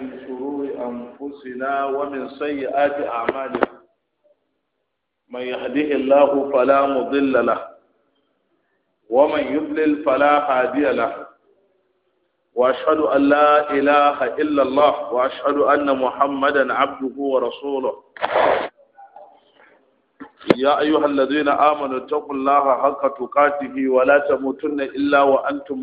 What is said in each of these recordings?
min shururi anfusina wa min sayyiati a'malina man yahdihi Allahu fala mudilla la wa man yudlil fala hadiya la wa ashhadu an ilaha illa wa ashhadu anna Muhammadan abduhu wa rasuluhu ya ayyuhalladhina amanu taqullaha haqqa tuqatih wa la tamutunna illa wa antum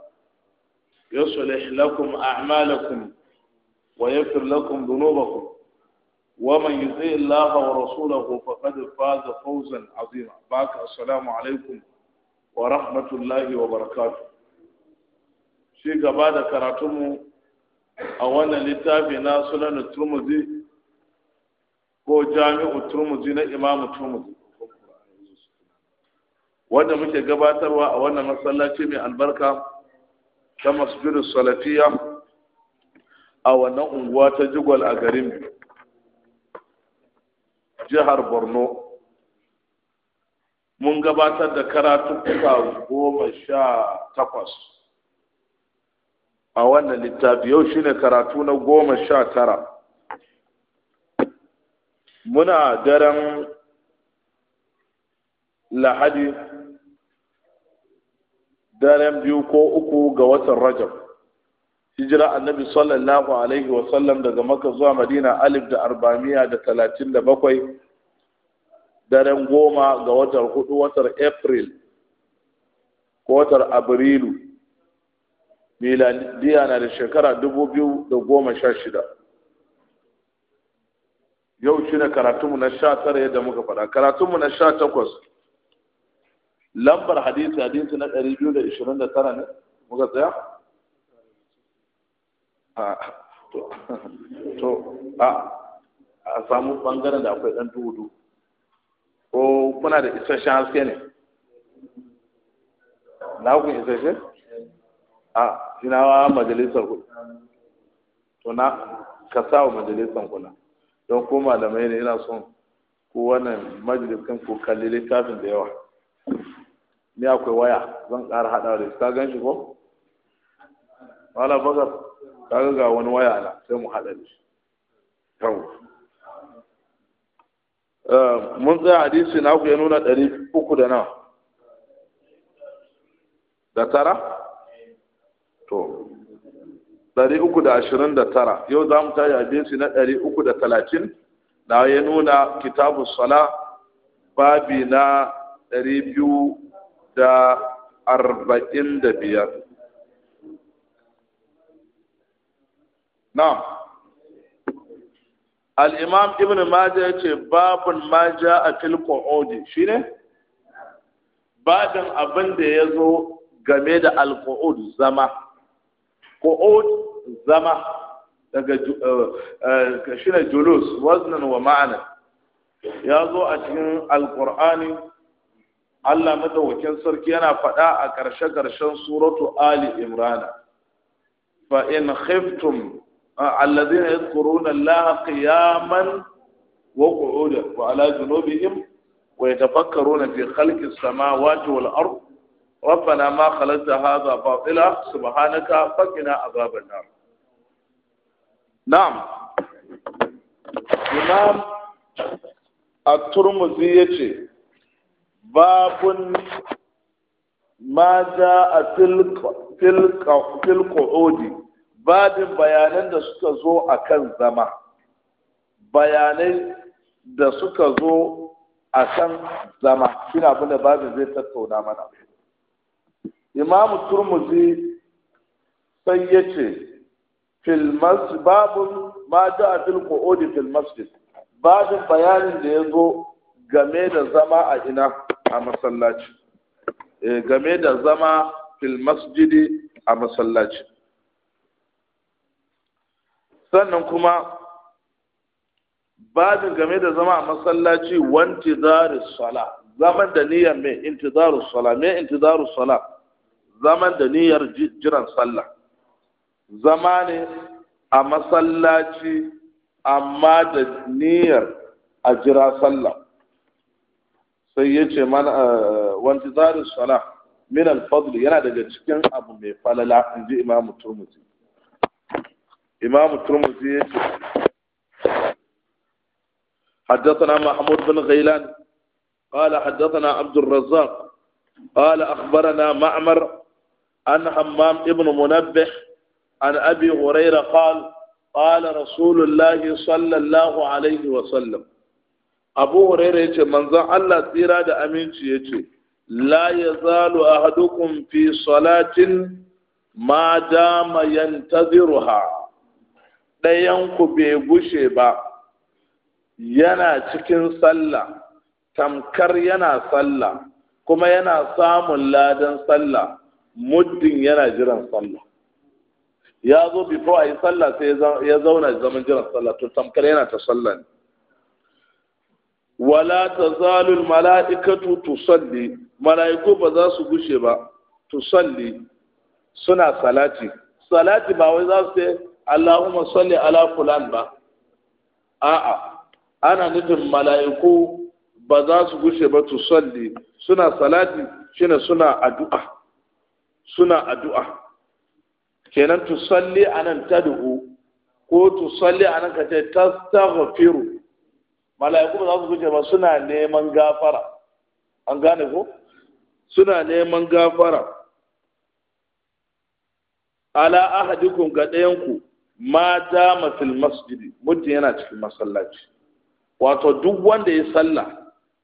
يصلح لكم أعمالكم ويفر لكم ذنوبكم ومن يطيع الله ورسوله فقد فاز فوزا عظيما باك السلام عليكم ورحمة الله وبركاته شيء بعد كراتم أولا لتابي ناسنا الترمذي jami'u turmuzi na imamu turmuzi wanda muke gabatarwa a wannan masallaci mai albarka ta masjidu salafiya a wannan unguwa ta jigwal a garin jihar borno mun gabatar da karatuka goma sha takwas a wannan littafi yau shine karatu na goma sha tara muna daren lahadi daren biyu ko uku ga watan rajab hijira annabi sallallahu alaihi wa sallam daga maka zuwa madina alif da arba'amiya da talatin da bakwai daren goma ga watan hudu watan april ko watan abrilu miladiya na da shekara dubu biyu da goma sha shida yau shi ne karatunmu na sha tara yadda muka faɗa karatunmu na sha takwas lambar hadisi hadisi na 229 ne muka tsaya to a a samu bangaren da akwai dan dudu ko kuna da isasshen haske ne na hukun isasshen a jinawa majalisar ku to na ka sa wa majalisar kuna don ko malamai ne ina son ko wannan majalisar ku kalli littafin da yawa ni akwai waya zan ƙara haɗawa da ka gan shi ko wala bakar ka ga wani waya na sai mu haɗa da shi eh, mun tsaya hadisi na ku ya nuna ɗari uku da nawa da tara to ɗari uku da ashirin da tara yau za mu tari hadisi na ɗari uku da talatin da ya nuna kitabu sala babi na ɗari biyu da arba'in da biyar na'am al'imam ibn majah ya ce babun maja a filkon odi shi ne babin abin da ya zo game da alko'od zama ko'od zama daga eh, eh, shi ne julus waznan wa ma'ana ya zo a cikin Alƙur'ani? Allah madawakin sarki yana faɗa a ƙarshe-ƙarshen suratu Ali Imran fa in khiftum alladhina yadhkuruna Allah qiyaman wa qu'udan wa ala junubihim wa yatafakkaruna fi khalqi as-samawati wal ard ربنا ما خلقت هذا باطلا سبحانك فقنا عذاب النار نعم إمام الترمذي يقول babun ma za a filƙa'udi babin bayanan da suka zo a kan zama bayanai da suka zo a kan zama shine abinda babin zai tattauna mana imamu turmuzi sai ya ce babun ma za a filƙa'udi fil masjid babin bayanin da ya zo game da zama a ina a masallaci eh, game da zama fil masjidi a masallaci sannan kuma babin game da zama a masallaci wanti sala zaman da niyyar mai intizaru sala mai intizaru sala zaman da niyyar jiran sallah zama ne a masallaci amma da niyyar a jira sallah sai ya ce mana wanti zarin sala min al-fadl yana daga cikin abu mai falala in ji imamu turmuzi imamu turmuzi ya ce حدثنا محمود بن غيلان قال حدثنا عبد الرزاق قال أخبرنا معمر عن حمام ابن منبه عن أبي هريرة قال قال رسول الله صلى الله عليه وسلم abu hurairah yace manzon Allah tsira da aminci yace la yazalu ahadukum fi salatin ma dama yantaziruha dayan ku bai gushe ba yana cikin sallah tamkar yana sallah kuma yana samun ladan sallah muddin yana jiran sallah ya zo before a sallah sai ya zauna zaman jiran sallah to tamkar yana ta sallah ne wala ta tazalul mala'ikatu salli, mala'iku ba za su gushe ba tu salli. suna salati salati ba wai za su ce Allahumma salli ala fulan ba a'a ana nufin mala'iku ba za su gushe ba tu salli. suna salati shi ne suna addu'a suna addu'a kenan tu salli anan ta dubu, ko tu salli anan ka ce kace tastaghfiru mala'iku ba za su guje ba suna neman gafara an gane ko suna neman gafara ala ahadikum ga ɗayanku mata masil masjidi muddin yana cikin masallaci wato duk wanda ya sallah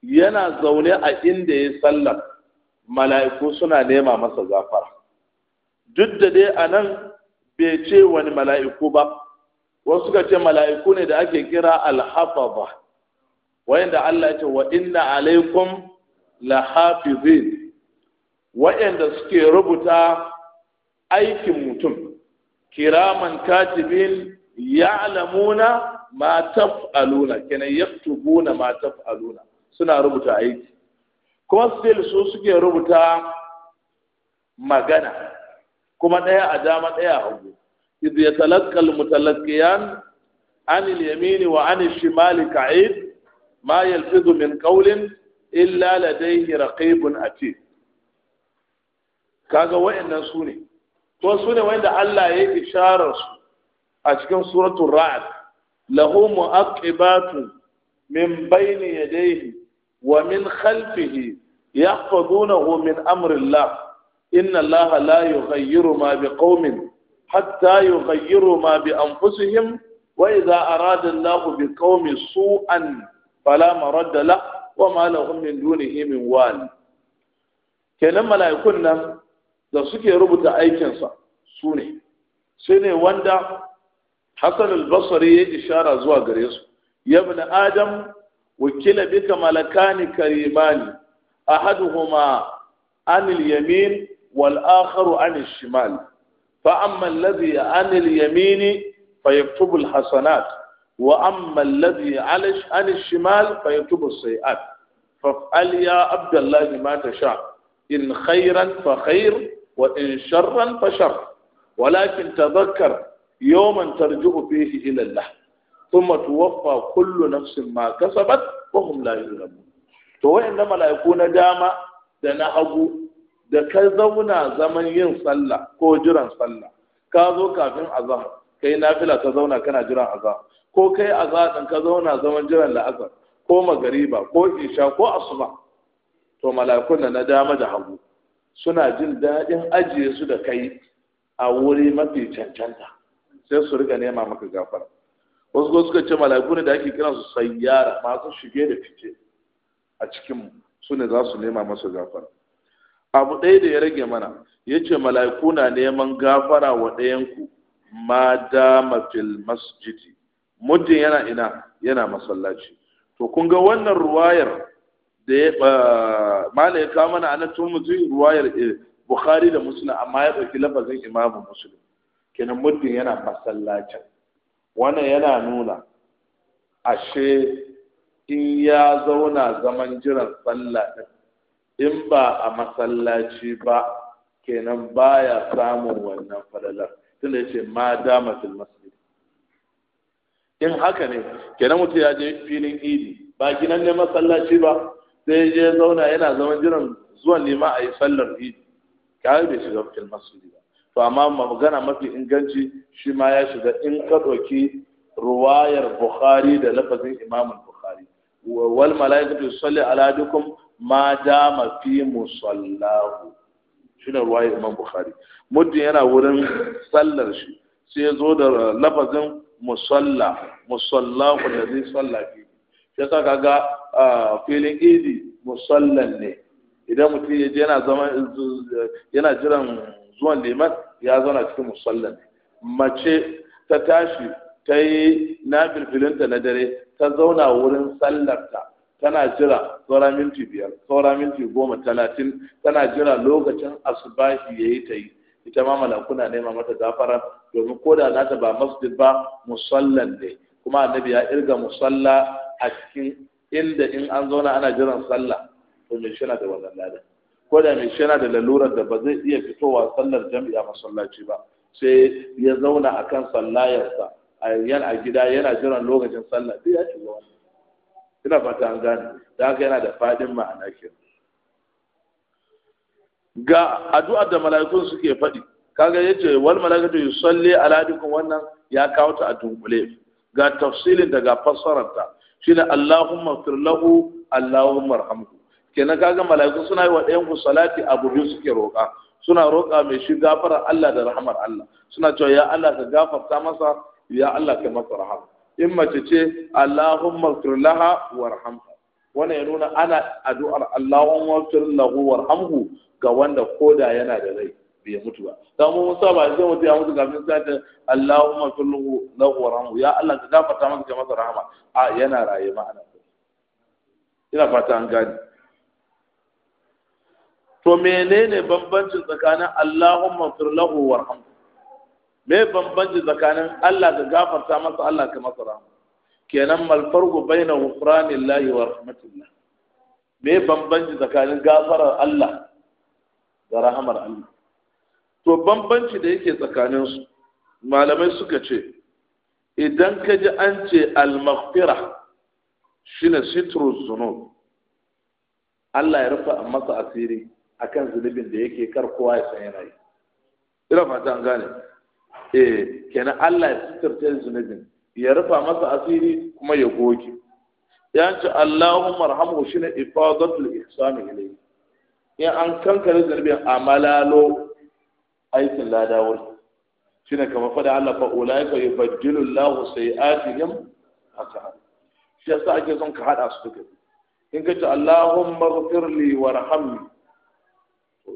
yana zaune a inda ya sallah mala'iku suna nema masa gafara duk da dai a nan bai ce wani mala'iku ba wasu ka ce mala'iku ne da ake kira alhafaza wayanda Allah ya ce wa'inna alaikum la hafizin wayanda suke rubuta aikin mutum kiraman katibin ya'lamuna ma taf'aluna kenan yaktubuna ma taf'aluna suna rubuta aiki kuma still su suke rubuta magana kuma ɗaya a dama ɗaya a hagu idh yatalaqqa mutalaqqiyan an al-yamini wa an al-shimali ka'id ma yalfidu min qawlin illa ladayhi raqibun atid kaga wayannan su ne ko su ne wanda Allah ya yi isharar a cikin suratul ra'd lahu mu'aqibatu min bayni yadayhi wa min khalfihi yahfazunahu min amri Allah inna Allah la yughayyiru ma biqaumin hatta yughayyiru ma bi anfusihim wa idza bi Allah biqaumin su'an fala maradda la wa ma lahum min dunihi min kenan mala'ikun nan da suke rubuta aikinsa su ne Su ne wanda hasan al-basri ya ishara zuwa gare su ya ibn adam wakila bika malakani karimani ahaduhuma anil yamin wal akharu anil shimal fa amma alladhi anil yamini fayaktubu al-hasanat wa amma alladhi alish an shimal fa yatubu sayiat fa'al ya abdullahi ma tasha in khairan fa khair in sharran fa shar walakin tadhakkar yawman tarji'u fihi ila Allah thumma tuwaffa kullu nafsin ma kasabat wa hum la yuzlamun to wayannan mala'iku na dama da na hagu da ka zauna zaman yin sallah ko jiran sallah ka zo kafin azhar kai nafila ka zauna kana jiran azhar ko kai a zaɗin ka zauna zaman jiran la'asar ko magariba ko isha ko asuba to malakun na dama da hagu suna jin daɗin ajiye su da kai a wuri mafi cancanta sai su riga nema maka gafara wasu ko suka ce malaku da ake kiran su sayyara masu shige da fice a cikin su ne za su nema masu gafara abu ɗaya da ya rage mana ya ce malaku neman gafara wa ɗayanku ma dama fil masjidi muddin yana ina yana masallaci to kun ga wannan ruwayar da ya mala ya kawo mana ana tun ruwayar eh, bukhari da muslim amma ya ɗauki lafazin imamu muslim kenan muddin yana masallacin wannan yana nuna ashe in ya zauna zaman jiran sallah in ba a masallaci ba kenan baya samun wannan falalar tunda yace ma damatul masallaci in haka ne kenan mutum ya je filin idi ba ginan ne masallaci ba sai je zauna yana zama jiran zuwan lima a yi sallar idi yi bai shiga fil masjidi to amma magana mafi inganci shi ma ya shiga in ka ɗauki ruwayar bukhari da lafazin imamun bukhari wal mala'ikatu salli ala dukum ma dama fi musallahu shine ruwayar imam bukhari muddin yana wurin sallar shi sai ya zo da lafazin musalla da zai salla ke shi yasa kaga filin idi musallan ne idan mutum ya je yana zama yana jiran zuwan liman ya zauna cikin musallan ne mace ta tashi ta yi na filfilinta na dare ta zauna wurin sallarta tana jira saura minti biyar saura minti goma talatin tana jira lokacin asubahi ya yi ta yi ita ma malaku na nema mata gafara domin ko da nata ba masjid ba musallan ne kuma annabi ya irga musalla a cikin inda in an zauna ana jiran sallah to me shi na da wannan ladan ko da me shi na da lalurar da ba zai iya fitowa sallar jami'a masallaci ba sai ya zauna akan sallayarsa a a gida yana jiran lokacin sallah sai ya ci wannan ina fata an gane da haka yana da fadin ma'ana kenan ga addu'ar da mala'ikun suke faɗi kaga yace wal mala'ikatu yusalli ala dukum wannan ya kawo ta a dunkule ga tafsilin daga fassarar ta, shine Allahumma fir lahu Allahumma arhamhu kenan kaga mala'iku suna yi wa ɗayan ku salati abu biyu suke roƙa suna roƙa mai shi gafarar Allah da rahamar Allah suna cewa ya Allah ka gafarta masa ya Allah ka masa rahama in mace ce Allahumma fir laha warhamha wannan ya nuna ana addu'ar Allahumma fir lahu warhamhu ga wanda koda yana da rai bai mutu ba dan musa ba zai mutu ya mutu kafin sai Allahumma kulluhu lahu warhamu ya Allah ka gafarta masa ka masa rahama a yana raye ma ana ina fata an gani to menene bambancin tsakanin Allahumma fir lahu warhamu me bambanci tsakanin Allah ka gafarta masa Allah ka masa rahama kenan mal farqu baina ghufranillahi wa rahmatillah me bambanci tsakanin gafarar Allah da rahamar Allah to bambanci da yake tsakanin su malamai suka ce idan ka ji an ce al-maghfira shine sitrus zunub Allah ya rufa masa asiri akan zunubin da yake kar kowa ya san yana yi ina fata an gane eh kenan Allah ya sitirce zunubin ya rufa masa asiri kuma ya goge ya ce Allahumma arhamhu shine ifadatul ihsani ilayhi in an kankare zunubin a malalo aikin ladawar shi ne kamar fada Allah fa ulai ka yi bajjilu lahu sai atihim a sahar shi yasa ake son ka haɗa su duka in ka ce Allahumma wa warhamni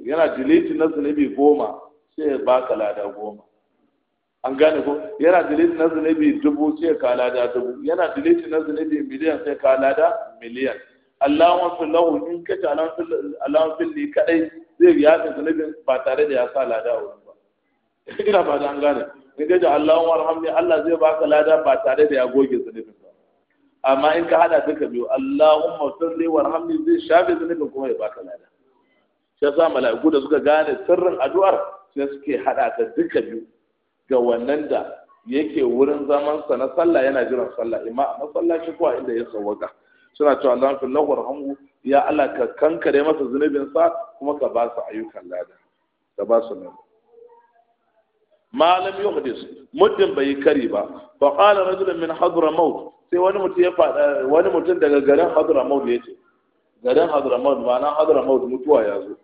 yana jilitin na zunubi goma sai ya baka lada goma an gane ko yana jilitin na zunubi dubu sai ka lada dubu yana jilitin na zunubi miliyan sai ka lada miliyan Allahumma sallahu in ka ce Allahumma salli kadai zai biya ta zunubin ba tare da ya sa lada wuri ba ina ba da an gane in ka ce Allahumma alhamdi Allah zai baka lada ba tare da ya goge zunubin ba amma in ka hada duka biyu Allahumma salli warhamni zai shafe zunubin kuma ya baka lada shi sa mala'iku da suka gane sirrin addu'ar sai suke hada ta duka biyu ga wannan da yake wurin zaman sa na sallah yana jiran sallah imma a masallaci kuwa inda ya sawwaka suna cewa Allah fi lawar rahamu ya Allah ka kankare masa zunubin sa kuma ka ba su ayyukan lada ka ba su nan malam yuhdis muddin bai kari ba fa qala rajulun min maut sai wani mutum ya fada wani mutum daga garin ya yace garin hadramaut ma'ana maut mutuwa ya zo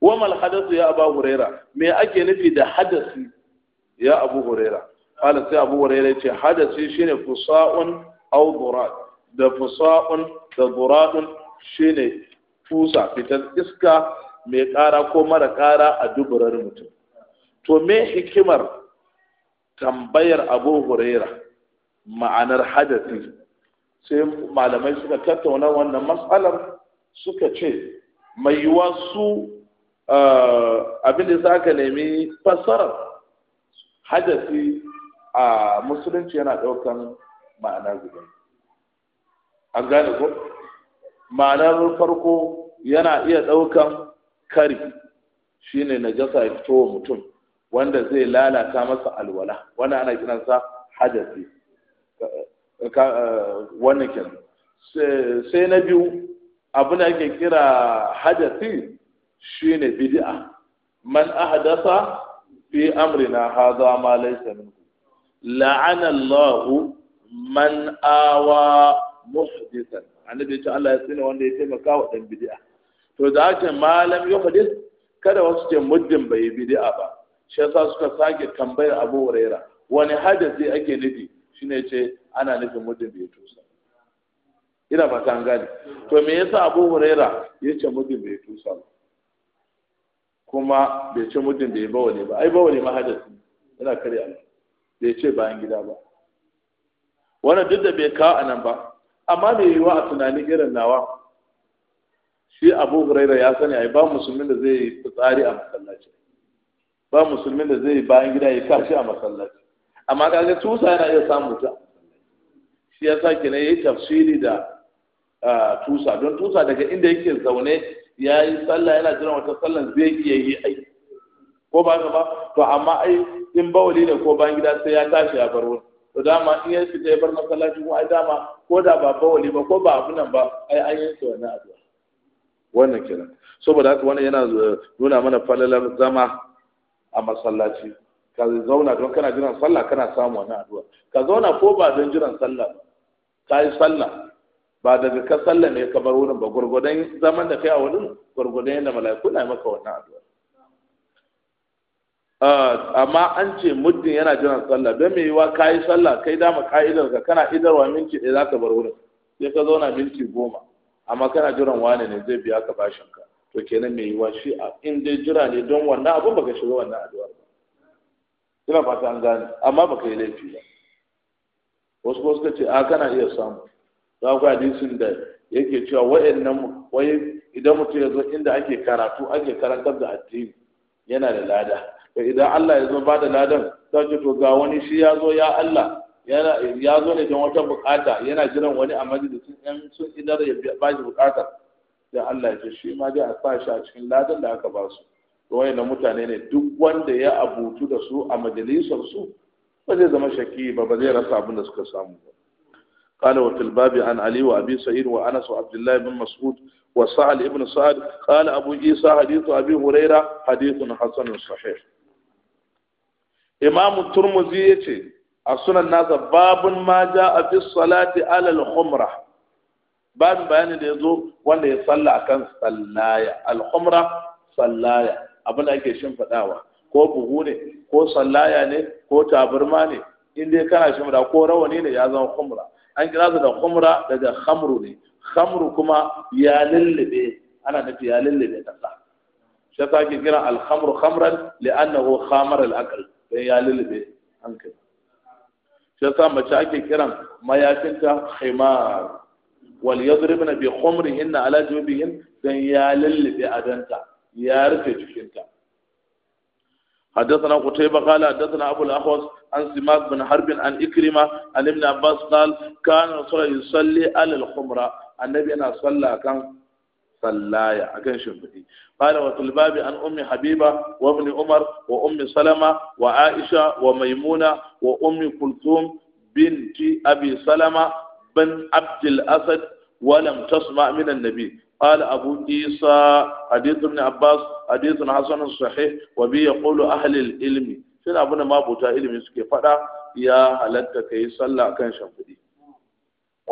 wa mal hadathu ya abu huraira me ake nufi da hadasi ya abu huraira qala sai abu huraira ce hadasi shine fusa'un aw da fusa'un da buradun shine fusa fitar iska mai ƙara ko mara ƙara a duburar mutum to me hikimar tambayar abu huraira ma'anar hadasi sai malamai suka tattauna wannan matsalar suka ce mai yiwuwa su abin za ka nemi fassarar hadasi a musulunci yana ɗaukan ma'ana guda an gane ko ma'anar farko yana iya ɗaukan kari shine jasa ya fito wa mutum wanda zai lalata masa alwala wannan ana kiransa hadasi wannan kenan sai na biyu abin da ake kira shi shine bid'a man ahdasa fi amrina haza ma laysa minhu la'ana Allah man awa muhdisan annabi ya ce Allah ya tsina wanda ya taimaka wa dan bid'a to da ake malam yuhdis kada wasu ce muddin bai bid'a ba shi yasa suka sake tambayar Abu Huraira wani hadisi ake nufi shine ce ana nufin muddin bai tusa ina ba ta gani to me yasa Abu Huraira ya ce muddin bai tusa kuma bai ce muddin bai bawa ne ba ai ba wani ma hadisi ina kare Allah bai ce bayan gida ba wannan duk da bai kawo anan ba amma mai yiwuwa a tunani irin nawa shi abu da ya sani ai ba musulmin da zai yi fitsari a masallaci ba musulmin da zai yi bayan gida ya kashi a masallaci amma kaga tusa yana iya samun ta shi ya yasa ya yi tafsiri da tusa don tusa daga inda yake zaune ya yi sallah yana jiran wata sallan zai iya yi ai ko ba ba to amma ai in bawali ne ko bayan gida sai ya tashi ya bar wani. to dama in ya fita ya bar masallaci ko ai dama ko da ba bawali ba ko ba abunan ba ai an yi su wani abu wannan kenan saboda haka wannan yana eh, nuna mana falalar zama a masallaci ka zauna don kana jiran sallah kana samu wani addu'a ka zauna ko ba don jiran sallah ka yi sallah ba daga ka sallah ne ka bar wurin ba gurgudan zaman da kai a wurin gurgudan yadda mala'iku na maka wannan addu'a Ah, amma an ce muddin yana jiran sallah don mai yiwa ka yi sallah kai dama ka'idar ka kana idarwa minti ɗaya za ka bar wurin sai ka zauna minti goma amma kana jiran wane ne zai biya ka bashin ka to kenan mai yiwa shi a in dai jira ne don wannan abin baka shiga wannan addu'ar ba ina fata an gane amma baka yi laifi ba wasu wasu ce a kana iya samu za ku hadisin da yake cewa wa'annan wai idan mutum ya zo inda ake karatu ake karantar da addini yana da lada to idan Allah ya zo ba da ladan sai ce to ga wani shi ya zo ya Allah yana ya zo ne don wata bukata yana jiran wani a majalisin yan sun idar ya ba shi bukatar da Allah ya ce shi ma dai a sa shi a cikin ladan da aka ba su to na mutane ne duk wanda ya abutu da su a majalisar su ba zai zama shakki ba ba zai rasa abin da suka samu ba قال وفي الباب عن علي وابي سعيد وانس وعبد الله بن مسعود وسعد ابن سعد قال أبو عيسى حديث أبي هريرة حديث حسن صحيح إمام الترمذي يتي السنة الناس باب ما جاء في الصلاة على الخمرة باب بيان da yazo wanda ya salla akan sallaya al sallaya abin da ake shin fadawa ko buhu ne ko sallaya ne ko tabarma ne in dai kana shin ko rawani ne ya zama khumra an kira su da khumra daga khamru ne khamru kuma ya lullube ana nufi ya lullube kasa shi ta ke kira alhamru khamran li'annahu khamar al-aql dan ya lullube hankali shi ta mace ake kiran mayafinta khimar wal yadribna bi khumrihinna ala jubihin dan ya lullube adanta ya rufe jikinta حدثنا قتيبة قال حدثنا أبو الأخوص عن سماك بن حرب عن إكرمة عن ابن عباس قال كان رسول الله يصلي على الخمرة annabi yana salla kan sallaya akan shimfiɗi qala wa tulbabi an ummi habiba wa umar wa ummi salama wa aisha wa maimuna wa ummi kulthum binti abi salama bin abd al-asad wa tasma min an-nabi qala abu isa hadith ibn abbas hadith hasan sahih wa bi yaqulu ahli al-ilm sai abuna mabuta ilimi suke faɗa ya halatta kai sallah kan shafudi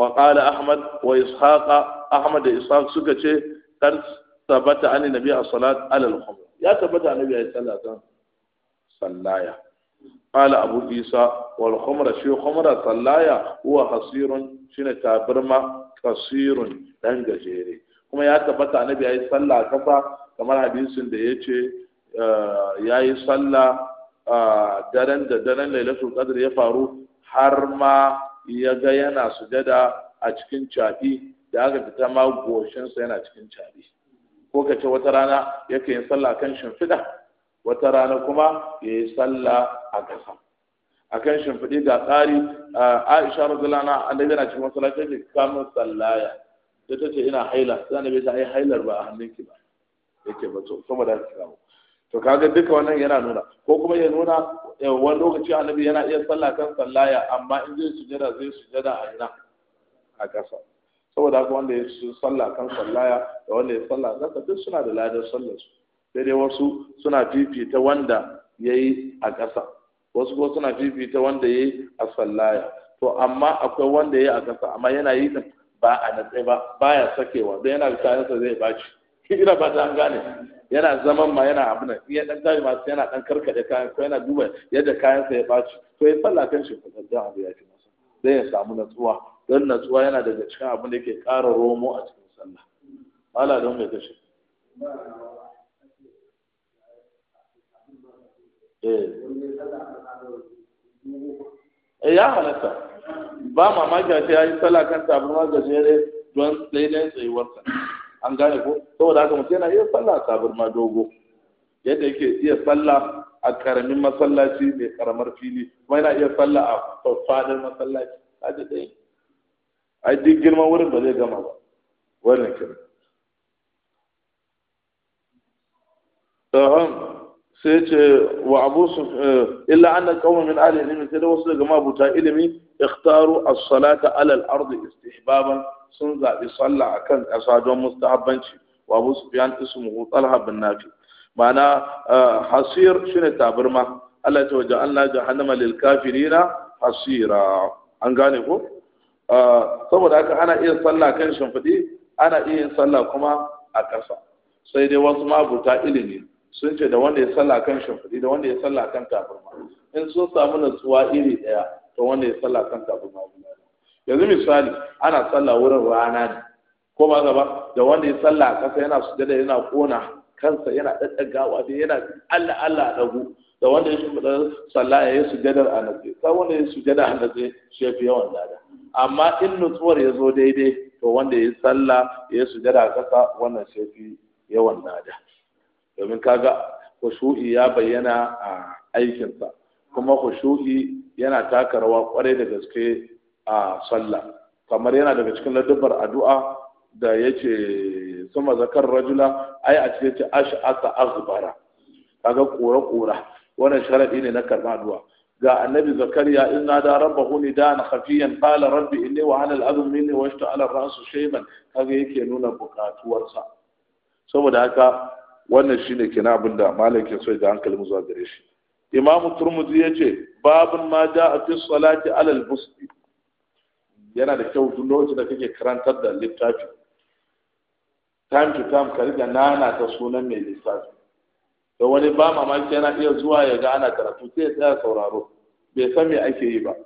wa qala ahmad wa ishaqa ahmad da ishaq suka ce kan tabbata an nabi a salat alal khumr ya tabbata annabi ya sallata sallaya qala abu isa wal khumra shi khumra sallaya huwa hasirun shi shine tabirma kasirun dan gajere kuma ya tabbata annabi ya yi sallah kafa kamar hadisin da ya ce eh, ya sallah eh, daren da daren lailatul qadr ya faru har ma ya ga yana sujada a cikin cafi da aka fita ma goshinsa yana cikin cafi ko ka ce wata rana yake yin sallah kan shimfiɗa wata rana kuma ya yi sallah a ƙasa a kan shimfiɗi ga tsari aisha an annabi yana cikin masallaci da kamun sallaya da ta ce ina haila sai bai ta ai hailar ba a hannunki ba yake ba to saboda ki kawo to kaga duka wannan yana nuna ko kuma ya nuna wani lokaci annabi yana iya sallah kan sallaya amma in zai sujada zai sujada a ina a ƙasa saboda haka wanda ya su sallah kan sallaya da wanda ya sallah zaka duk suna da ladar sallar su sai dai wasu suna fifita wanda yayi a ƙasa wasu ko suna fifita wanda yayi a sallaya to amma akwai wanda yayi a ƙasa amma yana yi ba a natse ba baya sakewa don yana da kayansa zai baci ina ba ta gane yana zaman ma yana abu nan iya dan gari masu yana dan karkade kayan ko yana duba yadda kayansa ya baci to ya sallah kan shi kuma dan abu ya fi masa zai ya samu natsuwa don natsuwa yana daga cikin abin da yake ƙara romo a cikin sallah mala don mai kashe eh. eh ya halatta ba mamaki a ce ya yi sallah kan tabarma gajere don daidai warta. an gane ko saboda haka mutum yana iya sallah a ma dogo yadda yake iya sallah a karamin masallaci mai karamar fili kuma yana iya sallah a faɗin masallaci kaji ɗaya a duk girman wurin ba zai gama ba wannan kira. sai ce wa abu su eh, illa anna qauman min ahli ilmi sai da wasu daga mabuta ilimi ikhtaru as-salata ala al-ardi istihbaban sun zabi sallah akan ƙasa don mustahabbanci wa abu sufyan ismuhu talha bin nafi ma'ana eh, hasir shine tabarma Allah ta waje Allah jahannama lil kafirina hasira an gane ko eh, saboda haka ana iya sallah kan shimfiɗi ana iya yin sallah kuma a ƙasa sai dai wasu mabuta ilimi sun ce da wanda ya salla kan shimfiɗi da wanda ya salla kan tabarma in sun samu natsuwa iri ɗaya to wanda ya salla kan tabarma yanzu misali ana salla wurin rana ne ko ma gaba da wanda ya salla a ƙasa yana sujada yana kona kansa yana ɗaɗɗagawa da yana Allah Allah ɗagu da wanda ya shimfiɗa salla ya yi sujadar a natse sai wanda ya sujada a natse shi ya fi yawan lada amma in nutsuwar ya zo daidai to wanda ya salla ya yi sujada a ƙasa wannan shi ya fi yawan lada domin kaga khushu'i ya bayyana a aikinsa kuma khushu'i yana taka rawa kwarai da gaske a sallah kamar yana daga cikin ladabbar addu'a da yace sama zakar rajula ai a cikin ce ash'ata azbara kaga kora kora wannan sharadi ne na karba addu'a ga annabi zakariya in na nada rabbahu nidan khafiyan qala rabbi inni wa ana al'azm minni wa ishta'ala ar-ra'su shayban kaga yake nuna bukatuwarsa saboda haka wannan shine ke abin da malam ke so da hankali mu zuwa gare shi imamu turmuzi ya ce babin ma a fi salati alal busti yana da kyau duk lokacin da kake karantar da littafi time to time ka riga nana ta sunan mai littafi da wani ba mamaki yana iya zuwa ya ga ana karatu sai ya tsaya sauraro bai san me ake yi ba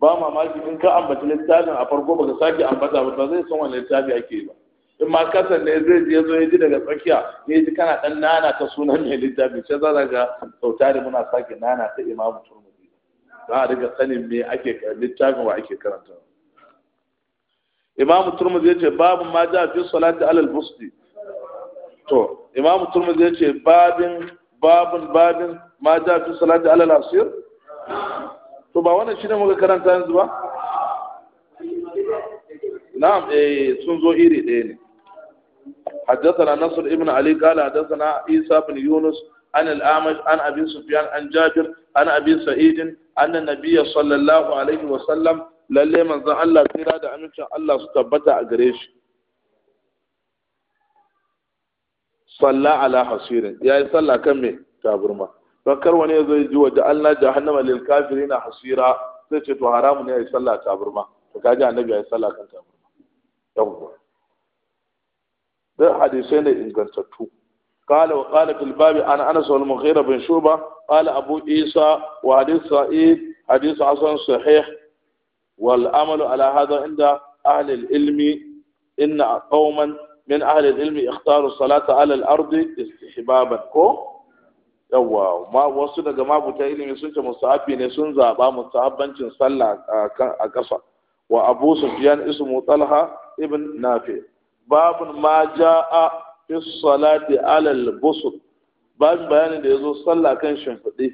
ba mamaki in ka ambaci littafin a farko ba ka sake ambata ba zai san wani littafi ake yi ba in ma kasan ne zai je zo ya ji daga tsakiya ne ji kana dan nana ta sunan mai littafi sai za ga da muna sake nana ta imamu turmudi za a riga sanin me ake littafin wa ake karanta imamu turmudi yace babu ma ja fi salati alal busti to imamu turmudi yace babin babun babin ma ja fi salati alal asir to ba wannan shine muka karanta yanzu ba na'am eh sun zo iri ɗaya ne حدثنا نصر ابن علي قال حدثنا عيسى بن يونس عن الأعمش عن أبي سفيان عن جابر عن أبي سعيد أن النبي صلى الله عليه وسلم lalle manzon Allah tsira da amincin Allah su tabbata a gare shi salla ala hasirin ya yi salla kan mai taburma bakar wani ya zai ji waje Allah jahannama lil kafirin hasira sai ce to haramu ya yi taburma ya yi kan taburma duk hadisai ne ingantattu قال وقال في الباب عن انس والمغيره بن شوبه قال ابو عيسى وحديث سعيد حديث حسن صحيح والامل على هذا عند اهل العلم ان قوما من اهل العلم اختاروا الصلاه على الارض استحبابا كو yawa ma wasu daga mabuta ilimi sun ce musahabi ne sun zaba musahabbancin sallah a ƙasa wa abu sufyan ismu talha ibn nafi' babun ma ja'a fi salati alal busut babin bayanin da yazo sallah kan shimfiɗe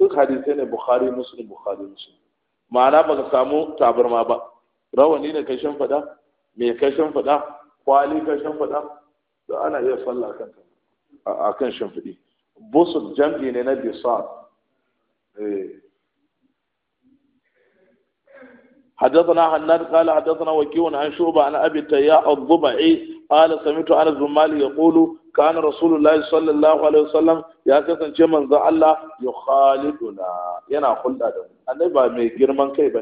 duk hadisai ne bukhari muslim bukhari muslim ma'ana baka samu tabarma ba rawani ne kai shimfiɗa me kai shimfiɗa kwali kai shimfiɗa to ana iya sallah kan a kan shimfiɗe busut jam'i ne na bisat eh حدثنا حناد قال حدثنا وكيع عن شعبة عن أبي التياء الضبعي قال سمعت أنس بن مالك يقول كان رسول الله صلى الله عليه وسلم يا كسن من ذا الله يخالدنا ينا خلدا da annabi ba mai girman kai ba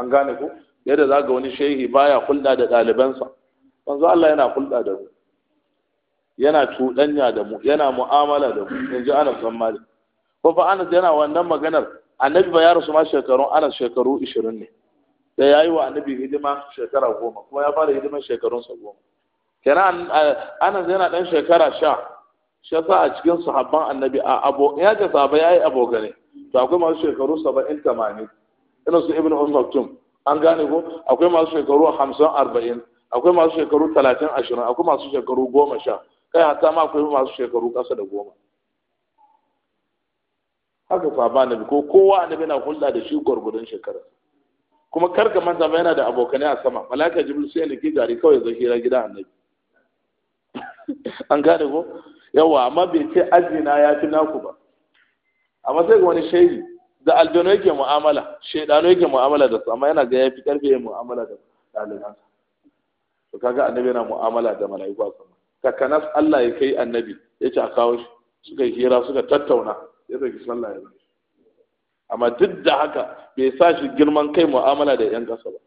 an gane ku yadda zaga wani shehi baya hulɗa da ɗalibansa manzo Allah yana hulɗa da mu yana cuɗanya da mu yana mu'amala da mu yanzu Anas bin Malik Anas yana wannan maganar annabi ba ya rasu ma shekarun Anas shekaru 20 ne da ya yi wa annabi hidima shekara goma kuma ya fara hidiman shekarunsa goma kenan anan yana dan shekara sha shi yasa a cikin sahabban annabi a abo ya ce sahaba ya yi gane to akwai masu shekaru saba'in tamanin ina su ibn ummaktum an gane ko akwai masu shekaru hamsin arba'in akwai masu shekaru talatin ashirin akwai masu shekaru goma sha kai hatta ma akwai masu shekaru ƙasa da goma haka sahaba annabi ko kowa annabi na hulɗa da shi gwargwadon shekara. kuma kar ka manta ba yana da abokanai a sama malaka jibril sai ne ke gari kawai zai hira gida annabi an gane ko yawa amma bai ce azina ya fi naku ba amma sai ga wani shehi da aljano yake mu'amala shaidanu yake mu'amala da su amma yana ga yafi karfe ya mu'amala da ɗaliban to kaga annabi yana mu'amala da mala'iku a sama Takanas Allah ya kai annabi ya ce a kawo shi suka hira suka tattauna ya saki sallah ya amma duk da haka bai sa shi girman kai mu'amala da 'yan ƙasa ba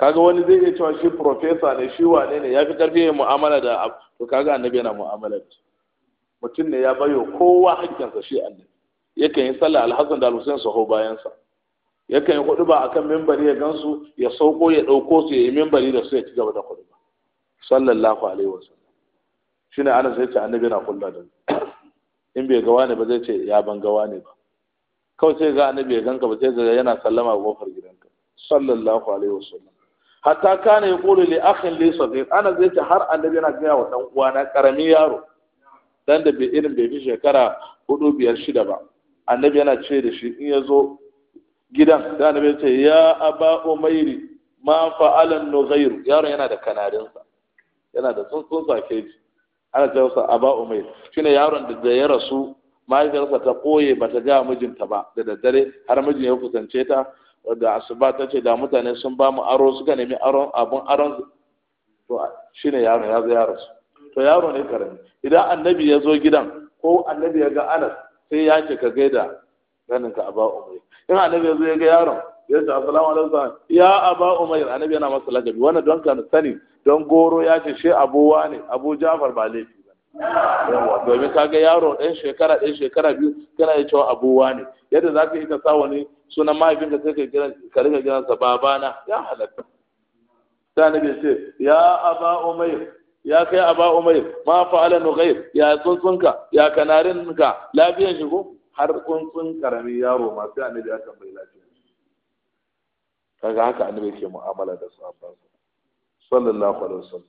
kaga wani zai iya cewa shi profesa ne shi wane ne ya fi karfi ya mu'amala da abu to kaga annabi yana mu'amala da mutum ne ya bayo kowa hakkinsa shi annabi yakan yi sallah alhassan da alhussein su hau bayansa yakan yi kuɗi ba a kan mimbari ya gansu ya sauko ya ɗauko su ya yi mimbari da su ya ci gaba da kuɗi ba sallallahu alaihi wasallam shi ne ana sai ce annabi yana kulla da in bai gawa ne ba zai ce ya ban gawa ne ba kawai sai ga annabi ya ganka ba sai ga yana sallama a kofar gidanka sallallahu alaihi wasallam hatta kana yaqulu li akhin li saghir ana zai ce har annabi yana gaya wa dan na karami yaro dan da bai irin bai fi shekara 4 biyar shida ba annabi yana ce da shi in ya zo gidan da annabi ya ce ya aba umairi ma fa'alan nughayr yaro yana da kanarinsa yana da tsuntsun sa keji ana a aba Shi shine yaron da ya rasu mahaifiyarsa ta koye bata ga mijinta ba da daddare har mijin ya kusance ta da asuba ta ce da mutane sun ba mu aro suka nemi aron abun aron to shine yaron ya zo ya rasu to yaro ne karami idan annabi ya zo gidan ko annabi ya ga anas sai ya ce ka gaida ganin ka ba umair in annabi ya zo ya ga yaron ya ce assalamu alaikum ya aba umair annabi yana masa lakabi wannan don ka sani don goro ya ce shi abuwa ne abu jafar ba laifi yawa domin kaga yaro ɗan shekara ɗan shekara biyu kana iya cewa abuwa ne yadda za ka yi ka sa wani sunan mahaifinka sai ka gina ka gina sa babana ya halatta sai annabi ya ce ya aba umar ya kai aba umair ma fa'ala nughair ya tsuntsunka ya kanarinka lafiyar shi ko har tsuntsun karamin yaro ma sai annabi ya tambayi lafiya kaga haka annabi yake mu'amala da sahabban sallallahu alaihi wasallam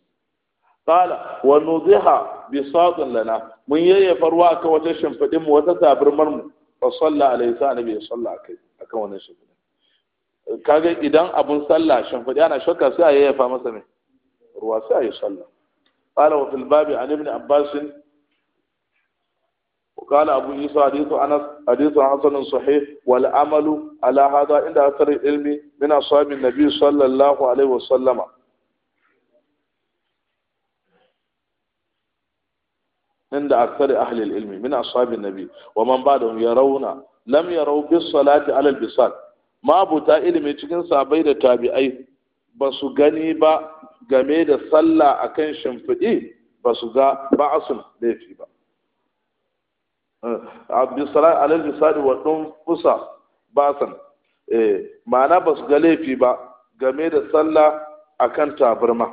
qala wa nudhiha bi sadin lana mun yayyafa ruwa ka wata shimfidin mu wata tabarmar mu fa salla alaihi sa annabi salla akai akan wannan shimfidin kaga idan abun salla shimfidi ana shakka sai a yayyafa masa ne ruwa sai a yi qala wa fil babi an ibn abbas قال أبو عيسى حديث أنس حديث حسن صحيح والعمل على هذا عند أثر العلم من أصحاب النبي صلى الله عليه وسلم عند أكثر أهل العلم من أصحاب النبي ومن بعدهم يرون لم يروا بالصلاة على البساط ما بوتا ilimi cikin sabai da tabi'ai ba su gani ba game da sallah akan shimfiɗi ba su ga ba'asun laifi ba abdulsalam alal wa dun fusa basan eh, ma'ana ba su ga laifi ba game da sallah akan tabarma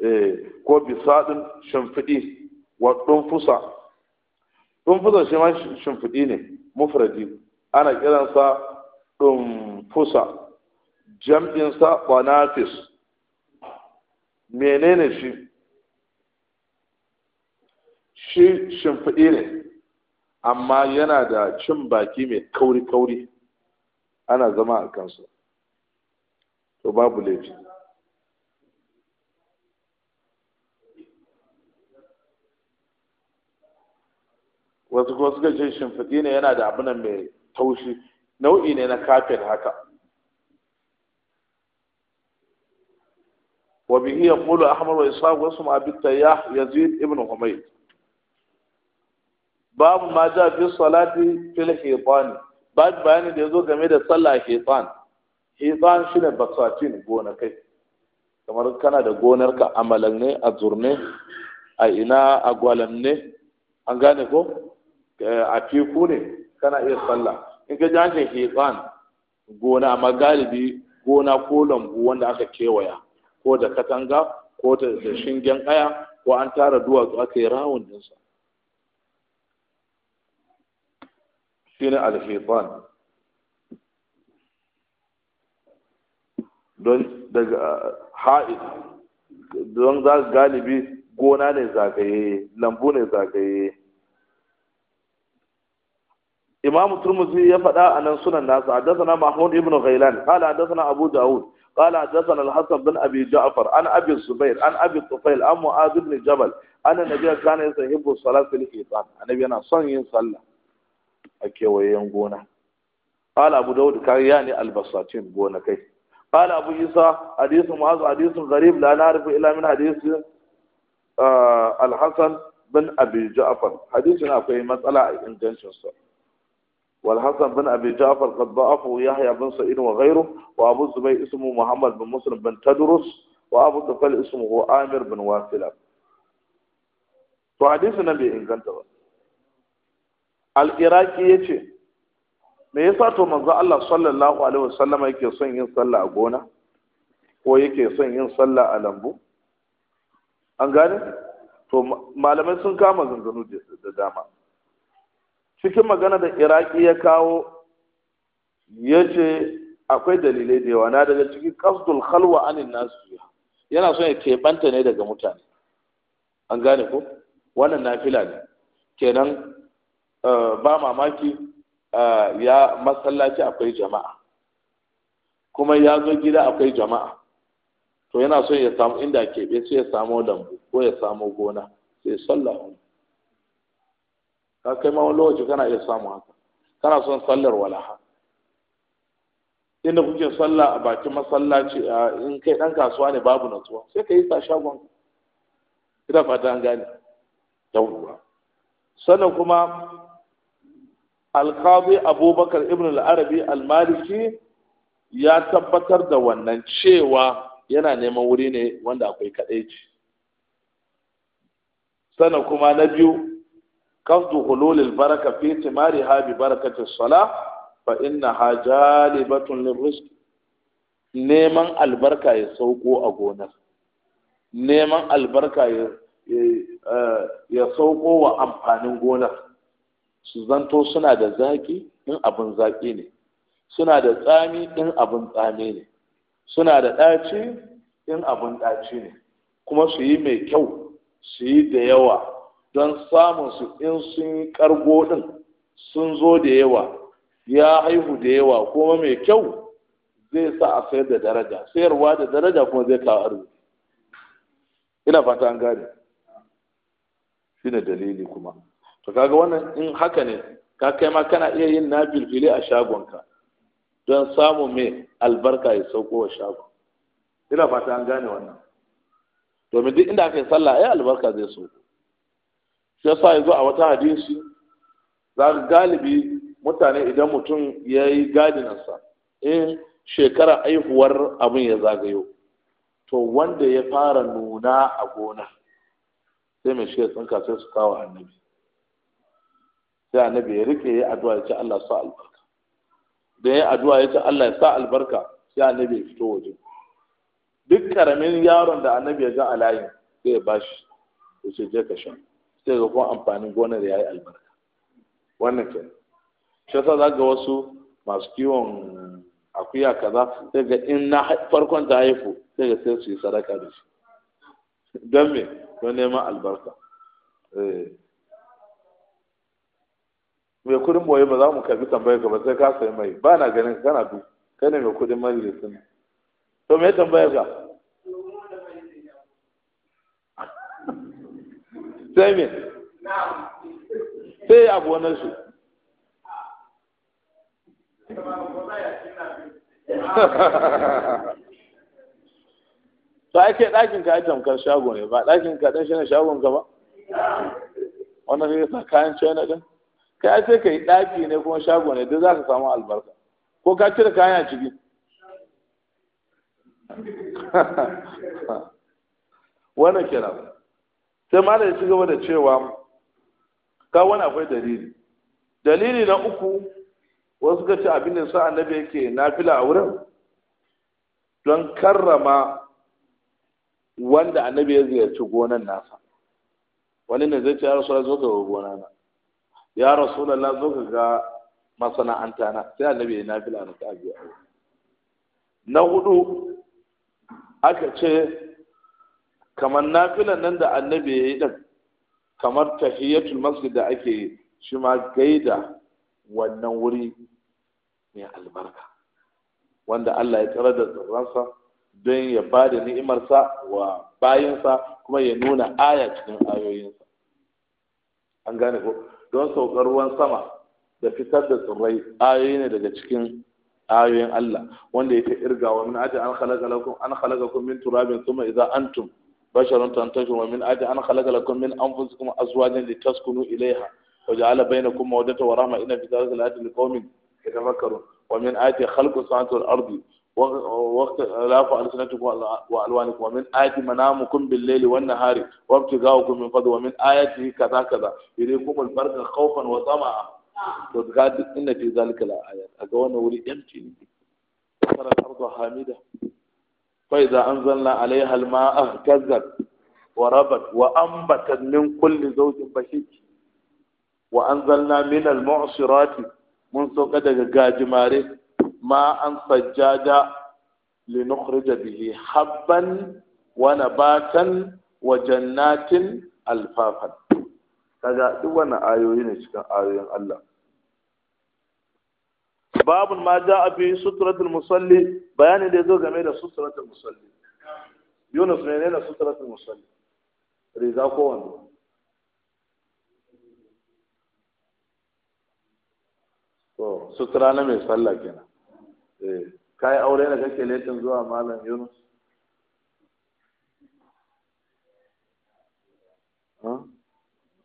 eh, ko bisadin shimfiɗi wa dun fusa dun fusa shi ma shimfiɗi ne mufradi ana kiransa dun fusa jam'insa qanafis menene shi shi shimfiɗe ne amma yana da cin baki mai kauri-kauri ana zama a kansu to babu laifi wasu kuma suka ce shimfiɗe ne yana da abinan mai taushi nau'i ne na kafin haka وبه يقول أحمد وإسحاق واسمع بالتياح يزيد ابن حميد babu ma za fi salati fil hitan ba bayani da yazo game da sallah hitan hitan shine basatin kai. kamar kana da gonar ka amalan ne a zurne a ina a gwalam ne an gane ko eh, a teku ne kana iya sallah in ka ji hancin hitan gona amma galibi gona ko lambu wanda aka kewaya ko da katanga ko da shingen kaya ko an tara duwatsu aka yi rawun dinsa shine alhitan don daga ha'id don za galibi gona ne zagaye lambu ne zagaye imamu turmuzi ya faɗa a nan sunan nasa haddathana mahmud ibn ghailan qala haddathana abu daud qala haddathana al-hasan bin abi ja'far an abi zubair an abi tufail an mu'adh ibn jabal anna nabiyya kana yusahibu salata al-hitan annabi yana son yin sallah a kewayen gona قال أبو داود كرياني البساتين بونكي قال أبو عيسى حديث معاذ حديث غريب لا نعرف إلا من حديث آه الحسن بن أبي جعفر حديثنا في مسألة إنجنشن والحسن بن أبي جعفر قد ضعفه يحيى بن سعيد وغيره وأبو الزبير اسمه محمد بن مسلم بن تدرس وأبو الطفل اسمه عامر بن واسلة وحديثنا بإنجنشن al-iraqi yace me yasa to manzo Allah sallallahu alaihi wasallama yake son yin sallah a gona ko yake son yin sallah a lambu an gane to malamai sun kama zanzanu da dama cikin magana da iraki ya kawo ya ce akwai dalilai da yawa na daga cikin kasdul khalwa anin nasu yana son ya keɓanta ne daga mutane an gane ko wannan nafila ne kenan Eh, ba mamaki eh, ya masallaci akwai jama'a kuma ya zo gida akwai jama'a to yana so ya samu inda keɓe sai ya samu lambu ko ya samu gona sai sallah ka kai ma wani lokaci kana iya samu haka kana son sallar walaha inda kuke sallah a bakin masallaci eh, in kai ɗan kasuwa ne babu natsuwa sai ka yi sa shagon ina fata an gane yawwa sannan kuma alkazi abubakar ibn al-arabi al-maliki ya tabbatar da wannan cewa yana neman wuri ne wanda akwai kadaici sana kuma na biyu kafdu hululil baraka fi timari ha bi barakati sala fa inna ha jalibatun lirrizq neman albarka ya sauko a gonar neman albarka ya eh, sauko wa amfanin gonar su zanto suna da zaƙi in abin zaƙi ne suna da tsami in abin tsami ne suna da ɗaci in abin ɗaci ne kuma su yi mai kyau su yi da yawa don samun su in sun yi ƙargo ɗin sun zo da yawa ya haihu da yawa kuma mai kyau zai sa a sayar da daraja sayarwa da daraja kuma zai kawo arziki ina fata an gane shi ne dalili kuma to kaga wannan in haka ne ka kai ma kana iya yin na filfili a shagonka don samun mai albarka ya sauko wa shago ina fata an gane wannan domin duk inda aka yi sallah ai albarka zai so shi yasa ya zo a wata hadisi za ka galibi mutane idan mutum ya yi gadinansa in shekara aihuwar abin ya zagayo to wanda ya fara nuna a gona sai mai shi ya tsinka sai su kawo annabi sai annabi ya rike ya addu'a ya ce Allah sa albarka da ya addu'a ya ce Allah ya sa albarka sai annabi ya fito waje duk karamin yaron da annabi ya ga a layin sai ya bashi ya ce je ka shan sai ga kuma amfanin gonar ya yi albarka wannan ke shi yasa za ga wasu masu kiwon akuya kaza sai ga in na farkon ta haifu sai ga sai su yi sadaka da shi don me don neman albarka eh. mai kudin boye ba za mu karbi tambaya ka ba sai ka sayi mai ba na ganin kana du kai ne mai kudin majalisin to me tambaya ga sai me sai abu wannan su to ake kai ɗakin ka ai kan shago ne ba ɗakin ka ɗan shi ne shagon ka ba wannan ne sa kayan china ɗin kai sai ka yi ɗaki ne kuma shago ne duk za ka samu albarka ko ka cire kayan a ciki wannan kira sai ma da ya ci gaba da cewa ka wani akwai dalili dalili na uku wasu ka ce abin da sa annabi yake nafila a wurin don karrama wanda annabi ya ziyarci gonan nasa wani ne zai ce ya rasu zo ka gona na ya rasulullah zo ka ga masana'anta na sai annabi ya nafila na ka biya na hudu aka ce kamar nafilan nan da annabi ya yi din kamar tahiyatul masjid da ake shi ma gaida wannan wuri mai albarka wanda Allah ya tsara da tsirransa don ya ba da ni'imarsa wa bayansa kuma ya nuna aya cikin ayoyinsa an gane ko don saukar ruwan sama da fitar da tsirrai ayoyi ne daga cikin ayoyin Allah wanda yake irgawa min aji an khalaqa lakum an khalaqakum min turabin thumma idza antum basharun tantashun wa min aji an khalaqa lakum min anfusikum azwajan litaskunu ilayha wa ja'ala bainakum mawaddatan wa rahma inna fi dhalika laayatin liqaumin yatafakkarun wa min ayati khalqi samawati wal ardi وقت اختلاف ألسنتكم وألوانكم ومن آية منامكم بالليل والنهار وابتغاؤكم من فضل ومن آياته كذا كذا يريكم البرق خوفا وطمعا وتقعد إن في ذلك الآيات أقوانا ولي يمتي ترى الأرض حامدة فإذا أنزلنا عليها الماء اهتزت وربت وأنبتت من كل زوج بشيك وأنزلنا من المعصرات من سوق دجاج ماري ma'an sajjada linukhrija bihi habban wa nabatan wa jannatin alfafan kaga duk wannan ayoyi ne cikin ayoyin Allah babun ma ja'a abi suturatul musalli bayani da zo game da suturatul musalli Yunus ne ne na suturatul musalli riga ko wanda to sutura na mai sallah kenan kai aure da kake letin zuwa malam Yunus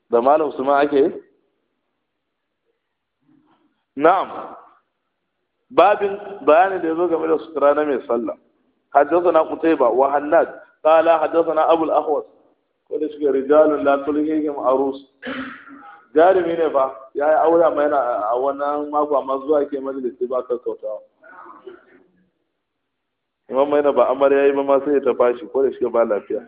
da malam su ma ake na'am babin bayanin da yazo game da sutura na mai sallah حدثنا قتيبة وهناد قال حدثنا أبو الأخوص قال شكرا رجال لا تلهيهم عروس جاري مين فا يا أولا ما أنا أولا ما هو مزوع كي مجلس تباك كوتاو imam maina ba amar yayi ba ma sai ya tafa shi ko da shi ba lafiya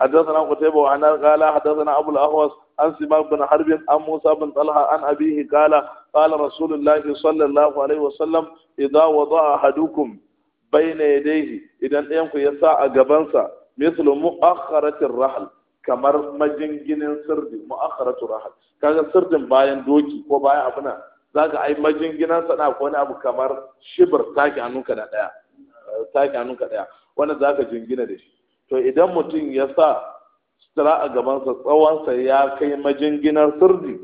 حدثنا قتيبة وعن قال حدثنا أبو An عن bin بن an عن موسى بن طلحة عن أبيه قال قال رسول الله صلى الله عليه وسلم إذا وضع idan بين يديه إذا ينكو يسعى قبنسا مثل مؤخرة الرحل kamar majinginan sirdi mu'akharatu rahat kaga sirdin bayan doki ko bayan abuna zaka ai majinginan sana ko wani abu kamar shibir take hannunka da daya take hannunka ɗaya wanda za ka jingina da shi to idan mutum ya sa sutura a gabansa tsawonsa ya kai majinginar sirri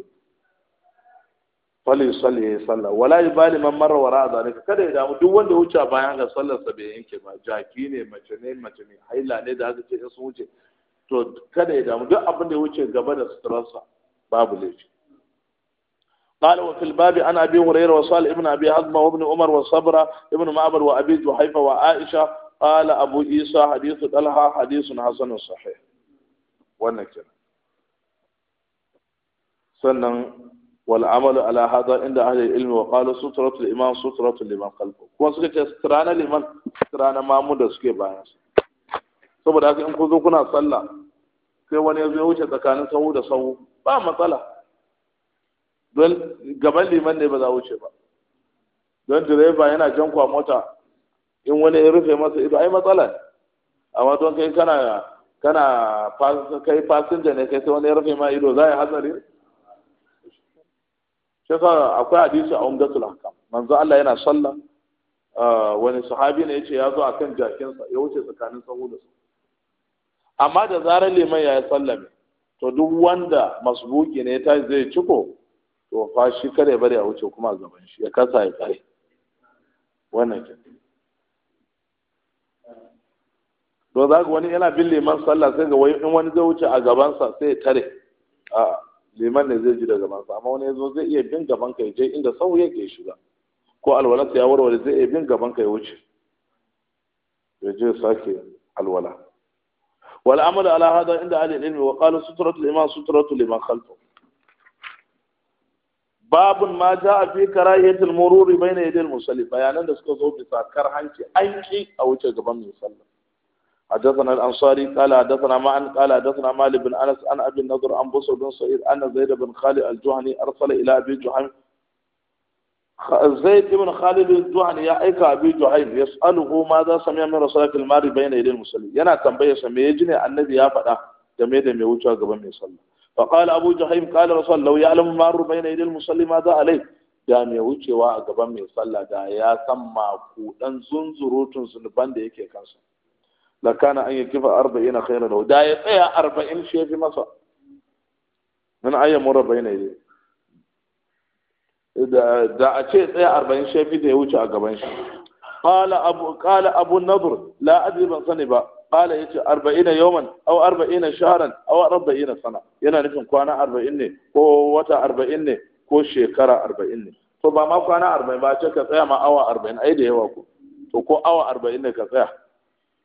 fali salli ya yi sallah wala yi bali man mara wara a zalika kada ya damu duk wanda ya wuce bayan ga sallarsa bai yanke ba jaki ne mace ne mace ne haila ne da aka ce ya sun wuce to kada ya damu duk abin da ya wuce gaba da suturarsa babu laifi قال وفي الباب عن ابي هريره وصال ابن ابي عظمه وابن عمر وصبره ابن معبر وابي جحيفه وعائشه قال ابو عيسى حديث طلحه حديث حسن صحيح wannan kenan sannan wal amalu ala hada inda ahli ilmi wa qalu sutratul imam sutratul liman qalbu kuma suka ce sutrana liman sutrana mamu da suke bayan su saboda haka in ku zo sallah sai wani ya wuce tsakanin sahu da ba matsala don gaban liman ne ba za wuce ba don direba yana jan mota in wani ya rufe masa ido ai matsala amma don kai kana kana kai fasinja ne kai sai wani ya rufe ma ido za yi hatsari shi sa akwai hadisi a umdatul hakam manzo Allah yana sallah wani sahabi ne yace ya zo akan jakinsa ya wuce tsakanin sahu da su amma da zarar liman ya yi sallah to duk wanda masbuki ne ta zai ciko to fa shi kare bari a wuce kuma a gaban shi ya kasa ya kare wannan ke to za ga wani yana bin liman sallah sai ga wai in wani zai wuce a gabansa sai ya tare a liman ne zai ji da gabansa amma wani yazo zai iya bin gaban ka ya je inda sau yake shiga ko alwalarsa ya warware zai iya bin gaban ka ya wuce ya je sake alwala والعمل على inda عند اهل wa وقالوا sutratul iman sutratul liman khalfu. باب ما جاء في كراهيه المرور بين يدي yadil musalli bayanan da suka zo bisa karhanci an ki a wuce gaban حدثنا الأنصاري قال حدثنا معا قال حدثنا مالك بن أنس ان أبي النضر عن بصر بن سعيد أن زيد بن خالد الجهني أرسل إلى أبي جحيم زيد بن خالد الجهني يا ايكا أبي جحيم يسأله ماذا سمع من رسولك الماري بين يدي المسلمين ينا تنبيه سمي يجني النبي يا فدا game da mai wucewa gaban mai sallah فقال أبو جهيم قال رسول لو يعلم ما بين يدي المصلي ماذا عليه da mai wucewa a gaban mai دا da ya san makudan zunzurutun zunuban da yake kansa la kana an yakifa arba'in khairan lahu da ya tsaya arba'in shi masa. masa min mura murabbain ne da da a ce tsaya arba'in shi da ya wuce a gaban shi qala abu qala abu nadr la adri ban sani ba qala yace 40 yawman aw 40 shahran aw 40 sana yana nufin kwana 40 ne ko wata 40 ne ko shekara 40 ne to ba ma kwana 40 ba ce ka tsaya ma awa 40 ai da yawa ko to ko awa 40 ne ka tsaya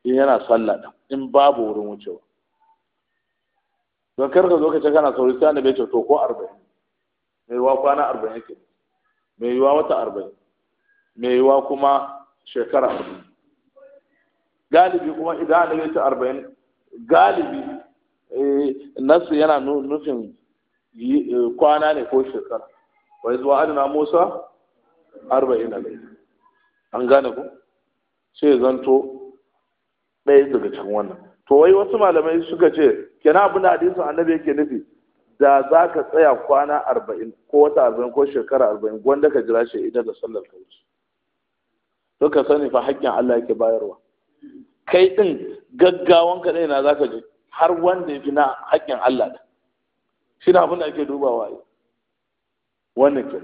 in yana sallah da in babu wurin wucewa don kar ka zo ka ce kana sauri sai annabi ce to ko 40 mai yiwa kwana 40 ke mai yiwa wata 40 mai yiwa kuma shekara 40 galibi kuma idan an ya ce arba'in galibi eh, nasu yana nufin eh, kwana ne ko shekara wai zuwa adana musa arba'in a an gane ku sai zanto ɗaya daga cikin wannan to wai wasu malamai suka ce kena abin da a annabi yake nufi da za ka tsaya kwana arba'in ko wata arba'in ko shekara arba'in gwanda ka jira shi idan da sallar ka su. to ka sani fa haƙƙin Allah yake bayarwa kai din gaggawan ka na za ka je har wanda ya fi na haƙƙin Allah da shi na abin da ake dubawa yi wannan ke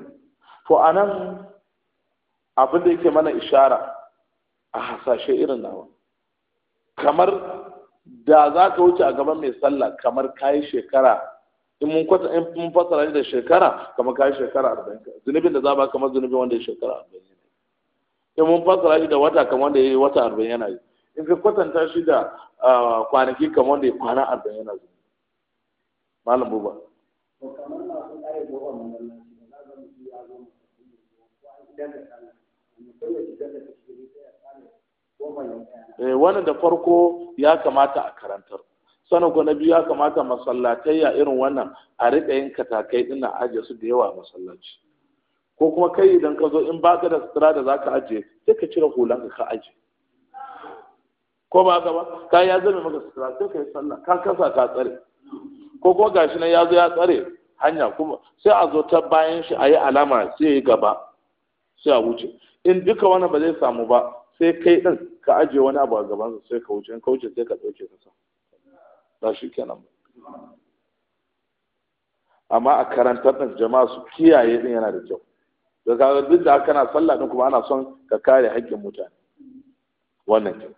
to a nan abin da yake mana ishara a hasashe irin nawa kamar da za ka wuce a gaban mai sallah kamar kayi shekara in mun kwata in mun fasara da shekara kamar kayi shekara arba'in zunubin da za ba kamar zunubin wanda ya shekara arba'in in mun fasara da wata kamar wanda ya yi wata arba'in yana yi in ka kwatanta shi da kwanaki kamar da ya kwana arba'in yana zuwa malam buba eh, wannan da farko ya kamata a karantar sanin ko na biyu ya kamata masallatai a irin wannan a riƙa yin katakai ɗin na ajiye su da yawa a masallaci ko kuma kai idan ka zo in baka da sutura da za ka ajiye sai ka cire hulanka ka ajiye ko ba haka ba ka ya zame maka sutura sai ka yi sallah ka kasa ka tsare ko kuma gashi nan ya zo ya tsare hanya kuma sai a zo ta bayan shi a yi alama sai ya yi gaba sai a wuce in duka wani ba zai samu ba sai kai din ka ajiye wani abu a gabansa sai ka wuce in ka wuce sai ka ɗauke ka sa ba shi kenan ba amma a karantar din jama'a su kiyaye din yana da kyau da kaga duk da kana sallah din kuma ana son ka kare haƙƙin mutane wannan kyau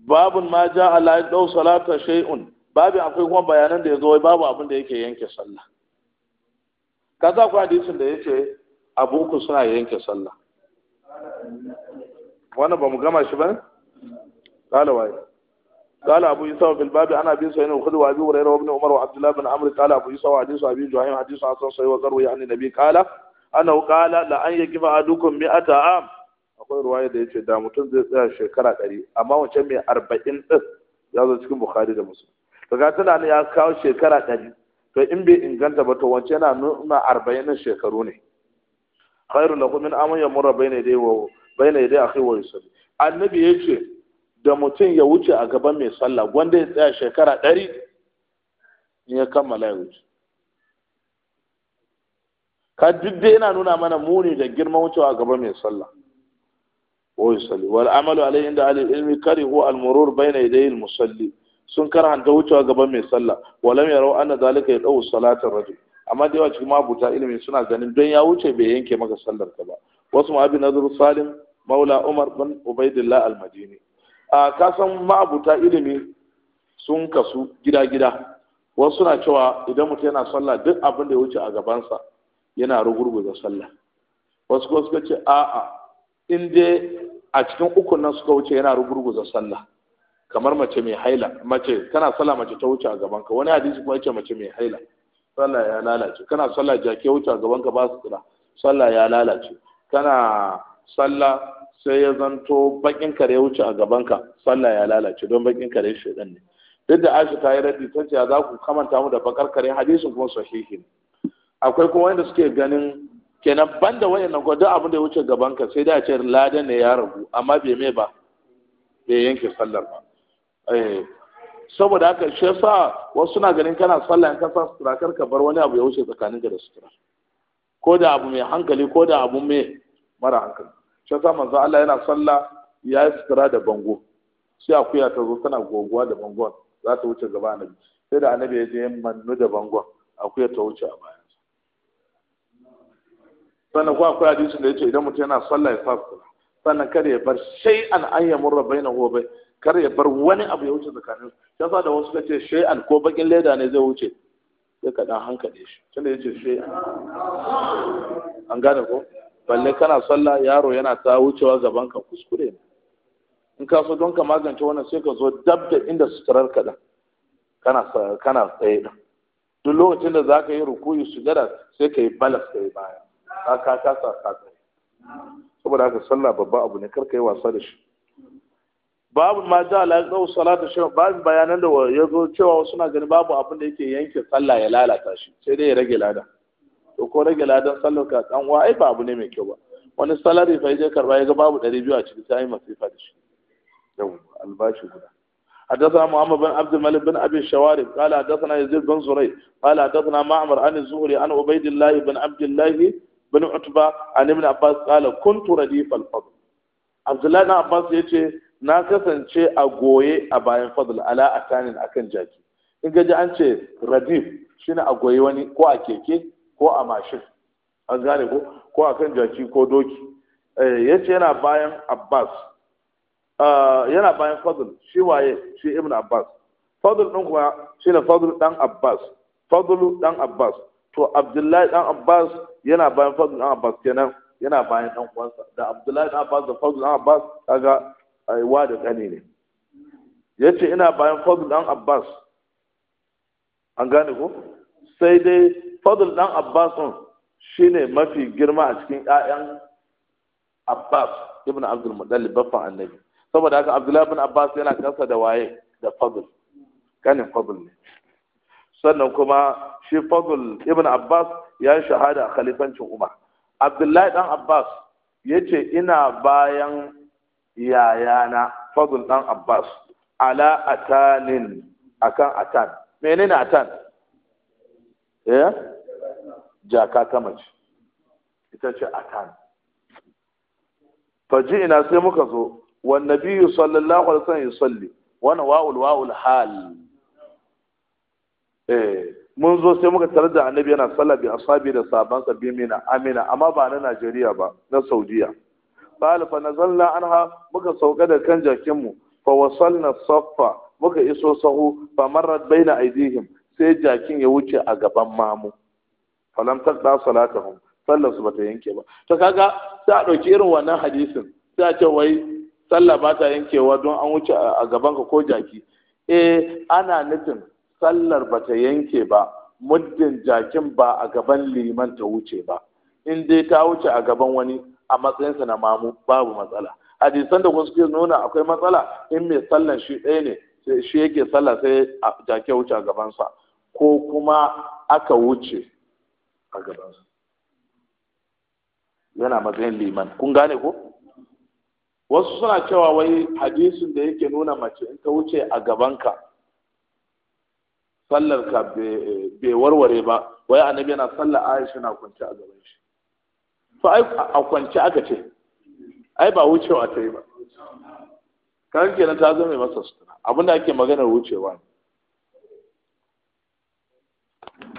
babun ma ja layi dau salata shay'un babu akwai kuma bayanan da yazo babu abin da yake yanke sallah kaza ku hadisin da yake abu uku suna yanke sallah Wani ba gama shi ba قال واي قال ابو يوسف في الباب انا ابي سعيد وخذ وابي هريره وابن عمر وعبد الله بن عمرو قال ابو يوسف حديث ابي جهيم حديث عاصم صحيح وقروا يعني النبي قال انه قال لان يقف احدكم 100 عام akwai ruwaya da ce, da mutum zai tsaya shekara ɗari amma wancan mai arba'in ɗin ya zo cikin bukhari da musu daga tunanin ya kawo shekara ɗari to in bai inganta ba to wancan yana nuna arba'in ɗin shekaru ne khairu lahu min aman yamurra bayna yadayhi wa bayna yadayhi akhi wa yusalli annabi yace da mutum ya wuce a gaban mai sallah gwanda ya tsaya shekara ɗari in ya kammala ya wuce ka duk dai yana nuna mana muni da girman wucewa a gaban mai sallah wa yusalli wal amalu alayhi inda ahli ilmi karihu al murur bayna yadayhi musalli sun karanta wucewa gaban mai sallah walam yarau anna zalika yadau salatar rajul amma da yawa cikin mabuta ilimi suna ganin don ya wuce bai yanke maka sallar ka ba wasu ma abi nazar salim maula umar bin ubaidillah al-madini a kasan ma'abuta ilimi sun kasu gida-gida wasu suna cewa idan mutum yana sallah duk abin da ya wuce a gabansa yana rugurguza sallah wasu kuma suka ce a'a in dai a cikin ukun nan suka wuce yana rugurguza sallah kamar mace mai haila mace kana sallah mace ta wuce a gaban ka wani hadisi kuma yace mace mai haila sallah ya lalace kana sallah jake wuce a gaban ka ba su kula. sallah ya lalace kana sallah sai ya zanto bakin kare wuce a gaban ka sallah ya lalace don bakin kare shedan ne duk da Aisha ta yi radi ta ce za ku kamanta mu da bakar kare hadisin kuma sahihi akwai kuma wanda suke ganin kenan banda wayannan duk abin da ya wuce gaban ka sai da ce ladan ne ya rabu. amma bai mai ba bai yanke sallar ba eh, saboda haka shi yasa wasu na ganin kana sallah in ka sa sutura kar ka bar wani abu ya wuce tsakanin ka da sutura ko da abu mai hankali ko da abu mai mara hankali shi yasa manzo Allah yana sallah ya yi sutura da bango sai akuya ta zo tana goguwa da bangon za ta wuce gaba annabi sai da annabi ya je mannu da bangon akuya ta wuce a baya sannan ko akwai hadisin da yace idan mutum yana sallah ya sa kula sannan kada ya bar shay an yamurra bainahu wa kar ya bar wani abu ya wuce tsakanin su sa da wasu shay an ko bakin leda ne zai wuce sai ka hankali shi tunda yace shay an gane ko balle kana sallah yaro yana ta wucewa gaban ka kuskure ne in ka so don ka magance wannan sai ka zo dab da inda suturar ka dan kana kana tsaye duk lokacin da zaka yi rukuyi sujada sai ka yi balas kai baya ka ka ka sa ka saboda haka sallah babba abu ne karka yi wasa da shi babu ma ja la yaqau salatu shi babu bayanan da yazo cewa wasu na gani babu abin da yake yanke sallah ya lalata shi sai dai ya rage lada to ko rage ladan sallar ka dan wa ai ba abu ne mai kyau ba wani salari fa je karba ya ga babu 200 a ciki sai masifa da shi yau albashi guda حدثنا محمد بن عبد الملك بن ابي الشوارب قال حدثنا يزيد بن زريع قال حدثنا معمر عن الزهري عن عبيد الله بن عبد الله bin utba an ibn abbas qala kuntu radif al fadl abdullahi ibn abbas yace na kasance a goye a bayan fadl ala atanin akan jaki in gaji an ce radif shine a goye wani ko a keke ko a mashin an gane ko ko akan jaki ko doki yace yana bayan abbas yana bayan fadl shi waye shi ibn abbas fadl din kuma shine fadl dan abbas fadl dan abbas to abdullahi dan abbas yana bayan fadlu dan abbas kenan yana bayan dan uwansa da abdullahi dan abbas da fadlu dan abbas kaga wa da kane ne yace ina bayan fadlu dan abbas an gane ko sai dai fadlu dan abbas shine mafi girma a cikin ƴaƴan abbas ibn abdul muttalib baffan annabi saboda haka abdullahi ibn abbas yana kansa da waye da fadlu kanin fadlu ne sannan kuma shi fadl ibn abbas ya yi shahada a khalifancin umar abdullahi dan abbas ya ce ina bayan yayana fadl dan abbas ala atanin akan atan menene atan eh jaka ta mace ita ce atan faji ina sai muka zo wa biyu sallallahu alaihi wasallam yusalli Wannan wa'ul wa'ul hal Eh, mun zo sai muka tarar da annabi yana sallah bi asabi da sahaban bi mina amina amma ba na Najeriya ba na Saudiya qala fa nazalna anha muka sauka da kan jakin mu fa wasalna safa muka iso sahu fa marrat baina aidihim sai jakin ya wuce a gaban mamu falam taqda salatahum sallar su bata yanke ba to kaga sai a dauki irin wannan hadisin sai a ce wai sallah ba ta yankewa don an wuce a gaban ka ko jaki eh ana nufin sallar ba ta yanke ba muddin jakin ba a gaban liman ta wuce ba in dai ta wuce a gaban wani a matsayinsa na mamu babu matsala hadisan da kuma suke nuna akwai matsala in mai sallan shi ɗaya ne shi yake salla sai jake wuce a gabansa ko kuma aka wuce a gabansa yana matsayin liman kun gane ko wasu suna cewa wai hadisin da yake nuna mace in ta wuce a gabanka sallar ka bai warware ba wai annabi yana sallar aisha na kwance a gaban shi to ai a kwance aka ce ai ba wucewa ta yi ba kan kenan ta zama masa sutura abinda ake maganar wucewa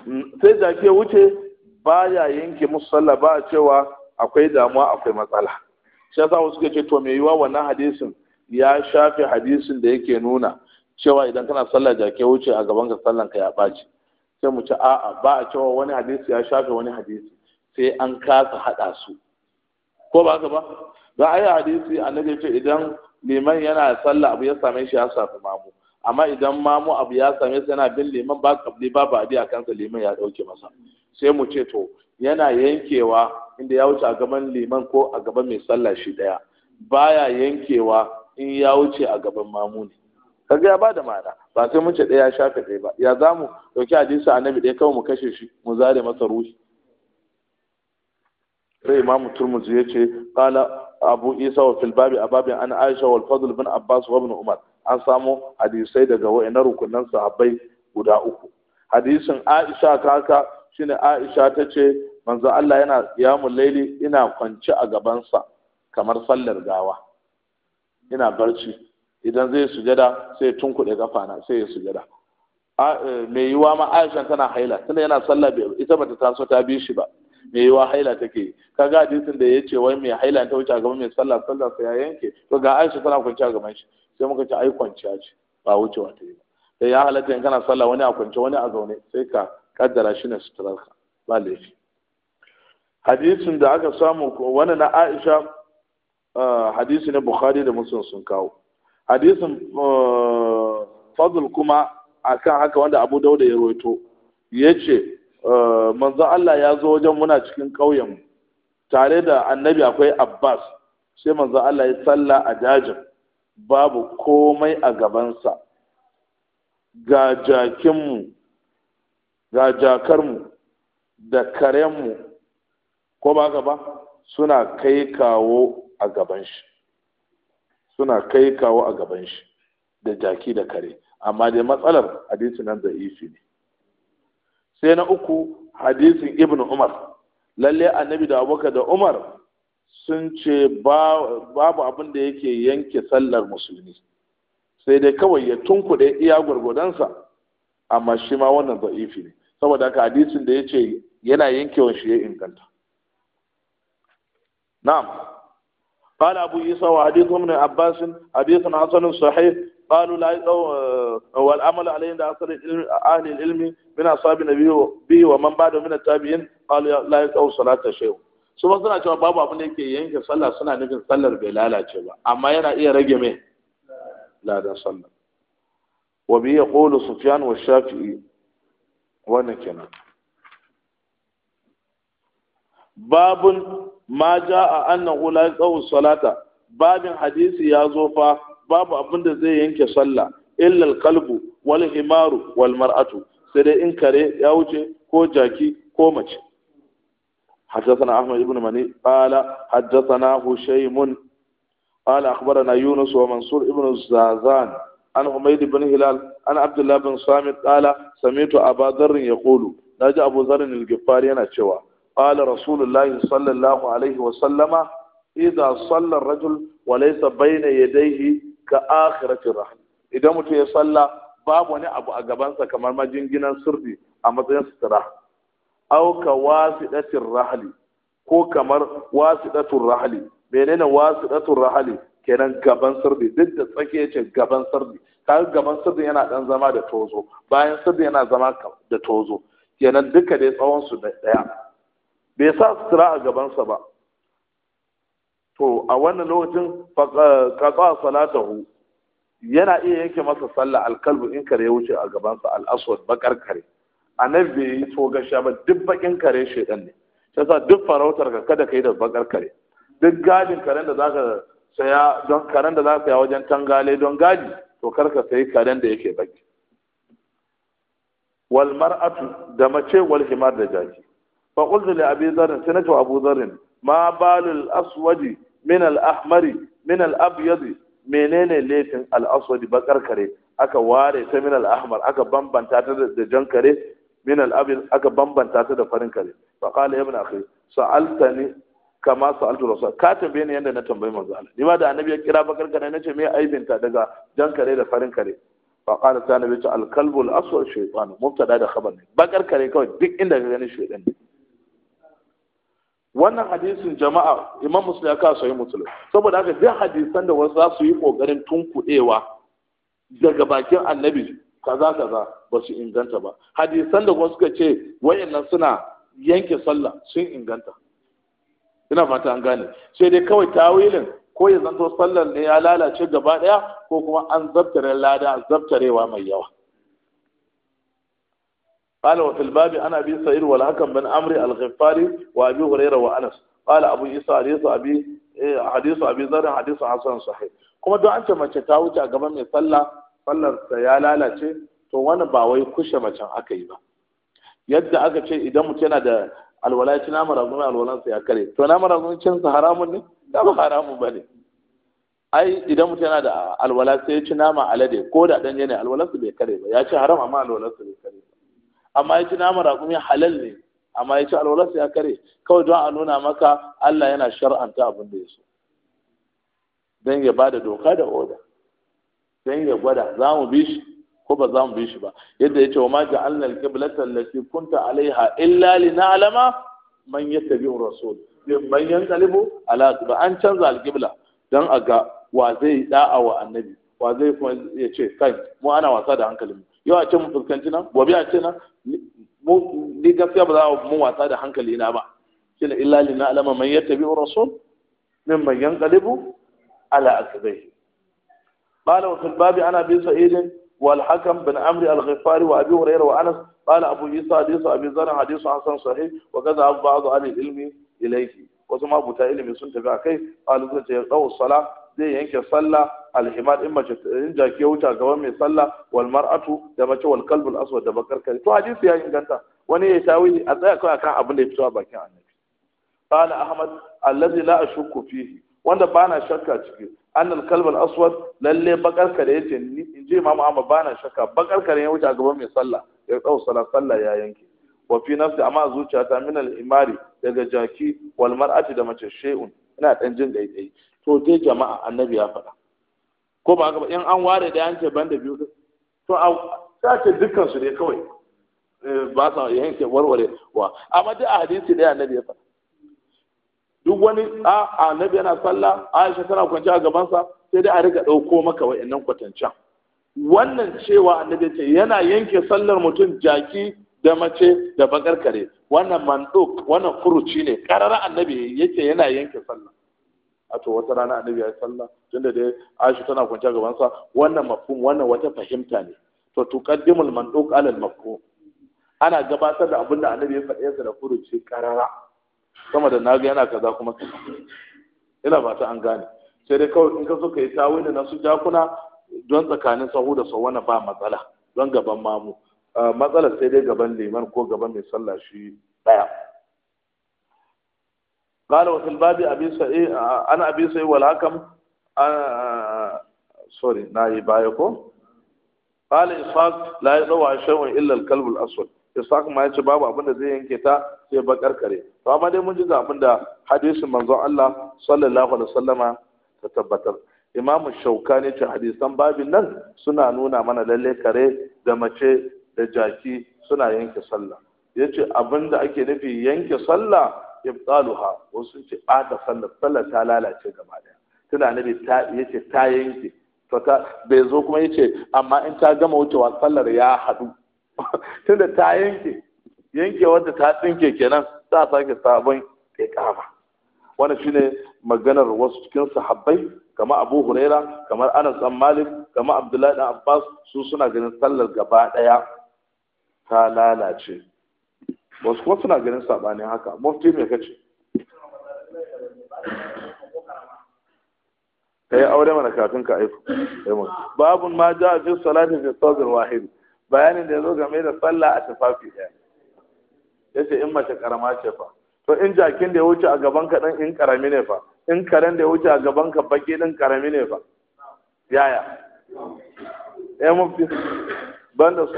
ne mm, sai da ke wuce ba ya yanke musu sallah ba cewa akwai damuwa akwai matsala shi yasa wasu ke ce to me yiwa wannan hadisin ya shafe hadisin da yake nuna cewa idan kana sallah jake wuce a gaban ka sallan ka ya ɓaci sai mu ci a'a ba a cewa wani hadisi ya shafe wani hadisi sai an kasa haɗa su ko ba ka ba za a yi hadisi annabi ce idan liman yana sallah abu ya same shi ya safi mamu amma idan mamu abu ya same shi yana bin liman ba kabli ba ba a kansa liman ya ɗauke masa sai mu ce to yana yankewa inda ya wuce a gaban liman ko a gaban mai sallah shi ɗaya baya yankewa in ya wuce a gaban mamu ne kaga ya bada ma'ana ba sai mun ce ɗaya ya shafe ɗaya ba ya za mu ɗauki hadisi annabi ɗaya kawai mu kashe shi mu zare masa ruhi sai imamu turmuzi ya ce qala abu isa wa fil babi ababi an aisha wal fadl bin abbas wa ibn umar an samu hadisai daga waina rukunan sahabbai guda uku hadisin aisha kaka shine aisha ta ce manzo Allah yana mu laili ina kwance a gabansa kamar sallar gawa ina barci idan zai sujada sai tun kuɗe kafana sai ya sujada eh, mai yiwa ma Aisha tana haila tunda yana sallah ita bata taso ta bi shi ba mai yiwa haila take Ka ga hadisin da ya ce wai mai haila ta wuce a gaban mai sallah sallah sai ya yanke to ga Aisha tana a gaban shi sai muka ce ai kwanciya ce ba wucewa ta yi sai ya halatta in kana sallah wani a kwance wani a zaune sai ka kaddara shi ne suturarka ba laifi hadisin da aka samu wani na Aisha eh, hadisi na Bukhari da Muslim sun kawo hadisin eh, fadl kuma akan haka wanda abu dauda ya roito ya ce eh, manzon Allah ya zo wajen muna cikin ƙauyen tare da annabi akwai abbas sai manzon Allah ya salla a dajin babu komai a gabansa ga jakinmu ga jakarmu da karenmu ko ba ka ba suna kai kawo a gaban shi suna kai kawo a gaban shi da jaki da kare amma dai matsalar hadisin nan da isi ne sai na uku hadisin ibn umar lalle annabi da abubakar da umar sun ce babu abin da yake yanke sallar musulmi sai dai kawai ya tunkuɗe iya gwargwadonsa amma shi ma wannan za'ifi ne saboda haka hadisin da ya ce yana yankewa shi ya inganta na'am قال أبو عيسى وحديث ابن عباس حديث حسن صحيح قالوا لا والعمل عليه عند أكثر أهل العلم من أصحاب النبي به ومن بعده من التابعين قالوا لا يقوى صلاة شيء su ba suna cewa babu abin da yake yanke sallah suna nufin sallar bai lalace ba amma yana iya rage mai ladan sallar wa bi yaqulu sufyan wa shafi'i wannan kenan babun Maja a annahu la tsawon salata babin hadisi ya zo fa babu abin da zai yanke sallah illa alqalbu wal himaru wal mar'atu sai dai in kare ya wuce ko jaki ko mace حدثنا أحمد بن مني قال حدثنا هشيم قال أخبرنا يونس ومنصور بن الزازان عن حميد بن هلال عن عبد الله بن صامت قال سمعت أبا ذر يقول نجا أبو ذر الجفاري أنا شوى قال رسول الله صلى الله عليه وسلم إذا صلى الرجل وليس بين يديه كآخرة الرحم إذا متى يصلى باب وني أبو أجبانسا كما ما جنجنا سردي أما تنسترا أو كواسطة الرحل ko kamar wasiɗatun rahali menene wasiɗatun rahali kenan gaban sirdi duk da tsake ce gaban sirdi kaga gaban sirdi yana dan zama da tozo bayan sirdi yana zama da tozo kenan duka dai tsawon su daya bai sa sutura a gabansa ba to a wannan lokacin eh, salata hu yana iya yanke masa sallah alkalbu in kare wuce a gabansa al'aswad bakar kare annabi bai yi to gasha ba duk bakin kare shedan ne Ta sa duk farautar ka kada ka yi da bakar kare duk gadin karen da za ka saya don karen da ka wajen tangale don gadi to kar ka sayi karen da yake baki wal mar'atu da mace walhimar da jaki فقلت لأبي ذر abi أبو ذر ما بال الأسود من الأحمر من الأبيض ahmari min الأسود بكر menene laifin al من الأحمر kare aka ware ta كري من ahmar aka bambanta ta da jan kare يا ابن أخي aka bambanta ta da farin kare fa qala ibn ka na tambayi manzo Allah ni ma da annabi kira bakar kare ce me aibinta daga jan kare da farin kare فقال تعالى الكلب الاسود شيطان مبتدا da خبر ne bakar kare kawai duk inda gani shaydan wannan hadisin jama'a imam muslim ya kawo yi saboda haka duk hadisan da wasu za su yi kokarin tunkuɗewa daga bakin annabi kaza kaza ba su inganta ba hadisan da wasu ka ce wayannan suna yanke sallah sun inganta ina fata an gane sai dai kawai tawilin ko ya zanto sallar ne ya lalace gaba daya ko kuma an zabtare lada zabtarewa mai yawa قال وفي الباب عن أبي سعيد والحكم بن عمرو الغفاري وأبي هريرة وأنس قال أبو عيسى حديث أبي حديث أبي ذر حديث حسن صحيح kuma don an ce mace ta wuce a gaban mai sallah sallar ya lalace to wani ba wai kushe macen aka yi ba yadda aka ce idan mutum yana da alwala ya ci nama ragun alwalan sa ya kare to nama ragun cin haramun ne da ba haramun bane ai idan mutum da alwala sai ya ci nama alade ko da dan yana alwalan bai kare ba ya ci haram amma alwalan bai kare amma ya ci naman raƙumi halal ne amma ya ci sai ya kare kawai don a nuna maka Allah yana shar'anta abin da ya so don ya bada doka da oda don ya gwada za mu bi shi ko ba za mu bi shi ba yadda ya ce wa ma ja'alna al-qiblata allati kunta alaiha illa na'lama man yattabi'u rasul man yanqalibu ala ba an canza al-qibla don a ga wa zai da'a wa annabi wa zai kuma ya ce kai mu ana wasa da hankalin yau a ce fuskanci nan gobe a ce nan ni gaskiya ba za mu wasa da hankali na ba shi na illali na alama man yadda bi rasul min man yan kalibu ala akzai qala wa fil babi ana bi sa'idin wal hakam bin amri al wa abi hurairah wa anas qala abu isa hadithu abi zar hadithu hasan sahih wa kaza ba'd al ilmi ilayhi wasu mabuta ilimi sun tafi akai qalu zai dawo sala. zai yanke sallah alhimad in mace in jaki ya wuta gaban mai sallah wal mar'atu da mace wal kalbul aswad da bakar kare to hadisi ya inganta wani ya tawili a tsaya kawai akan abin da ya fito a bakin annabi qala ahmad allazi la ashukku fihi wanda bana shakka ciki annal kalbul aswad lalle bakar kare yace ni in je imamu amma bana shakka bakar kare ya wuta gaban mai sallah ya tsau sallah sallah ya yanke wa fi nafsi amma zuciyata min al imari daga jaki wal mar'ati da mace shay'un ina dan jin daidai to dai jama'a annabi ya faɗa ko ba ga ba in an ware da yanke banda biyu to a sace dukkan su ne kawai eh, ba sa yanke warware wa amma dai a hadisi da annabi ya faɗa duk wani a annabi yana sallah Aisha tana kwance a gaban sa sai dai a riga dauko maka wayannan kwatancan wannan cewa annabi ce yana yanke sallar mutum jaki da mace da bakar kare wannan manduk wannan furuci ne karara annabi yake yana yanke sallar. a to wata rana annabi ya sallah tunda dai Aisha tana kwanciya gaban sa wannan mafhum wannan wata fahimta ne to tuqaddimul ala al mafhum ana gabatar da abinda da annabi ya faɗa sa da furuci karara sama da naga yana kaza kuma ina ina fata an gane sai dai kawai in ka so ka yi na su jakuna don tsakanin sahu da sawana ba matsala don gaban mamu ah, matsalar sai dai gaban liman ko gaban mai sallah shi daya قال وفي الباب أبي سعيد أنا أبي سعيد والحكم سوري نائب بايكو قال إسحاق لا يضوع شيء إلا الكلب الأسود Ishaq ma ya ce babu abin da zai yanke ta sai bakar kare to amma dai mun ji ga abin da hadisin manzon Allah sallallahu alaihi wasallama ta tabbatar Imam Shaukani ce hadisan babin nan suna nuna mana lalle kare da mace da jaki suna yanke sallah yace abin da ake nufi yanke sallah ibtaluha wasu sun ce a sallar sallar ta lalace gaba daya tunda nabi ta yace ta yanke to ta bai zo kuma yace amma in ta gama wucewa sallar ya hadu tunda ta yanke yanke wanda ta tsinke kenan ta sake sabon iqama wannan shine maganar wasu cikin sahabbai kamar Abu Huraira kamar Anas bin Malik kamar Abdullahi bin Abbas su suna ganin sallar gaba daya ta lalace wasu kuma suna ganin sabanin haka mufti mai kace ka yi aure mana kafin ka aiko babun ma ja a fi salatin fi sauzin wahid bayanin da ya zo game da sallah a tafafi ɗaya Ya ce in mace karama ce fa to in jakin da ya wuce a gaban ka ɗan in karami ne fa in karen da ya wuce a gaban ka baki ɗan karami ne fa yaya Ya eh, mufti banda su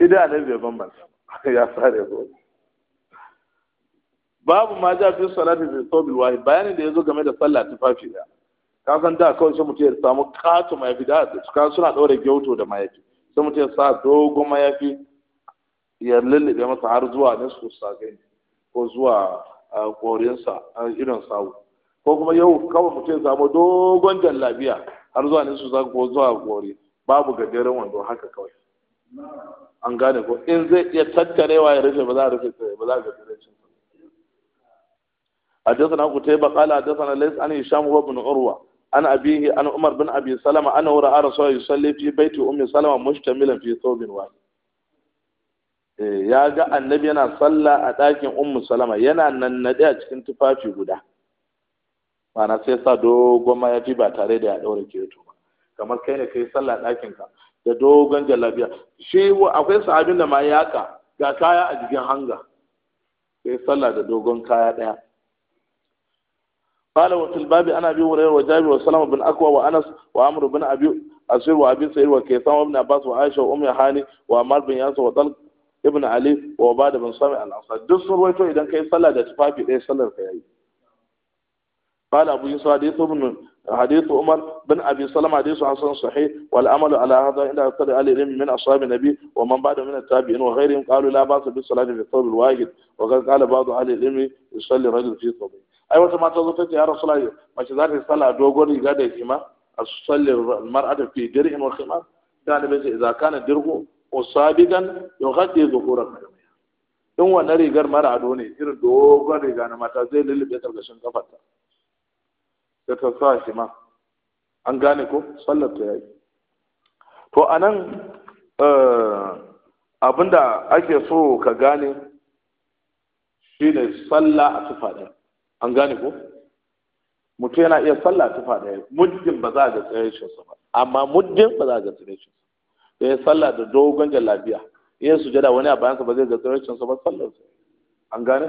idanun bai bambanta ya fara yabo babu ma ja fi salati da thawbil wahi bayanin da yazo game da sallah tufafi da ka san da kawai sai mutum ya samu katu mayafi da ka suna daure gyauto da mayafi sai mutum ya sa dogon mayafi ya lullube masa har zuwa nisfu sakai ko zuwa korinsa irin sawu ko kuma yau kawai mutum ya samu dogon jallabiya har zuwa nisfu sakai ko zuwa kori babu gajeren wando haka kawai an gane ko in zai iya tattare ya rufe ba za a rufe tsaye ba za a gaji rashin a dasana na ta yi bakala a dasana lais an yi shamu wa bani urwa an abihi an umar bin abi salama an wura ara sau yi salli fi baiti umar salama mushta milan fi sau wa eh, ya ga annabi yana salla a ɗakin ummu salama yana nan naɗe a cikin tufafi guda ma'ana sai sa dogon mayafi ba tare da ya ɗaure keto ba kamar kai ne kai salla a ɗakinka da dogon jalabiya shi akwai sahabin da ma ya ga kaya a jikin hanga sai sallah da dogon kaya daya قال وفي الباب انا ابي هريره وجابر وسلمه بن اكوى وانس wa بن ابي اسير وابي سعيد وكيسان وابن عباس وعائشه وام هاني وعمار بن ياسر وطلق ابن علي وعباده بن سامع الانصاري duk sun ruwaito idan kai sallah da tufafi ɗaya sallar ka yayi قال ابو يوسف حديث ابن حديث عمر بن أبي سلمة حديث حسن صحيح والأمل على هذا عند أكثر أهل العلم من أصحاب النبي ومن بعد من التابعين وغيرهم قالوا لا بأس بالصلاة في الثوب الواحد وقد قال بعض أهل العلم يصلي رجل في ثوبه أي وقت ما تزوجت يا رسول الله ما شذات الصلاة دوغور يقعد يجمع تصلي المرأة في درع وخمار كان بس إذا كان الدرع وصابقا يغطي ظهور القدمين in wannan rigar mara ado ne irin dogon riga na mata zai lullube karkashin kafarta da ta sa shi ma an gane ko sallar ta yayi to anan eh, abinda ake so ka gane shine sallah a tufa ɗaya an gane ko mutum yana iya sallah a tufa ɗaya muddin ba za a ga shi ba amma muddin ba za a ga shi, da ya sallah da dogon lafiya, iya jada wani a bayansa ba zai ga shi ba sa, an gane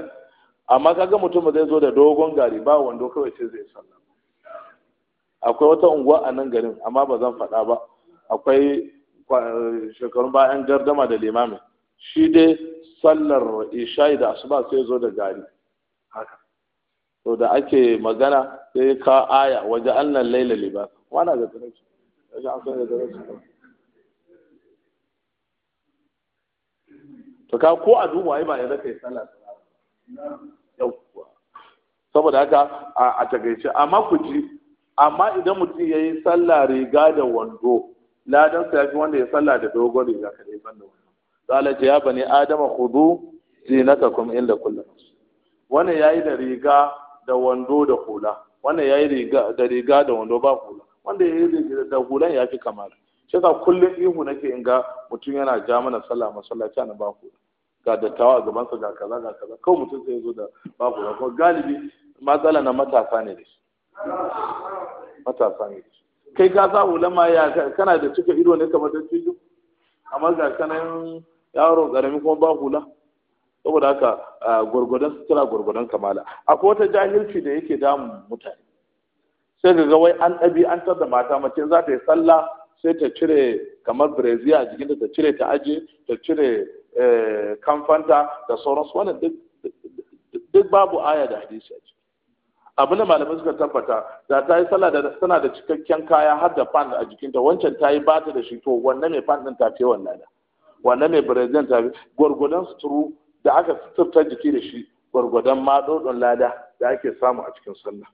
amma kaga mutum ba zai zo da dogon gari ba wando kawai sai zai sallah akwai wata unguwa a nan garin amma ba zan faɗa ba akwai shekarun bayan gardama da limamin shi dai sallar isha'i da asuba sai zo da gari haka to da ake magana sai ka aya waje annan laila liba wana ga tsaraci wajen an san da to ka ko a duba ai ba ya zaka yi sallah yau saboda haka a takaice amma ku ji amma idan mutum ya yi sallah riga da wando ladan sa fi wanda ya sallah da dogon riga kadai ban da wando qala ya bani adama khudu zinatakum inda kullu wannan yayi da riga da wando da hula wannan yayi riga da riga da wando ba hula wanda yayi riga da hula fi kamar shi ka kullum ihu nake in ga mutum yana ja mana sallah masallaci ana ba hula ga dattawa a gabansa ga kaza ga kaza kawai mutum sai ya zo da ba hula kuma galibi matsala na matasa ne da shi matasa ne kai ka sa ulama ya kana da cika ido ne kamar tijo amma ga kanan yaro karami kuma ba hula saboda haka gwargwadon sutura gurgurdan kamala akwai wata jahilci da yake damun mutane sai ga wai an ɗabi an da mata mace za ta yi sallah sai ta cire kamar breziya a jikinta ta cire ta aje ta cire eh, kamfanta da sauransu wannan duk babu aya da hadisi abin da malamai suka tabbata da ta yi sallah da tana da cikakken kaya har da fan a jikinta wancan ta yi ba ta da shi to wannan mai fan din ta fi wannan da wannan mai brazil ta gwargwadon suturu da aka suturta jiki da shi gwargwadon maɗoɗin lada da ake samu a cikin sallah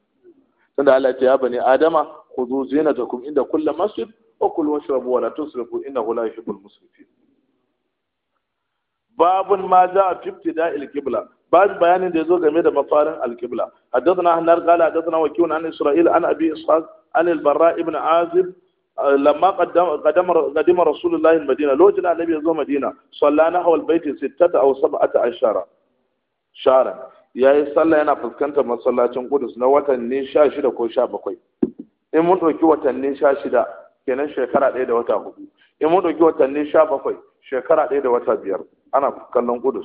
tunda Allah ya bani adama khudhu zinatakum inda kulla masjid wa kulu washrabu wa la tusrifu innahu la yuhibbul musrifin babun ma za a fifti qibla بعد بيان جزو جميل مطار القبلة حدثنا هنار قال حدثنا وكيون عن إسرائيل عن أبي إسحاق عن البراء بن عازب لما قدم قدم قدم رسول الله المدينة لو جاء النبي يزور مدينة صلى نحو البيت ستة أو سبعة عشر شهرا ya sallah yana fuskantar masallacin kudus na watanni sha shida ko sha bakwai in mun watanni sha shida kenan shekara ɗaya da wata hudu in mun ɗauki watanni sha bakwai shekara ɗaya da wata biyar ana kallon kudus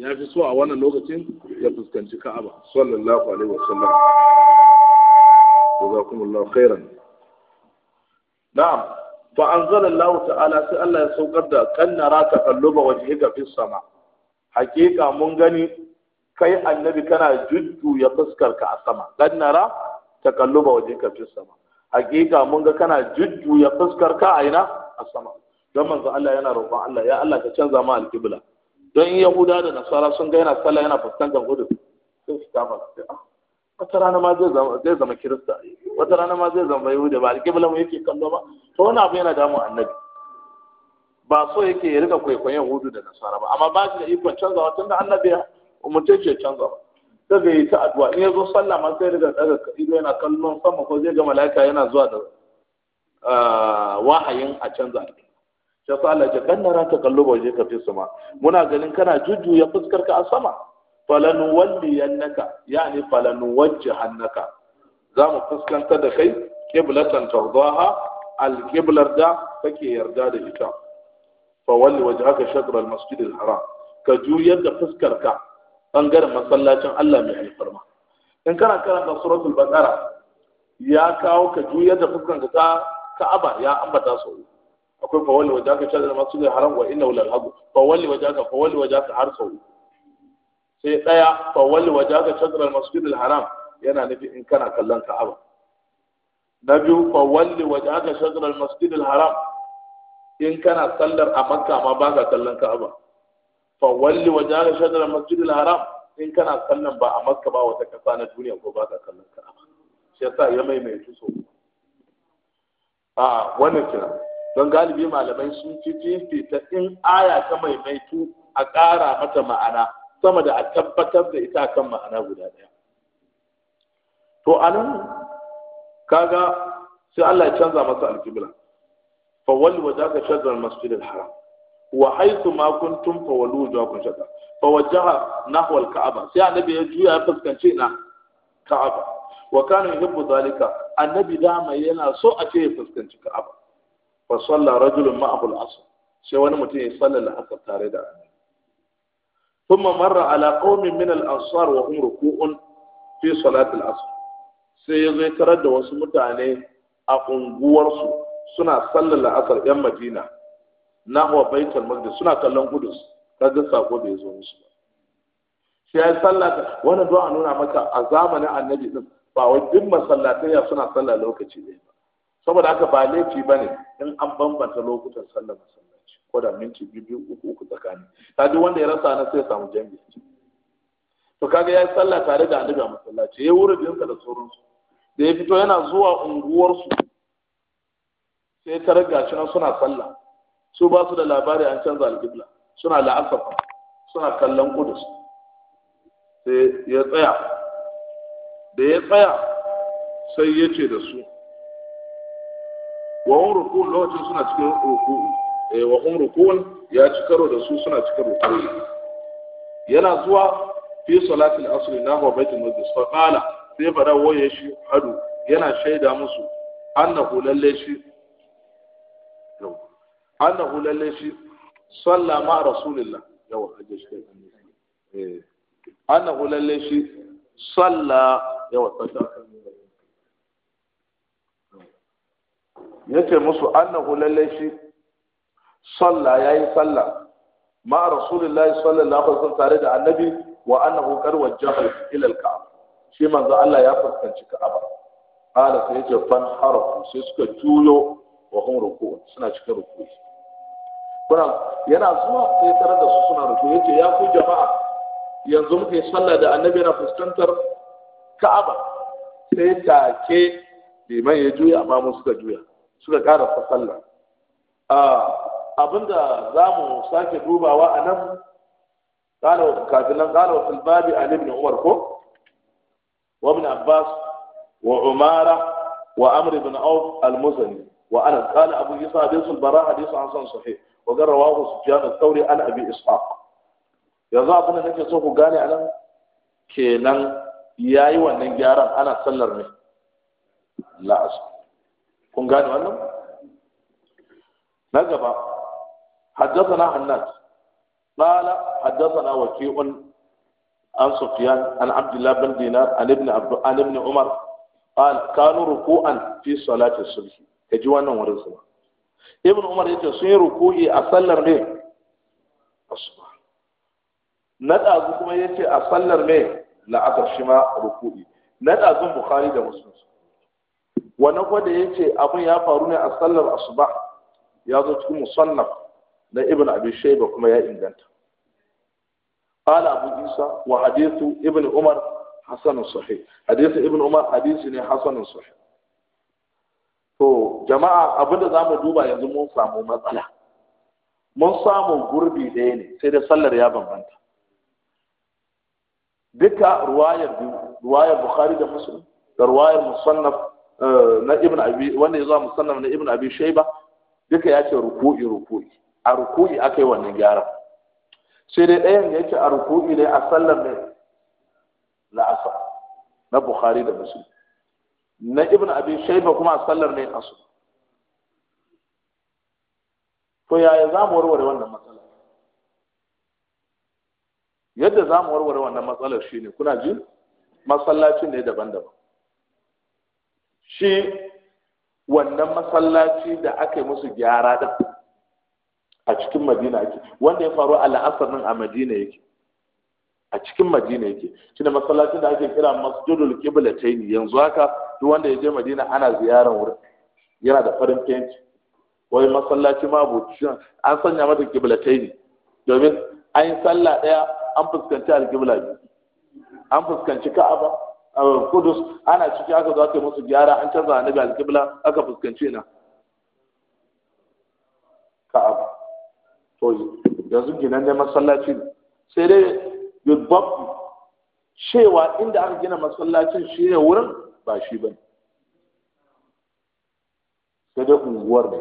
ya fi so a wannan lokacin ya fuskanci ka'aba sallallahu alaihi wasallam jazakumullahu khairan na'am fa Allah ta'ala sai Allah ya saukar da kan nara taqalluba wajhika fi sama hakika mun gani kai annabi kana jujju ya ka a sama kan nara taqalluba wajhika fi sama hakika mun ga kana jujju ya ka a ina a sama don manzo Allah yana roƙon Allah ya Allah ka canza ma alƙibla don yahuda da nasara sun ga yana sallah yana fuskantar gudu sai su kama su ah, wata rana ma zai zama kirista wata rana ma zai zama yahuda ba alƙibla mu yake kallo ba to wani abu yana damun annabi ba so yake ya rika kwaikwayon yahudu da nasara ba amma ba shi da ikon canzawa tunda annabi ya umarce shi canza ba sai ga yi ta addu'a in ya zo sallah ma sai riga daga ido yana kallon sama ko zai ga mala'ika yana zuwa da ah, wahayin a canza sai sa Allah ya kannara ta kallo ba waje ka fi sama muna ganin kana jujjuya fuskar ka a sama falanu walli yannaka yani falanu wajjihannaka za mu fuskanta da kai qiblatan tardaha alqiblar da kake yarda da ita fa walli wajhaka shatr almasjid haram. ka juyar da fuskar ka bangaren masallacin Allah mai alfarma in kana karanta suratul baqara ya kawo ka juyar da fuskar ka ka'aba ya ambata sau akwai fa aka wajaka shadar masjidil haram wa innahu lal hagu? fa walli wajaka fa walli wajaka har sau sai daya fa aka wajaka shadar masjidil haram yana nufi in kana kallon ka'aba na biyu fa aka wajaka shadar masjidil haram in kana sallar a makka ma ba ka kallon ka'aba fa aka wajaka shadar masjidil haram in kana sallan ba a makka ba wata kasa na duniya ko ba ka kallon ka'aba shi yasa ya maimaitu sau? a wannan kira don galibi malamai sun fi fifita in aya ta maimaitu a ƙara mata ma'ana sama da a tabbatar da ita kan ma'ana guda ɗaya to a nan kaga sai Allah ya canza masa alƙibla fa wali wa zaka al-masjid al-haram wa haythu ma kuntum fa wa zaka shadra fa wajaha nahwa al-ka'aba sai annabi ya juya ya fuskanci ina ka'aba wa kana yuhibbu zalika annabi dama yana so a ce ya fuskanci ka'aba fa salla rajulun ma'ahu al-asr sai wani mutum ya salla al-asr tare da annabi thumma marra ala qaumin min al-ansar wa hum ruku'un fi salati al-asr sai yazo ya tarar da wasu mutane a unguwarsu suna sallar al-asr yan madina nahwa baitul maqdis suna kallon gudus, kaga sako bai zo musu ba sai ya sallata wannan du'a nuna maka a zamanin annabi din ba wai duk masallatai suna sallah lokaci ne ba saboda haka ba laifi ba ne in an bambanta lokutan sallar masallaci ko da minti biyu biyu uku uku tsakani ta duk wanda ya rasa na sai samu jami to kaga ya yi sallah tare da annabi a masallaci ya wuri dinsa da sauransu da ya fito yana zuwa unguwarsu sai ta riga shi suna sallah su ba su da labari an canza alƙibla suna la'asafa suna kallon kudus sai ya tsaya da ya tsaya sai ya ce da su wa hum lokacin suna cikin ruku. eh wa hum ya ci karo da su suna cikin ruku yana zuwa fi salatil asr na wa baitul maqdis fa qala sai fara waye shi hadu yana shaida musu annahu lalle shi annahu lalle shi salla ma rasulillah yawa haje shi kai eh annahu lalle shi salla yawa tsaka yace musu annahu lalle shi salla yayi salla ma rasulullahi sallallahu alaihi wasallam tare da annabi wa annahu kar wajjaha ila al-ka'ba shi manzo Allah ya fuskanci ka'aba qala sai yace fan harfu sai suka juyo wa hum ruku suna cikin ruku kuna yana zuwa sai tare da su suna ruku yace ya ku jama'a yanzu muka yi sallah da annabi na fuskantar ka'aba sai take liman ya juya amma mu suka juya suka ƙara sallah abinda za mu sake dubawa a nan kafin nan ƙara wa filbabi a libin umar ko wa bin abbas wa umara wa amri bin auf al-muzani wa ana qala abu isa hadisul bara hadisu hasan sahih wa garrawahu sufyan al-thawri an abi ishaq yanzu abin da nake so ku gane a nan kenan yayi wannan gyaran ana sallar ne la'asar kun gane wannan na gaba haddasana hannat qala haddasana wakiun an sufyan an abdullah bin dinar an ibn abdu an ibn umar qal kanu ruku'an fi salati subh kaji wannan wurin sa ibn umar yace sun yi ruku'i a sallar ne na dazu kuma yace a sallar ne la'akar shi ma ruku'i na dazun bukhari da muslim wannan kwada ya ce abin ya faru ne a sallar asuba ya zo cikin musannaf na ibn abi shaiba kuma ya inganta قال Isa عيسى وحديث ابن عمر حسن صحيح حديث ابن عمر حديث ne حسن صحيح to jama'a abinda za mu duba yanzu mun samu matsala mun samu gurbi ɗaya ne sai da sallar ya bambanta duka ruwayar biyu ruwayar bukhari da muslim da ruwayar musannaf Eh, na ibn abi wanda ya zo musannaf na ibn abi shayba duka ya ce ruku'i ruku'i a ruku'i akai wannan gyara sai dai ɗayan da yake a ruku'i ne a sallar ne na asar na bukhari da muslim na ibn abi shayba kuma a sallar ne asu to yaya za mu warware wannan matsala yadda za mu warware wannan matsalar shine kuna ji masallacin ne daban-daban shi wannan masallaci da aka yi musu gyara din a cikin madina yake wanda ya faru al'asar nan a madina yake a cikin madina yake shi da masallacin da ake kira masjidul ne yanzu haka duk wanda ya je madina ana ziyarar wurin yana da farin fenti wai masallaci ma bucin an sanya mata ne. domin an yi sallah daya an fuskanci al-gibba alqibla an fuskanci ka'aba kudus ana ciki aka zo aka yi musu gyara an canza annabi kibla aka fuskanci na ka'aba to yanzu ginan dai masallaci ne sai dai yudbab cewa inda aka gina masallacin shi ne wurin ba shi ba ne sai dai unguwar ne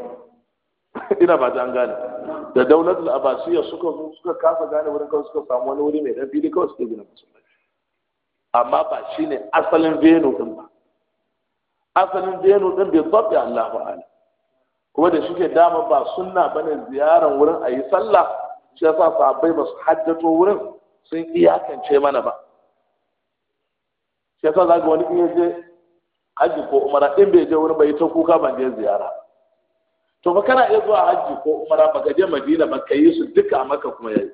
ina ba ta an gane da daular abasiyya suka suka kasa gane wurin kawai suka samu wani wuri mai dan fili kawai suka gina masallaci amma ba shi ne asalin venu ɗin ba asalin venu ɗin bai zaɓi Allah ala kuma da shike dama ba sunna ne ziyaran wurin a yi sallah shi sa sahabbai ba su haddato wurin sun iyakance mana ba shi sa za ga wani iya je hajji ko umara in bai je wurin bai ta kuka ban je ziyara to ba kana iya zuwa hajji ko umara ba ka je madina ba ka yi su duka a maka kuma yi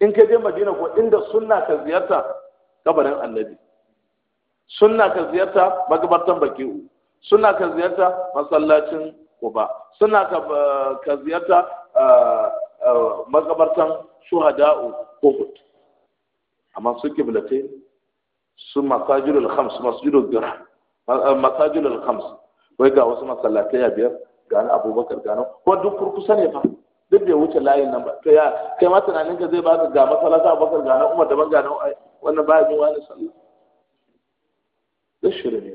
in ka je madina ko inda sunna ka ziyarta kabarin annabi sunna ka ziyarta magabartan baki'u suna ka ziyarta masallacin kuba suna ka ziyarta magabartan shuhada'u uhud amma su kiblatai su masajidul khams masjidul dirham masajidul khams wai ga wasu masallatai biyar ga abubakar ga na ko duk kurkusa ne fa duk da wuce layin nan ba kai ma tunanin ka zai baka ga masallata abubakar ga na umar ban ga na wannan ba bin wani sallah duk shirme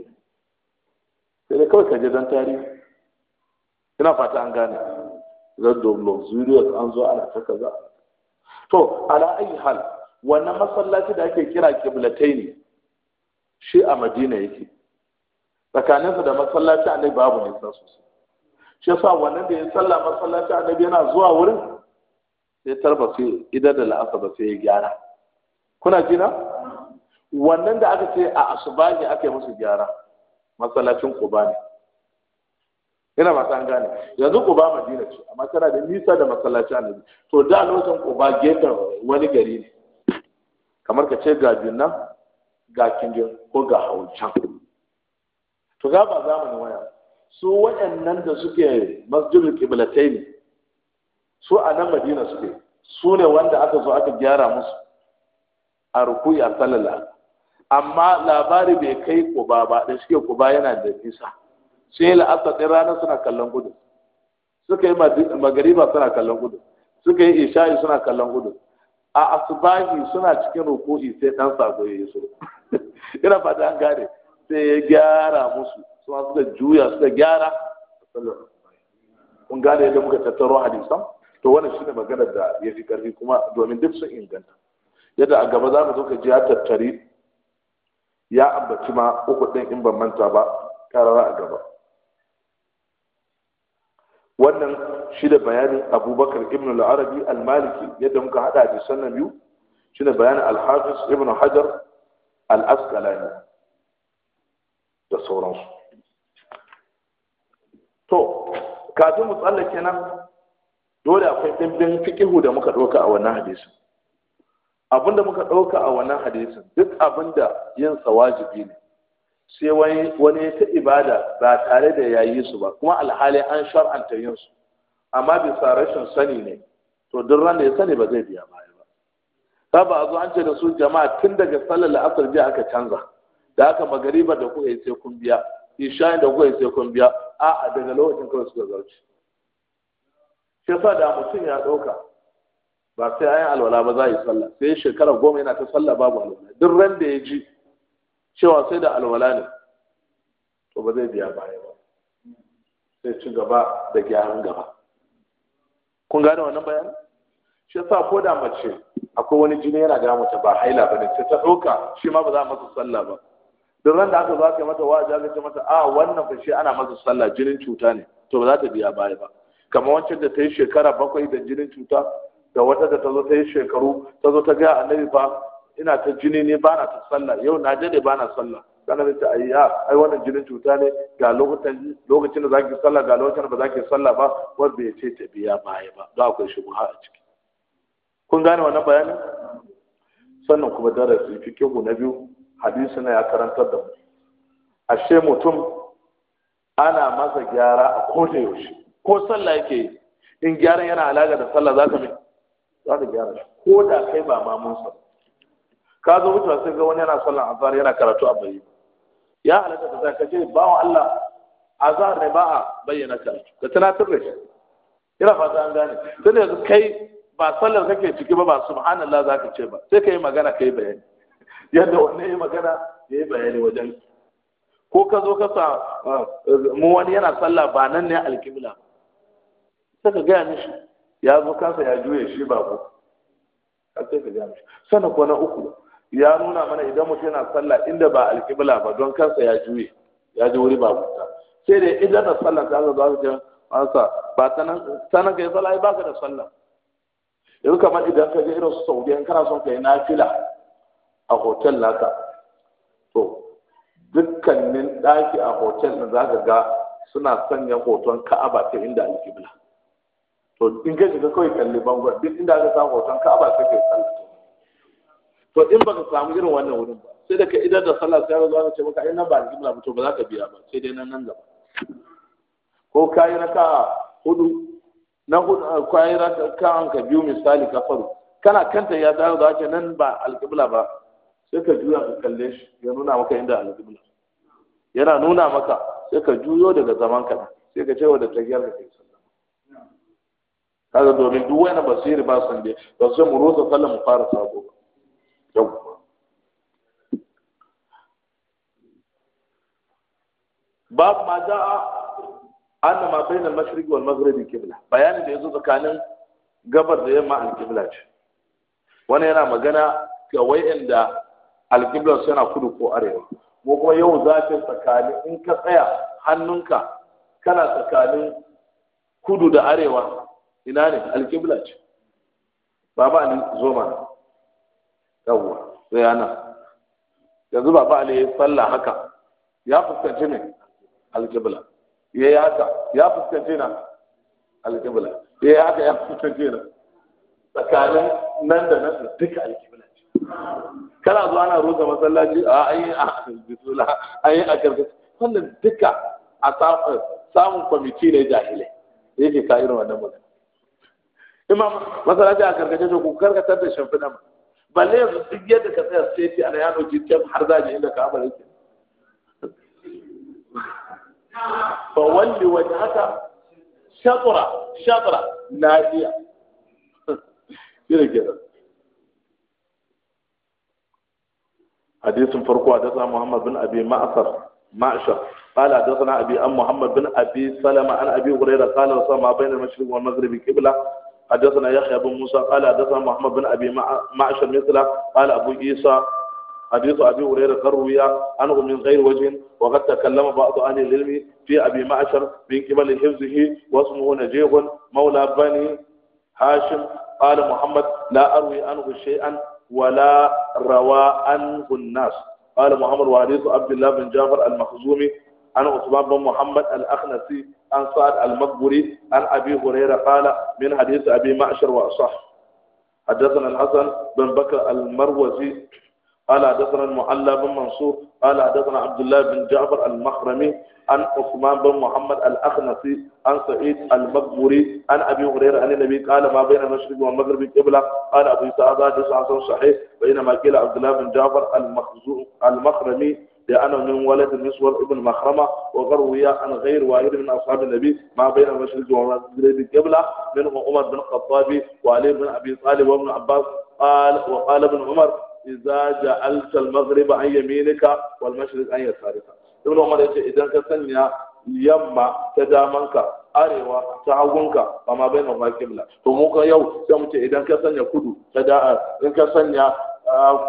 sai dai kawai ka je dan tarihi ina fata an gane zan doblo zuriya an zo ana ta kaza to ala ayi hal wannan masallaci da ake kira kiblatai ne shi a madina yake tsakaninsa da masallaci annabi babu sa sosai shi yasa wannan da ya sallah masallaci annabi yana zuwa wurin sai tarba sai idan da la'asa ba sai ya gyara kuna na wannan da aka ce a asuba ne aka yi musu gyara masallacin kuba ne ina ba san gane yanzu kuba madina ce amma tana da nisa da masallaci annabi to da lokacin kuba gefen wani gari ne kamar ka ce ga binna ga kingin ko ga haucan to ga ba zamanin waya su waɗannan da suke masjidul qiblatain su a nan madina suke su ne wanda aka zo aka gyara musu a rukuyi a salala amma labari bai kai ku ba da shi kuba yana da nisa sai la'asar ɗin rana suna kallon gudu suka yi magariba suna kallon gudu suka yi isha'i suna kallon gudu a asubahi suna cikin ruku'i sai ɗan sako ya yi so ina fata an gane sai ya gyara musu suna suka juya suka gyara kun gane yadda muka tattaro hadisan to wannan shine magana da ya fi ƙarfi kuma domin duk sun inganta yadda a gaba za mu zo ka ji ya tattari ya ambaci ma uku ɗin in ban manta ba ƙarara a gaba wannan shi da bayanin abubakar ibn al-arabi al-maliki yadda muka hada da sannan biyu shi da bayanin al-hafiz ibn hajar al-asqalani da sauransu to kafin mu tsallake nan dole akwai ɗimbin fikihu da muka ɗauka a wannan hadisin Abin da muka ɗauka a wannan hadisin duk da yin sa wajibi ne sai wani wani ta ibada ba tare da yayi su ba kuma alhali an shar'anta yin su amma bisa rashin sani ne to duk ran da ya sani ba zai biya baya ba ta ba a zo an ce da su jama'a tun daga sallar la'asar biya aka canza da aka magariba da kuka sai kun biya ishayin da kuka sai kun biya a'a daga lokacin kawai suka zarce shi yasa da mutum ya ɗauka ba sai ayan alwala ba za a yi sallah sai shekara goma yana ta sallah babu alwala duk ran da ya ji cewa sai da alwala ne to ba zai biya baya ba sai ci gaba da gyaran gaba kun gane wannan bayan? shi yasa ko da mace akwai wani jini yana da mata ba haila ba ne ta ɗauka shi ma ba za a masa sallah ba duk ran da aka zo aka yi mata wa'azi aka ce mata a ah, wannan fa shi ana masa sallah jinin cuta ne to ba za ta biya baya ba kamar wancan da ta yi shekara bakwai da jinin cuta da wata da ta zo ta yi shekaru ta zo ta ga annabi fa ina ta jini ne ba na ta sallah yau na dade ba na sallah kana da ta ayya ai wannan jinin cuta ne ga lokacin lokacin da zaki sallah ga lokacin da ba zaki sallah ba wanda ya ce ta biya baya ba da akwai shubha a ciki kun gane wannan bayanin sannan kuma darasi fikihu na biyu hadisi na ya karantar da mu ashe mutum ana masa gyara a koda yaushe ko sallah yake in gyaran yana alaƙa da sallah za ka mai za ta gyara shi ko da kai ba mamun sa ka zo mutuwa sai ga wani yana sallan azhar yana karatu a bayi ya halatta ka zaka ce bawo Allah azhar ne ba a bayyana karatu ka tunatar da shi ina fata an gane sai yanzu kai ba sallar kake ciki ba ba subhanallah zaka ce ba sai kai magana kai bayani yadda wanne ya magana ya yi bayani wajen ko ka zo ka sa ah, mu wani yana sallah ba nan ne alkibla sai ka gaya mishi ya zo kansa ya juye shi ba sai ka gane sannan ko na uku ya nuna mana idan mutum yana sallah inda ba alƙibla ba don kansa ya juye ya ji wuri ba kuta sai dai idan da sallah ta zo za ka ansa ba ta nan ka yi sallah ba ka da sallah yanzu kamar idan ka je irin su saudiya in kana son ka yi nafila a hotel naka to dukkanin ɗaki a hotel ɗin za ka ga suna sanya hoton ka'aba ta inda alƙibla to in ka shiga kawai kalli bangon duk inda aka samu hoton ka'aba sai kai sallah to in baka samu irin wannan wurin ba sai da ka idan da sallah sai ka zo ka ce maka ai nan ba ni ba to ba za ka biya ba sai dai nan nan gaba ko kayi raka hudu na hudu kayi raka kan ka biyu misali ka faru kana kanta ya dawo da ce nan ba alƙibla ba sai ka juya ka kalle shi ya nuna maka inda alƙibla yana nuna maka sai ka juyo daga zaman ka sai ka ce wa da tagiyar da kai kaga domin duk wani basiri ba san dai to sai mu rusa sallah mu fara sabo yau bab ma da'a an ma bainal mashriq wal maghrib kibla bayanin da yazo tsakanin gabar da yamma al kibla ce wani yana magana ga wayanda al kibla yana kudu ko arewa ko kuma yau zafin tsakanin in ka tsaya hannunka kana tsakanin kudu da arewa ina ne alƙibla ce baba ali zo mana yawwa sai ana yanzu baba ali ya falla haka ya fuskanci ne alƙibla ya yi haka ya fuskanci na alƙibla ya yi haka ya fuskanci na tsakanin nan da nan da duka alƙibla kana zuwa ana rusa masallaci a ayi a bisula ayi a karkashi wannan duka a samun kwamiti ne jahilai yake ka irin wannan mutum امام مثلا جاء كركا جو كركا تد شف دم بل دي دي كتا سي فولي وجهك شطرة شطرة نادية كده كده حديث فرقوا حدثنا محمد بن ابي معصر معشر قال حدثنا ابي محمد بن ابي سلمه عن ابي هريره قال وصى ما بين المشرق والمغرب قبله حدثنا يحيى بن موسى قال حدثنا محمد بن ابي معشر مثله قال ابو عيسى حديث ابي هريره الروية عنه من غير وجه وقد تكلم بعض اهل العلم في ابي معشر من قبل حفظه واسمه نجيب مولى بني هاشم قال محمد لا اروي عنه شيئا ولا روى عنه الناس قال محمد وحديث عبد الله بن جعفر المخزومي عن عثمان بن محمد الاخنسي عن سعد المقبري عن أبي هريرة قال من حديث أبي معشر وأصح حدثنا الحسن بن بكر المروزي قال حدثنا المعلى بن منصور قال حدثنا عبد الله بن جعفر المخرمي عن عثمان بن محمد الأخنسي عن سعيد المقبوري عن أبي هريرة عن النبي قال ما بين المشرق والمغرب قبلة قال أبو سعد هذا حديث صحيح بينما قيل عبد الله بن جعفر المخرمي لأنه من ولد مسور ابن مخرمة وغروي عن غير واحد من أصحاب النبي ما بين المشرق والمغرب القبلة منهم عمر بن الخطاب وعلي بن أبي طالب وابن عباس قال وقال ابن عمر إذا جعلت المغرب عن يمينك والمشرق عن يسارك ابن عمر يقول إذا كسنيا yamma ta damanka arewa ta hagunka ba ma bai nan kibla to mu ka yau sai mu ce idan ka sanya kudu ta da in ka sanya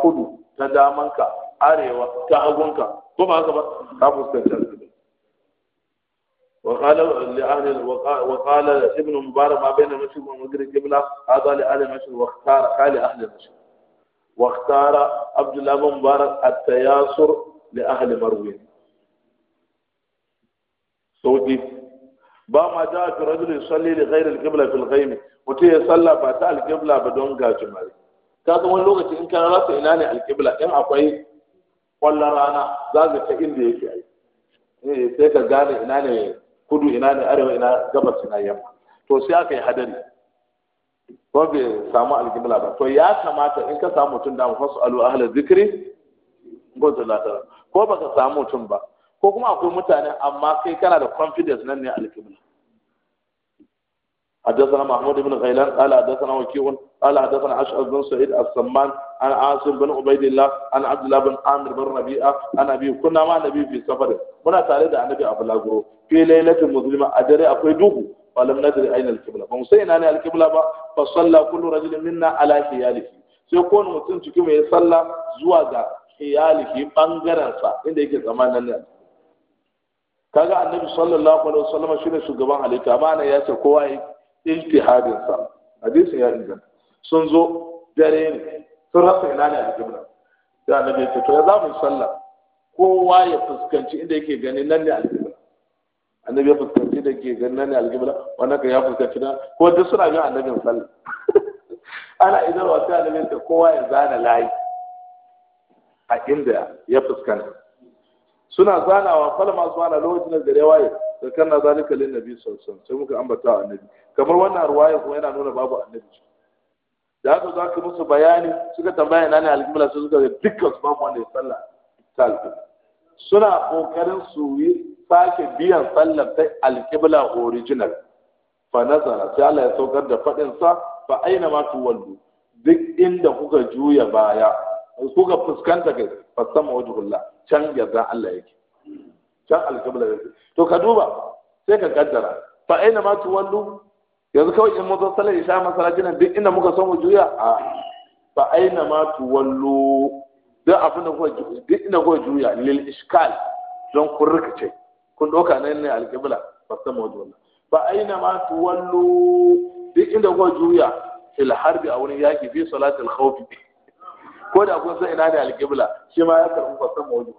kudu ta damanka arewa ta hagunka ko ba haka ba ka fuskanci alƙibla وقال لأهل وقال ابن مبارك ما بين المشرق والمغرب قبلة هذا لأهل المشرق واختار قال لأهل المشرق واختار عبد الله بن مبارك التياسر لأهل مروان سعودي ba ma ja fi rajul yusalli li ghayri al-qibla fil ghaym mutum ya salla ba ta al-qibla ba don gajimare ka san wani lokaci in ka rasa ina ne al-qibla in akwai kwallon rana za ka ta inda yake ai eh, sai ka gane ina ne kudu ina ne arewa ina gabas ina yamma to sai aka yi hadari ko bai samu alƙibla ba to ya kamata in ka samu mutum da fasu alu ahla zikri ko zalata ko baka samu mutum ba ko kuma akwai mutane amma kai kana da confidence nan ne alƙibla حدثنا محمود بن غيلان قال حدثنا وكيع قال حدثنا عشر بن سعيد السمان عن عاصم بن عبيد الله عن عبد الله بن عامر بن ربيعة عن أبي كنا مع النبي في سفر منا تعالى عن النبي أبو لاغرو في ليلة مظلمة أدري أكو دوغو فلم ندري أين القبلة فمسينا أنا القبلة فصلى كل رجل منا على حياله سيكون متن تكيم يصلى زواجا حياله بانغرنسا عند يجي زمان لنا kaga annabi sallallahu alaihi wasallam shine shugaban halitta ba na yace kowa yi ijtihadin sa hadisin ya inganta sun zo dare ne sun rasa ina ne jimla sai annabi ya ce to ya za mu sallah kowa ya fuskanci inda yake gani nan ne aljibla annabi ya fuskanci da ke gani nan ne aljibla wanda ka ya fuskanci na ko duk suna bin annabin sallah ana idan wasu annabi ta kowa ya zana layi a inda ya fuskanta suna zanawa falma su na lokacin da gare waye da na zalika lin nabi sallallahu alaihi wasallam sai muka ambata annabi kamar wannan ruwaya kuma yana nuna babu annabi da aka za ka musu bayani suka tambaya ina ne alƙibla su suka ga dukkan su babu wanda ya sallah ta suna kokarin su yi sake biyan sallar ta alƙibla original fa nazara sai Allah ya saukar da faɗin sa fa aina ma tuwallu duk inda kuka juya baya kuka fuskanta kai fa sama wajhullah can yadda Allah yake can ya yake to ka duba sai ka kaddara fa aina ma tuwallu yanzu kawai in mun zo sallar isha masallacin nan duk inda muka so mu juya a fa aina ma tuwallu duk abin da kuka duk inda kuka juya lil iskal don kun rikice kun doka nan ne Ba fa sama wajen fa aina ma tuwallu duk inda kuka juya fil harbi a wurin yaki fi salatil khawf ko da kun san ina ne alqibla shi ma ya ba fa sama wajen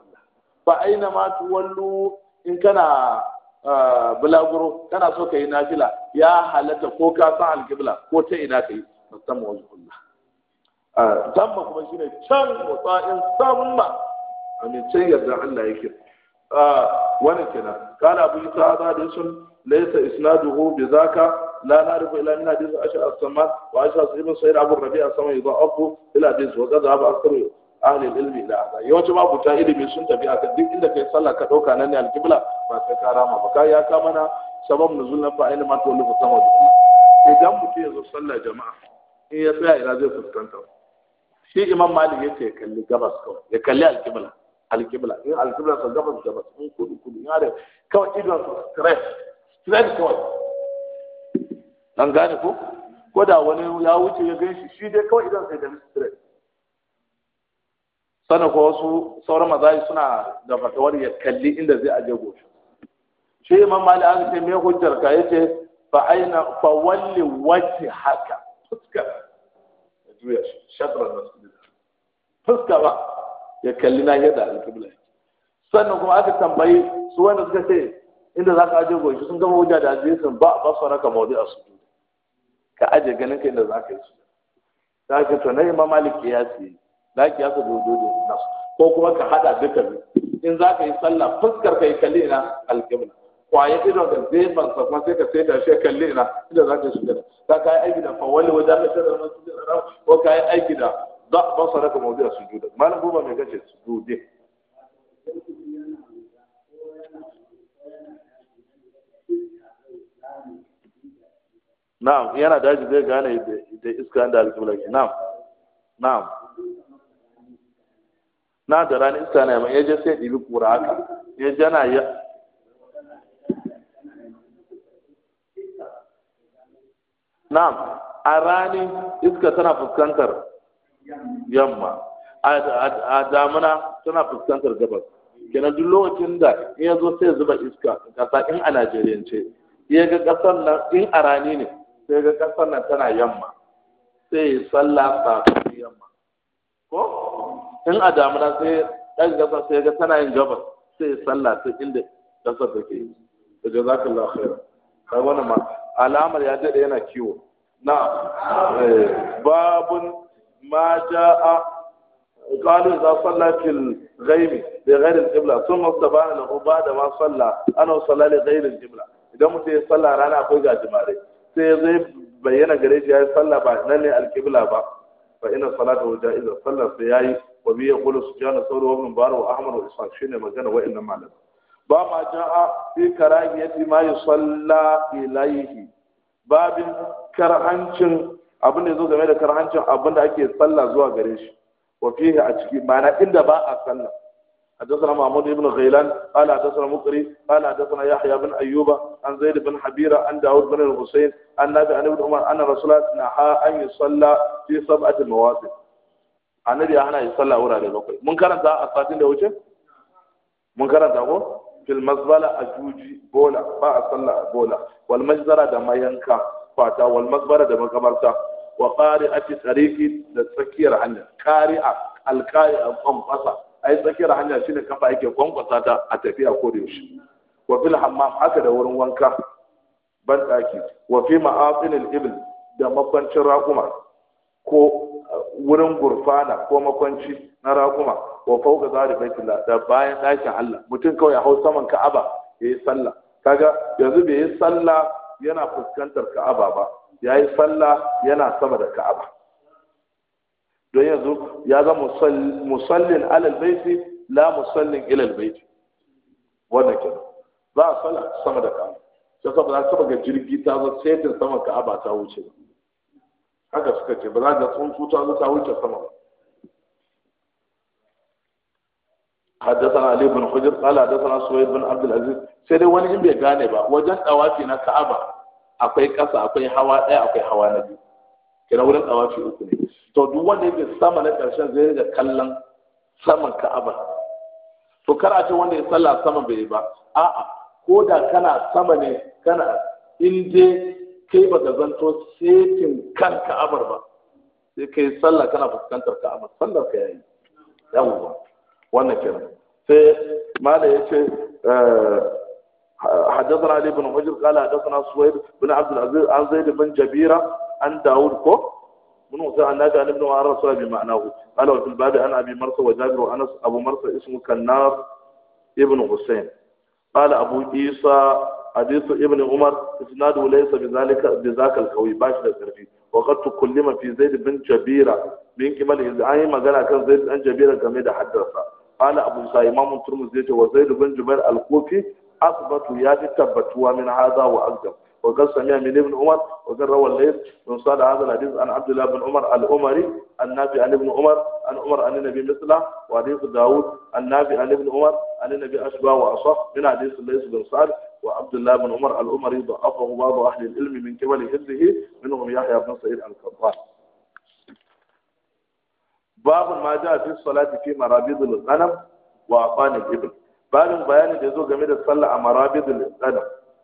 fa aina ma tuwallu in kana bulaguro tana so ka yi nafila ya halatta ko ka san alƙibla ko ta ina ka yi musamman wajen kulla. Zamba kuma shi ne can mutsa'in samma a mai can yadda Allah ya ke. Wani kenan, kana bu ita ba da sun laisa isnadu ko bi zaka la na rufe ila ina da sun ashe asama wa ashe asu ibn sayyid abu rabi'a sama yi ba aku ila da sun gaza ba akuru ahli ilmi da aza. Yawanci ma kuta ilimi sun tafi a kan duk inda kai sallah ka ɗauka nan ne alƙibla ba sai ka rama ba ka ya ka mana sabab nuzul na fa'il ma to lufu sama da idan mutum ya zo sallah jama'a in ya tsaya ina zai fuskanta shi imam malik yace ya kalli gabas kawai ya kalli alqibla alqibla in alqibla sa gabas gabas in kudu kudu ya da kawai idon stress stress kawai an gane ko ko da wani ya wuce ya gan shi shi dai kawai idan sai da stress sana ko wasu sauran mazaji suna da fatawar ya kalli inda zai aje gobe. sai ma mali an ce me hujjar ka yace fa aina fa walli haka fuska juya shadran masjid fuska ba ya kalli na yadda alƙibla sannan kuma aka tambayi su wanda suka ce inda za ka aje goshi sun gama hujja da sun ba ba su raka mawdi a su ka aje ganin ka inda za ka yi su za ka to na imam malik kiyasi za ki yasa dododo nasu ko kuma ka hada duka in za ka yi sallah fuskar ka yi kalli na alƙibla kwaye ido da zai ban sakwa sai ka sai da shi kalli ina idan za ka shiga Za ka yi aiki da fawali wajen ka tsara na sujud da ko ka yi aiki da za ba sa raka mawdu da sujuda malam goma mai gace sujud na'am yana daji zai gane da iska da alƙibla ki na'am na'am na da ranar iska na yamma ya je sai ɗibi kura haka ya je na na'am a rani iska tana fuskantar yamma a damuna tana fuskantar gabas kenan duk lokacin da in ya zo sai zuba iska kasa in a najeriyance ya ga kasar nan in a rani ne sai ga kasar nan tana yamma sai ya sallah kafin yamma ko in a damuna sai ɗan gabas sai ga tana yin gabas sai ya sallah sai inda kasar take yi da jazakallahu khairan kai wannan ma alamar ya daɗa yana kiwo na eh, babun ma ja a ƙalin za salla fil gaibi da gairin jimla sun masu ba na ba da ma salla ana salla da gairin jimla idan mutum ya salla rana akwai ga jimare sai zai bayyana gare shi ya yi salla ba nan ne alkibla ba ba ina salata wa ja'iza salla sai ya yayi wa biya qulu subhana sawru wa min baro ahmar wa isha ne magana wa inna malaka ba ma ja'a fi karahiyati ma yusalla ilayhi babin karhancin abin da zo game da karhancin abin da ake sallah zuwa gare shi wa fihi a ciki ma'ana inda ba a sallah حدثنا محمود بن غيلان قال حدثنا مقري قال حدثنا يحيى بن ايوب عن زيد بن حبيره عن داود بن الحسين عن نافع عن ابن عمر ان رسول الله نهى ان يصلى في سبعه مواضع annabi ya hana ya salla wurare bakwai mun karanta a satin da wuce mun karanta ko fil mazbala a juji bola ba a sallah a bola wal majzara da mayanka fata wal mazbara da makabarta wa qari ati tariqi da tsakiyar hanya qari'a al qari'a kwankwasa ai tsakiyar hanya shine kafa yake kwankwasa ta a tafiya ko da yaushe wa fil hammam da wurin wanka ban daki wa fi ma'atin ibl da makwancin raƙuma ko uh, wurin gurfana ko makwanci na rakuma. wa fawqa zari baitullah da bayan ɗakin Allah mutum kawai a hau saman Ka'aba yayi sallah kaga yanzu bai yi sallah yana fuskantar Ka'aba ba yayi sallah yana sama da Ka'aba don yanzu ya zama musallin alal baiti la musallin ilal baiti wannan kenan ba a sallah sama da Ka'aba sai saboda ta ga jirgi ta zo sai ta sama Ka'aba ta wuce haka suka ce ba za ga tsuntsu ta zo ta wuce sama ba حدثنا علي بن حجر قال حدثنا سويد بن عبد العزيز sai dai wani in bai gane ba wajen dawafi na Ka'aba akwai ƙasa akwai hawa ɗaya akwai hawa na biyu kenan wurin dawafi uku ne to duk wanda yake sama na karshen zai riga kallon saman Ka'aba to kar a ce wanda ya sallah sama bai ba a'a ko da kana sama ne kana in dai kai ka zanto setin kan Ka'abar ba sai kai sallah kana fuskantar Ka'abar sallar ka yayi yawwa wannan kenan sai mala yace حدثنا علي بن حجر قال حدثنا سويد بن عبد العزيز عن زيد بن جبيرة عن داوود كو من وسع عن عن ابن عمر رسول بمعناه قال وفي الباب عن ابي مرثى وجابر وانس ابو مرثى اسمه كنار ابن حسين قال ابو عيسى حديث ابن عمر اسناده ليس بذلك بذاك القوي باش الكربي وقد تكلم في زيد بن جبيرة من كمال اذ اي مغنى كان زيد بن جبيرة كما حدث qala abu sa imam turmus yace wa zaid bin jubair al-kufi asbatu ya fi tabbatuwa min hadha wa aqdam wa qad sami'a min ibn umar wa qad rawa al-layth min sada hadha al-hadith an abdullah bin umar al-umari annabi an ibn umar an umar an nabi misla wa hadith daud annabi an ibn وعبد الله بن عمر الأمري ضعفه بعض أهل العلم من قبل حفظه منهم يحيى بن سعيد babu ma a fi salati fi marabidul ghanam wa afanil ibl babin bayani da zo game da sallah a marabidul ghanam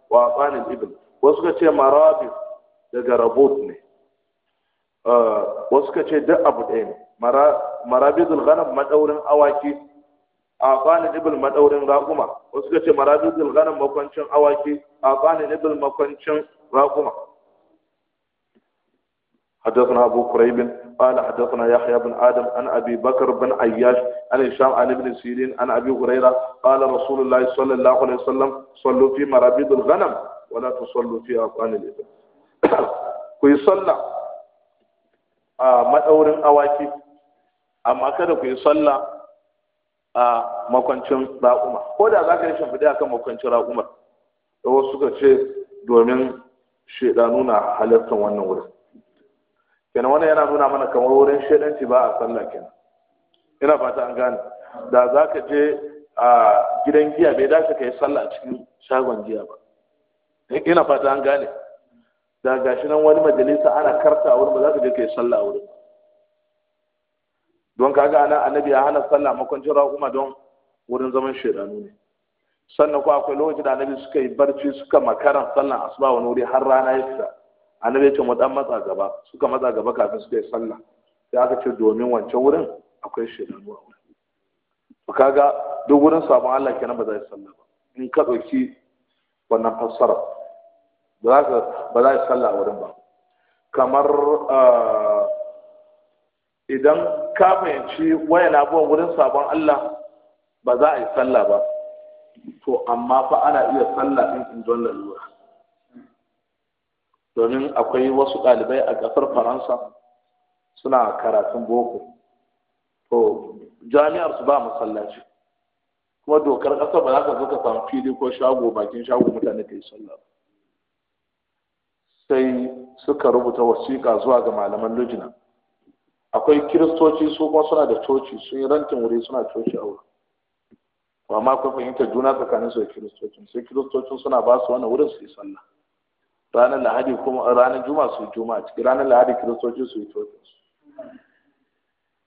wa afanil ibl wasu ka ce marabid daga rabot ne eh, wasu ka ce duk abu ɗaya ne marabidul ghanam madaurin awaki afanin ibil madaurin raƙuma wasu ka ce marabidul ghanam makwancin awaki afanin ibil makwancin raƙuma حدثنا أبو كريب قال حدثنا يحيى بن آدم عن أبي بكر بن عياش عن هشام عن ابن سيرين عن أبي هريرة قال رسول الله صلى الله عليه وسلم صلوا في مرابيض الغنم ولا تصلوا في أقوان الإبل كي صلى مدور أواكي أما كده كي صلى makwancin ra'uma ko da za ka yi shimfiɗe akan makwancin ra'umar da wasu شيء ce شيء لا نونا halartar وانا wurin kenan wannan yana nuna mana kamar wurin shaidanci ba a sallah kenan ina fata an gane da za ka je a gidan giya bai dace ka yi sallah a cikin shagon giya ba ina fata an gane da gashi nan wani majalisa ana karta a wurin ba za ka je ka yi sallah a wurin don kaga ana annabi ya hana sallah makwancin kuma don wurin zaman shaidanu ne sannan ko akwai lokacin da annabi suka yi barci suka makaran sallan asuba wani wuri har rana ya fita annabi ya ce mu dan matsa gaba suka matsa gaba kafin suka yi sallah sai aka ce domin wancan wurin akwai shedanu ruwa wurin to kaga duk wurin sabon Allah kenan ba za yi sallah ba in ka dauki wannan fassara ba za ka ba za yi sallah a wurin ba kamar ah, idan ka fahimci wayan abubuwan wurin sabon Allah ba za a yi sallah ba to amma fa ana iya sallah in in don lalura domin akwai wasu ɗalibai a ƙasar faransa suna karatun boko to jami'ar su ba masallaci kuma dokar ƙasar ba za ka zo ka samu fili ko shago bakin shago mutane ka yi sallah sai suka rubuta wasiƙa zuwa ga malaman lujina akwai kiristoci su kuma suna da coci sun yi rantin wuri suna coci a wurin amma akwai fahimtar juna tsakanin su da kiristocin sai kiristocin suna ba su wani wurin su yi sallah ranar lahadi kuma ranar juma su juma ciki ranar lahadi kiristoci su yi coci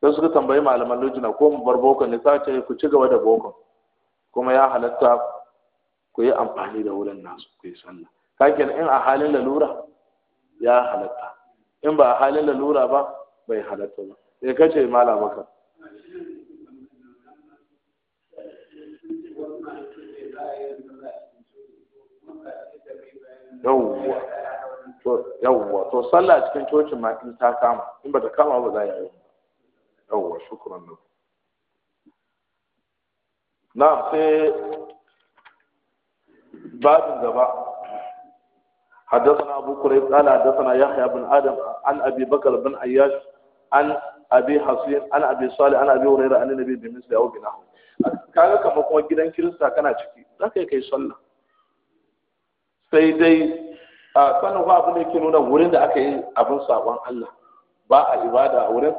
sai suka tambayi malaman lujina ko mu bar bokon ne sai ce ku ci gaba da bokon kuma ya halatta ku yi amfani da wurin nasu ku yi sallah kakin in a halin lalura ya halatta in ba a halin lalura ba bai halatta ba sai kace malamaka yawwa to yawwa to sallah cikin cocin ma in ta kama in ba ta kama ba za a yi yawwa shukran na sai babin gaba حدثنا أبو كريب قال حدثنا يحيى بن آدم عن أبي بكر بن عياش عن أبي حصين عن أبي صالح عن أبي هريرة عن النبي بمثل أو بنحو كان كما kuma gidan kirista kana ciki zaka kai sallah sai dai a sanin ko abu ne ke nuna wurin da aka yi abin sabon Allah ba a ibada a wurin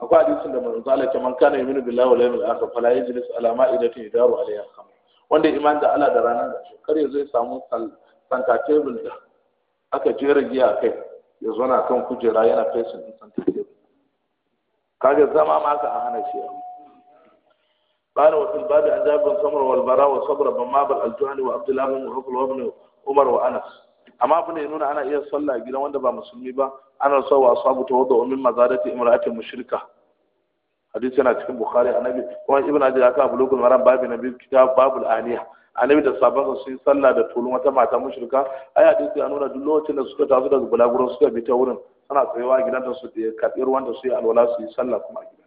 akwai hadisin da manzo Allah ce man kana yuminu billahi wal yawmil akhir fala yajlis ala ma'idatin yudaru alayha khamr wanda iman da Allah da ranar da kar ya zo ya samu santa table da aka jera giya kai ya zo na kan kujera yana fesin din santa table kaga zama ma ka hana shi قال وفي الباب عن جابر بن سمر والبراء وصبر بن مابر الجهني وعبد الله بن عقل وابن Umar wa Anas amma abin da ya nuna ana iya sallah a gidan wanda ba musulmi ba ana so wa ashabu tawaddu min mazadati imra'atin mushrika hadisi yana cikin bukhari annabi kuma ibn ajir aka abu lokul maram babu nabi kitab babul aniya annabi da sabansa sun yi sallah da tulun wata mata mushrika ai hadisi ya nuna duk lokacin da suka taso daga bulaguron suka bi ta wurin ana tsayawa da su da karɓi ruwan da su yi alwala su yi sallah kuma a gidan.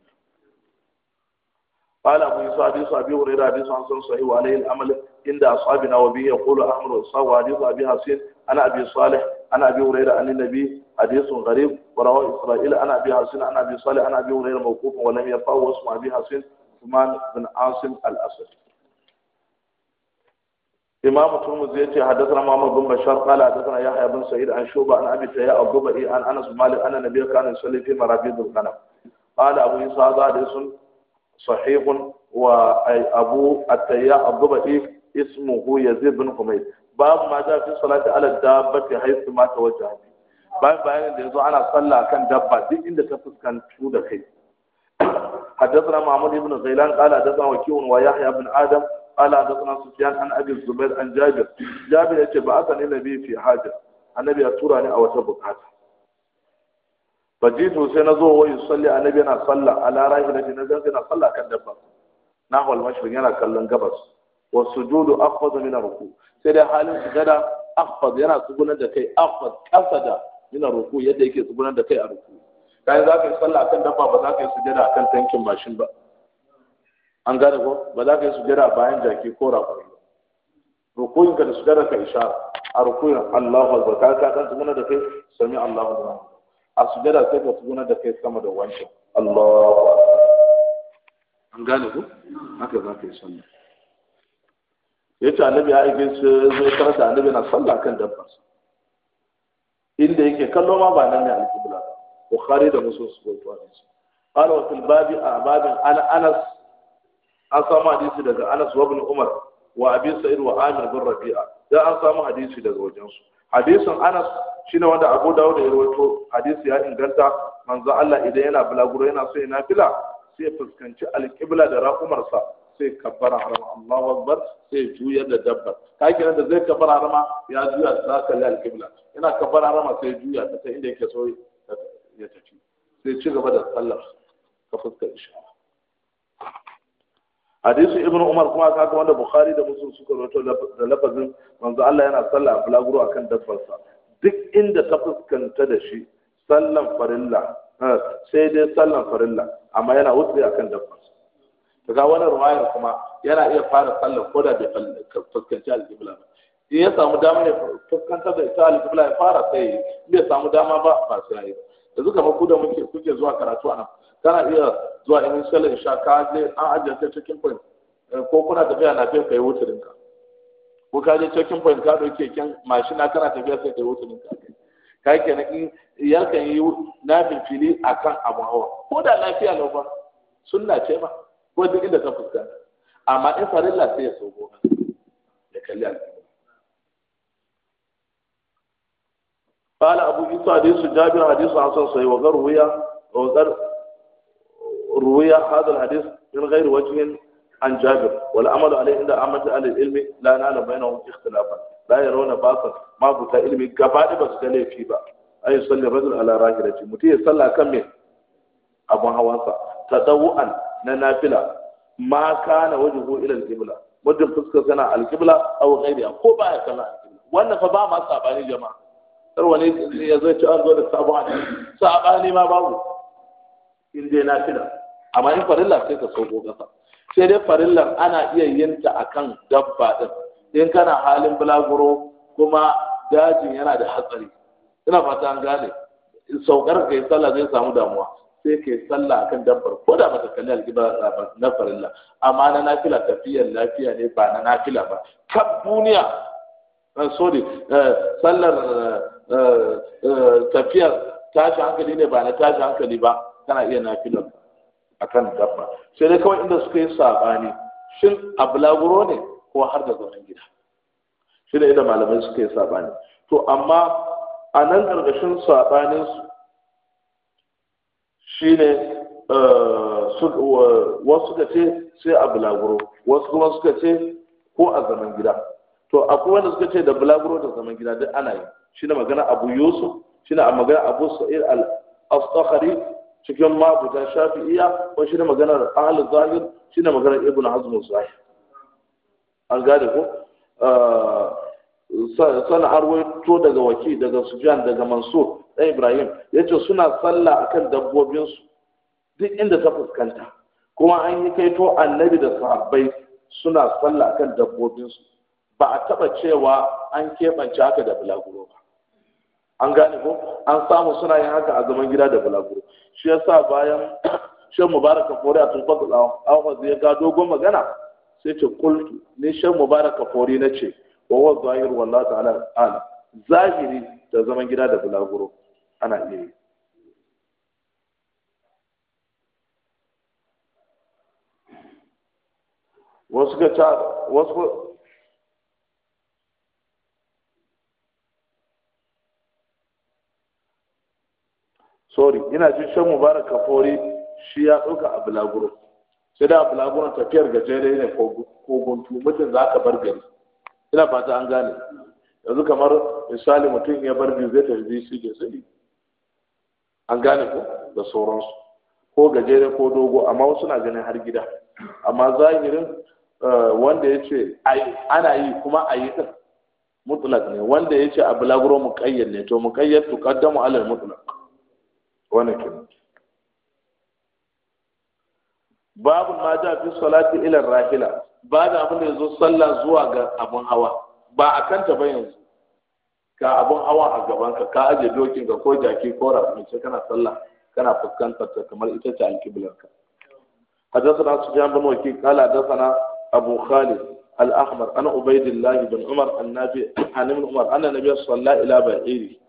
قال أبو يوسف حديث أبي هريرة حديث عن صحيح وعليه الأمل عند أصحابنا وبه يقول أحمد الصاب وحديث أبي حسين أنا أبي صالح أنا أبي هريرة عن النبي حديث غريب ورواه إسرائيل أنا أبي حسين أنا أبي صالح أنا أبي هريرة موقوف ولم يرفعه واسم أبي حسين عثمان بن عاصم الأسد إمام الترمذي حدثنا محمد بن بشار قال حدثنا يحيى بن سعيد عن شوبة عن أبي تياء الضبئي عن أنس بن مالك أن النبي كان يصلي في مرابيض الغنم قال أبو عيسى هذا حديث صحيح وأبو التياء الضبئي ismuhu yazid bin humayd babu ma za fi salati ala dabbati haythu ma tawajjaha باب bayanin da yazo ana sallah kan dabba duk inda ta fuskantu da kai حدثنا معمود بن غيلان قال حدثنا وكيع ويحيى بن آدم قال حدثنا سفيان عن أبي الزبير عن جابر جابر يتي بعثني النبي في حاجة النبي أتوراني أو تبقى فجيت حسين زو ويصلي النبي انا صلى على رايه الذي نزل انا صلى كان دبا نحو المشرق yana kallon gabas wa sujudu akhfad min ruku sai dai halin sujada aqfad yana tsugunar da kai aqfad kasada min ruku yadda yake tsugunar da kai a ruku kai za ka yi sallah akan dafa ba za ka yi sujada akan tankin mashin ba an gane ko ba za ka yi sujada bayan jaki ko rakuri ba rukuyin ka da sujada ka ishara a rukuyin Allahu akbar ka ka dan tsugunar da kai sami Allahu akbar a sujada sai ka tsugunar da kai sama da wancan Allahu akbar an gane ko haka za ka yi sallah ya ce annabi ya aiki su zai karanta annabi na sallah kan dabba inda yake kallo ma ba nan ne alƙibla kare da musu su ko tuwa su qala wa fil babi a babin an anas an samu hadisi daga anas wa ibn umar wa abi sa'id wa amir bin rabi'a da an samu hadisi daga wajen su hadisin anas shine wanda abu dawud ya rawaito hadisi ya inganta manzo allah idan yana bulaguro yana so yana fila sai fuskanci alƙibla da raƙumarsa sai kabbara harama Allahu akbar sai juyar da dabbar ka kira da zai kabbara harama ya juya ta kalli alqibla yana kabbara harama sai juya ta ta inda yake so ya tafi sai ci gaba da sallar ka fuska isha hadisi ibnu umar kuma aka ga wanda bukhari da muslim suka rawaito da lafazin manzo Allah yana sallah a bulaguro akan dabbarsa duk inda ta fuskanta da shi sallan farilla eh, sai dai sallan farilla amma yana wuce akan dabbarsa daga wani ruwayar kuma yana iya fara sallar ko da bai fuskanci alƙibla ba in ya samu dama ne fuskantar da ita alƙibla ya fara sai yi. bai samu dama ba ba sai yi da suka maku da muke kuke zuwa karatu a nan kana iya zuwa in sallar isha ka je an ajiye ta cikin point eh, ko kuna tafiya na fiye kai wuturin ka ko ka je cikin point ka ɗauke kyan mashina kana tafiya sai kai wuturin ka ka kenan in yankan yi na fili akan abu hawa ko da lafiya lau ba sunna ce ba ko duk inda ka fuskanta amma in farilla sai ya so goma da kalli alƙibla قال أبو عيسى حديث جابر حديث حسن صحيح وغير روية وغير روية هذا الحديث من غير وجه عن جابر والعمل عليه عند عامة أهل العلم لا نال بينهم اختلافا لا يرون باطل ما بتا علمي كبائر بس كلي في با أي يصلي الرجل على راحلته متي صلى كم أبو هوانسا تدوءا na nafila ma kana wajhu ila al-qibla muddin fuskar sana al-qibla aw ghayriha ko ba ya kana wannan fa ba ma sabani jama'a sar wani ya zai ci an gode sabani sabani ma babu in dai nafila amma in farilla sai ka sauko kasa sai dai farilla ana iya yin ta akan dabba din in kana halin bulaguro kuma dajin yana da hatsari ina fata an gane saukar kai sallah zai samu damuwa sai ka yi sallah akan dabbar ko da baka kalli alkibla na farilla amma na nafila tafiyar lafiya ne ba na nafila ba kan duniya eh, sorry eh, sallar eh, tafiyar tashi hankali ne ba na tashi hankali ba kana iya nafilar kan dabba sai dai kawai inda suka yi sabani shin abulaguro ne ko har da zaman gida shi da inda malamai suka yi sabani to amma a nan ƙarƙashin sabaninsu shine eh, wasu suka ce sai a bulaguro wasu kuma suka ce ko a zaman gida to akwai wanda suka ce da bulaguro da zaman gida duk ana yi shine magana abu yusuf shine a magana abu Sa'ir al-astakhari cikin mabuta shafi'iya ko shine maganar ahlul zahir shine maganar ibn hazm sahih an gane ko eh, sana arwaito daga waki daga sujan daga mansur ɗan ibrahim ya ce suna sallah kan dabbobinsu duk inda ta fuskanta kuma an yi kaito annabi da sahabbai suna sallah kan dabbobinsu ba a taɓa cewa an keɓance haka da bulaguro ba an gane ko an samu suna yin haka a zaman gida da bulaguro shi ya sa bayan shan mubaraka fori a tufafin alfazu ya ga dogon magana sai ce kultu ne shan mubaraka fori na ce wa wa wallata ta'ala zahiri da zaman gida da bulaguro ana iya wasu ga ta wasu sorry ina ji shan mubarak kafori shi ya ɗauka a bulaguro sai da bulaguro tafiyar gajere ne ko guntu mutum za ka bar gari ina fata an gane yanzu kamar misali mutum ya bar biyu zai tafi biyu shi ke sani an gane ko da sauransu ko gajere ko dogo amma wasu na ganin har gida amma zahirin eh, wanda ya ce ana yi kuma a yi mutlak ne wanda ya ce a bulaguro kayyar ne to muƙayyad kaddamu alal mutlak wannan ke babu ma da fi salati ila rahila ba da abin da yazo sallah zuwa ga abun hawa ba a kanta ba yanzu ka abun hawa a gabanka, ka ajiye dokin ka ko jaki ko rafi sai kana sallah kana fuskantar ta kamar ita ce an kiblar ka hadathana sujan bin wakil qala hadathana abu khalid al ahmar ana ubaidillah bin umar annabi an ibn umar ila ba'iri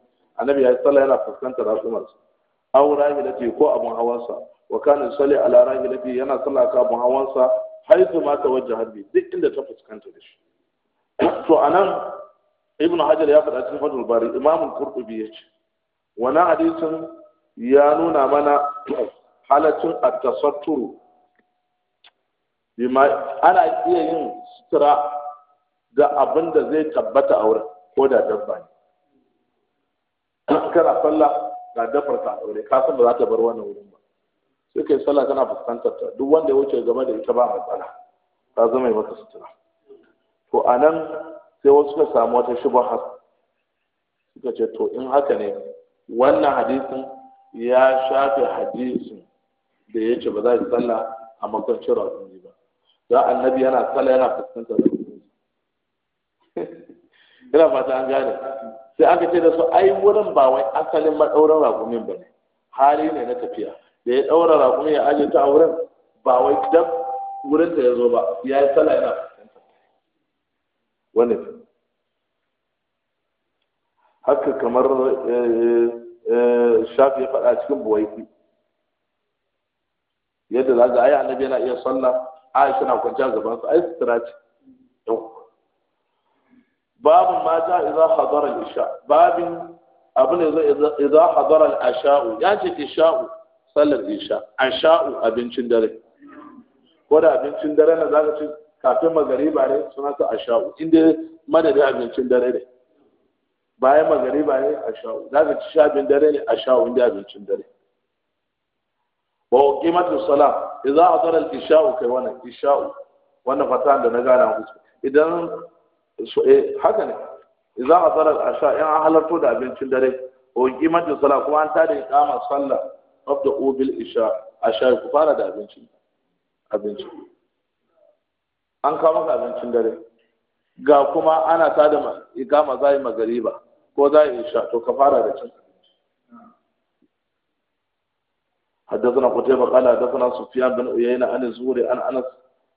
annabi yana fuskantar rafi umar aw rahilati ko abun hawansa wa kana yusalli ala rahilati yana sallah ka abun hawansa haythu ma tawajjaha duk inda ta fuskanta da shi to anan ibnu hajar ya faɗa cikin fatul bari imamul qurtubi yace wannan hadisin ya nuna mana halaccin at-tasatturu bima ana iya yin sutura da abin da zai tabbata a wurin ko da dabba ne kana sallah ga dabbar ta aure ka san ba za ta bar wannan wurin ba sai kai sallah kana fuskantar ta duk wanda ya wuce game da ita ba matsala ta zama mai maka sutura to anan sai wasu suka samu wata shubaha suka ce to in haka ne wannan hadisin ya shafe hadisin da ya ce ba za a yi sallah a makwancin rakumi ba za annabi yana sallah yana fuskantar rakumi ina fata an gane sai aka ce da su ai wurin ba wai asalin maɗaurin rakumin ba ne hali ne na tafiya da ya ɗaura rakumin ya ajiye ta a wurin ba wai dab wurin ta ya zo ba ya yi sallah yana Wani haka kamar eh, eh, shafi ya faɗa cikin buwaiki yadda za ga ayi annabi yana iya sallah aisha na kwanciya gaban sa ai sutura ce babin mata idza hadara al-isha babin abin da idza hazara al-asha'u ya ce sha'u sallar isha asha'u abincin dare ko da abincin dare na zaka ce kafin magariba ne suna ta asha'u inda madadin abincin dare ne bayan magariba ne asha'u za ka ci shabin dare ne asha'u inda abincin dare wa qimatu salat idza hadara al-isha'u kai wannan isha'u wannan fatan da na gana muku idan eh, haka ne idza hadara al-asha in an halarto da abincin dare wa qimatu salat kuma an tada iqama sallah qabda ubil isha asha ku fara da abincin abincin an kawo maka abincin dare ga kuma ana tada igama za yi magariba ko za yi isha to ka fara da cin حدثنا قتيبة قال حدثنا سفيان بن عيينة عن الزهري عن أنس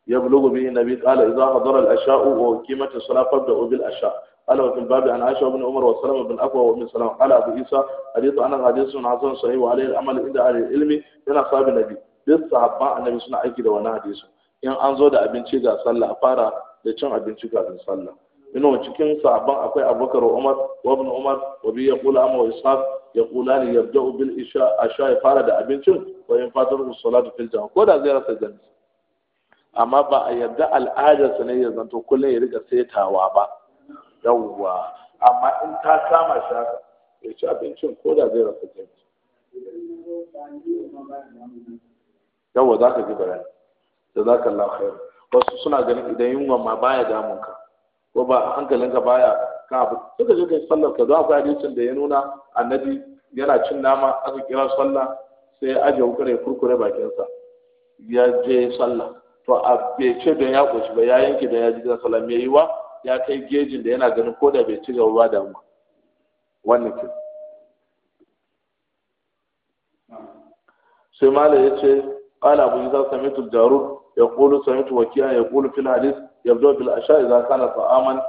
يبلغ به النبي قال إذا حضر العشاء وقيمة الصلاة فابدأوا بالعشاء قال وفي الباب عن عائشة بن عمر وسلمة بن أقوى وابن سلام قال أبو عيسى حديث أنا حديث حسن صحيح وعليه العمل عند أهل العلم من أصحاب النبي duk sahabban annabi suna aiki da wani hadisi in an zo da abinci ga sallah a fara da cin abinci kafin sallah ina cikin sabon akwai abubakar umar wa umar wa ya kula amma wa kula ne ya yabda'u bil isha sha ya fara da abincin wa in fatar salatu da filta ko da zai rasa jami'a amma ba a yarda al'adar ne ya zanto kullum ya riga setawa ba yawwa amma in ta kama shi haka ya ci abincin ko da zai rasa jami'a yawwa za ka ji bayani da za jazakallahu khair wasu suna ganin idan yunwa ma ba ya damun ka ko ba hankalinka baya ka abu suka je kai sallar ka za a akwai hadisin da ya nuna annabi yana cin nama a aka kira sallah sai ya aje wukar ya kurkure bakinsa ya je sallah to a bai ce don ya ƙunshi ba ya yanki da ya ji da sallah mai yiwa ya kai gejin da yana ganin ko da bai ci gaba ba damuwa wannan ke sai malam ya ce qala abu isa samitu jarud يقول سمعت وكيعا يقول في الحديث يبدأ بالعشاء إذا كان طعاما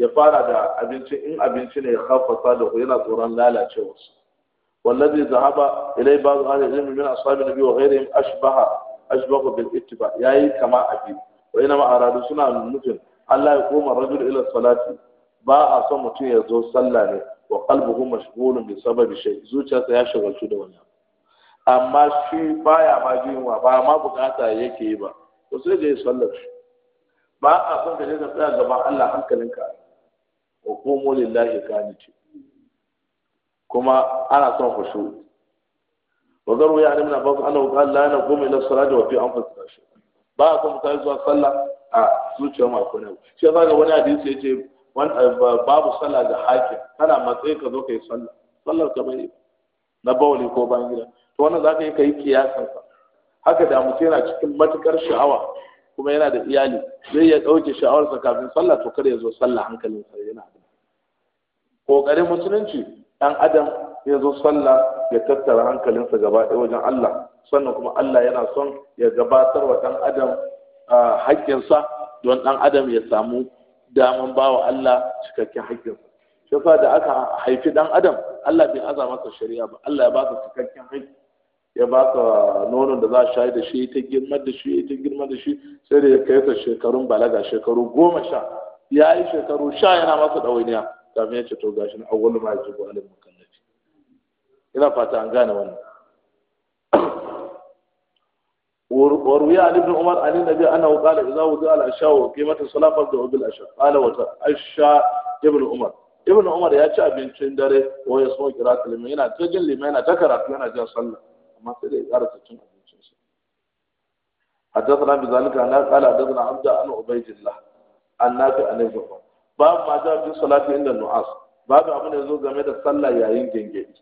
ya fara da abinci in abinci ne ya kafasa da yana tsoron lalacewa. wallazi zahaba ilai ba'd ahli ilmi min ashabi nabi wa ghayrihim ashbaha ashbaha bil ittiba yayi kama abi wa ina ma aradu suna nufin Allah ya koma rajul ila salati ba a son mutum ya zo sallah ne wa qalbuhu mashghulun bi sababi shay zuciyarsa ya shagaltu da wannan amma shi baya ma jin wa ba ma bukata yake yi ba ko sai je sallar ba a son ka je ka tsaya gaba Allah hankalinka wa qumu lillahi ce. kuma ana son khushu wa garu ya alimna ba ku annahu qala la naqumu ila salati wa fi anfusina ba a son mutane zuwa sallah a zuciya ma ko ne shi yasa ga wani hadisi yace eh, babu sallah ga haƙi kana matsayi ka zo kai sallah sallar ka bai na bawli ko bayan gida to wannan zaka yi kai kiyasan sa haka da mutum yana cikin matukar sha'awa kuma yana da iyali zai ya ɗauke sha'awarsa kafin sallah to kada ya zo sallah hankalin sa yana da kokarin musulunci ɗan adam ya zo sallah ya tattara hankalinsa gaba ɗaya wajen Allah sannan kuma Allah yana son ya gabatar wa dan adam haƙƙinsa don dan adam ya samu daman bawa Allah cikakken haƙƙinsa shi da aka haifi ɗan adam Allah bai aza masa shari'a ba Allah ya ba cikakken haƙƙi ya baka nonon da za a shayi da shi ta girma da shi ta girma da shi sai da ya kai ka shekarun balaga shekaru goma sha ya yi shekaru sha yana masa ɗawainiya kafin ya ce to gashi na awwalu ma ko alal mukallafi ina fata an gane wannan وروي عن ابن عمر عن النبي انه قال اذا وضع العشاء وقيمت الصلاه فابدأوا بالعشاء قال وتعشى ابن عمر ابن عمر ya ci abincin dare wa ya so kira kalma yana ta jin lima yana ta karatu yana jin sallah amma sai dai ƙara cin abincin su haddathana bi zalika ana qala haddathana abda an ubaydillah annabi alaihi wa sallam babu ma a bi salatu inda nu'as babu abin da zo game da sallah yayin gengedi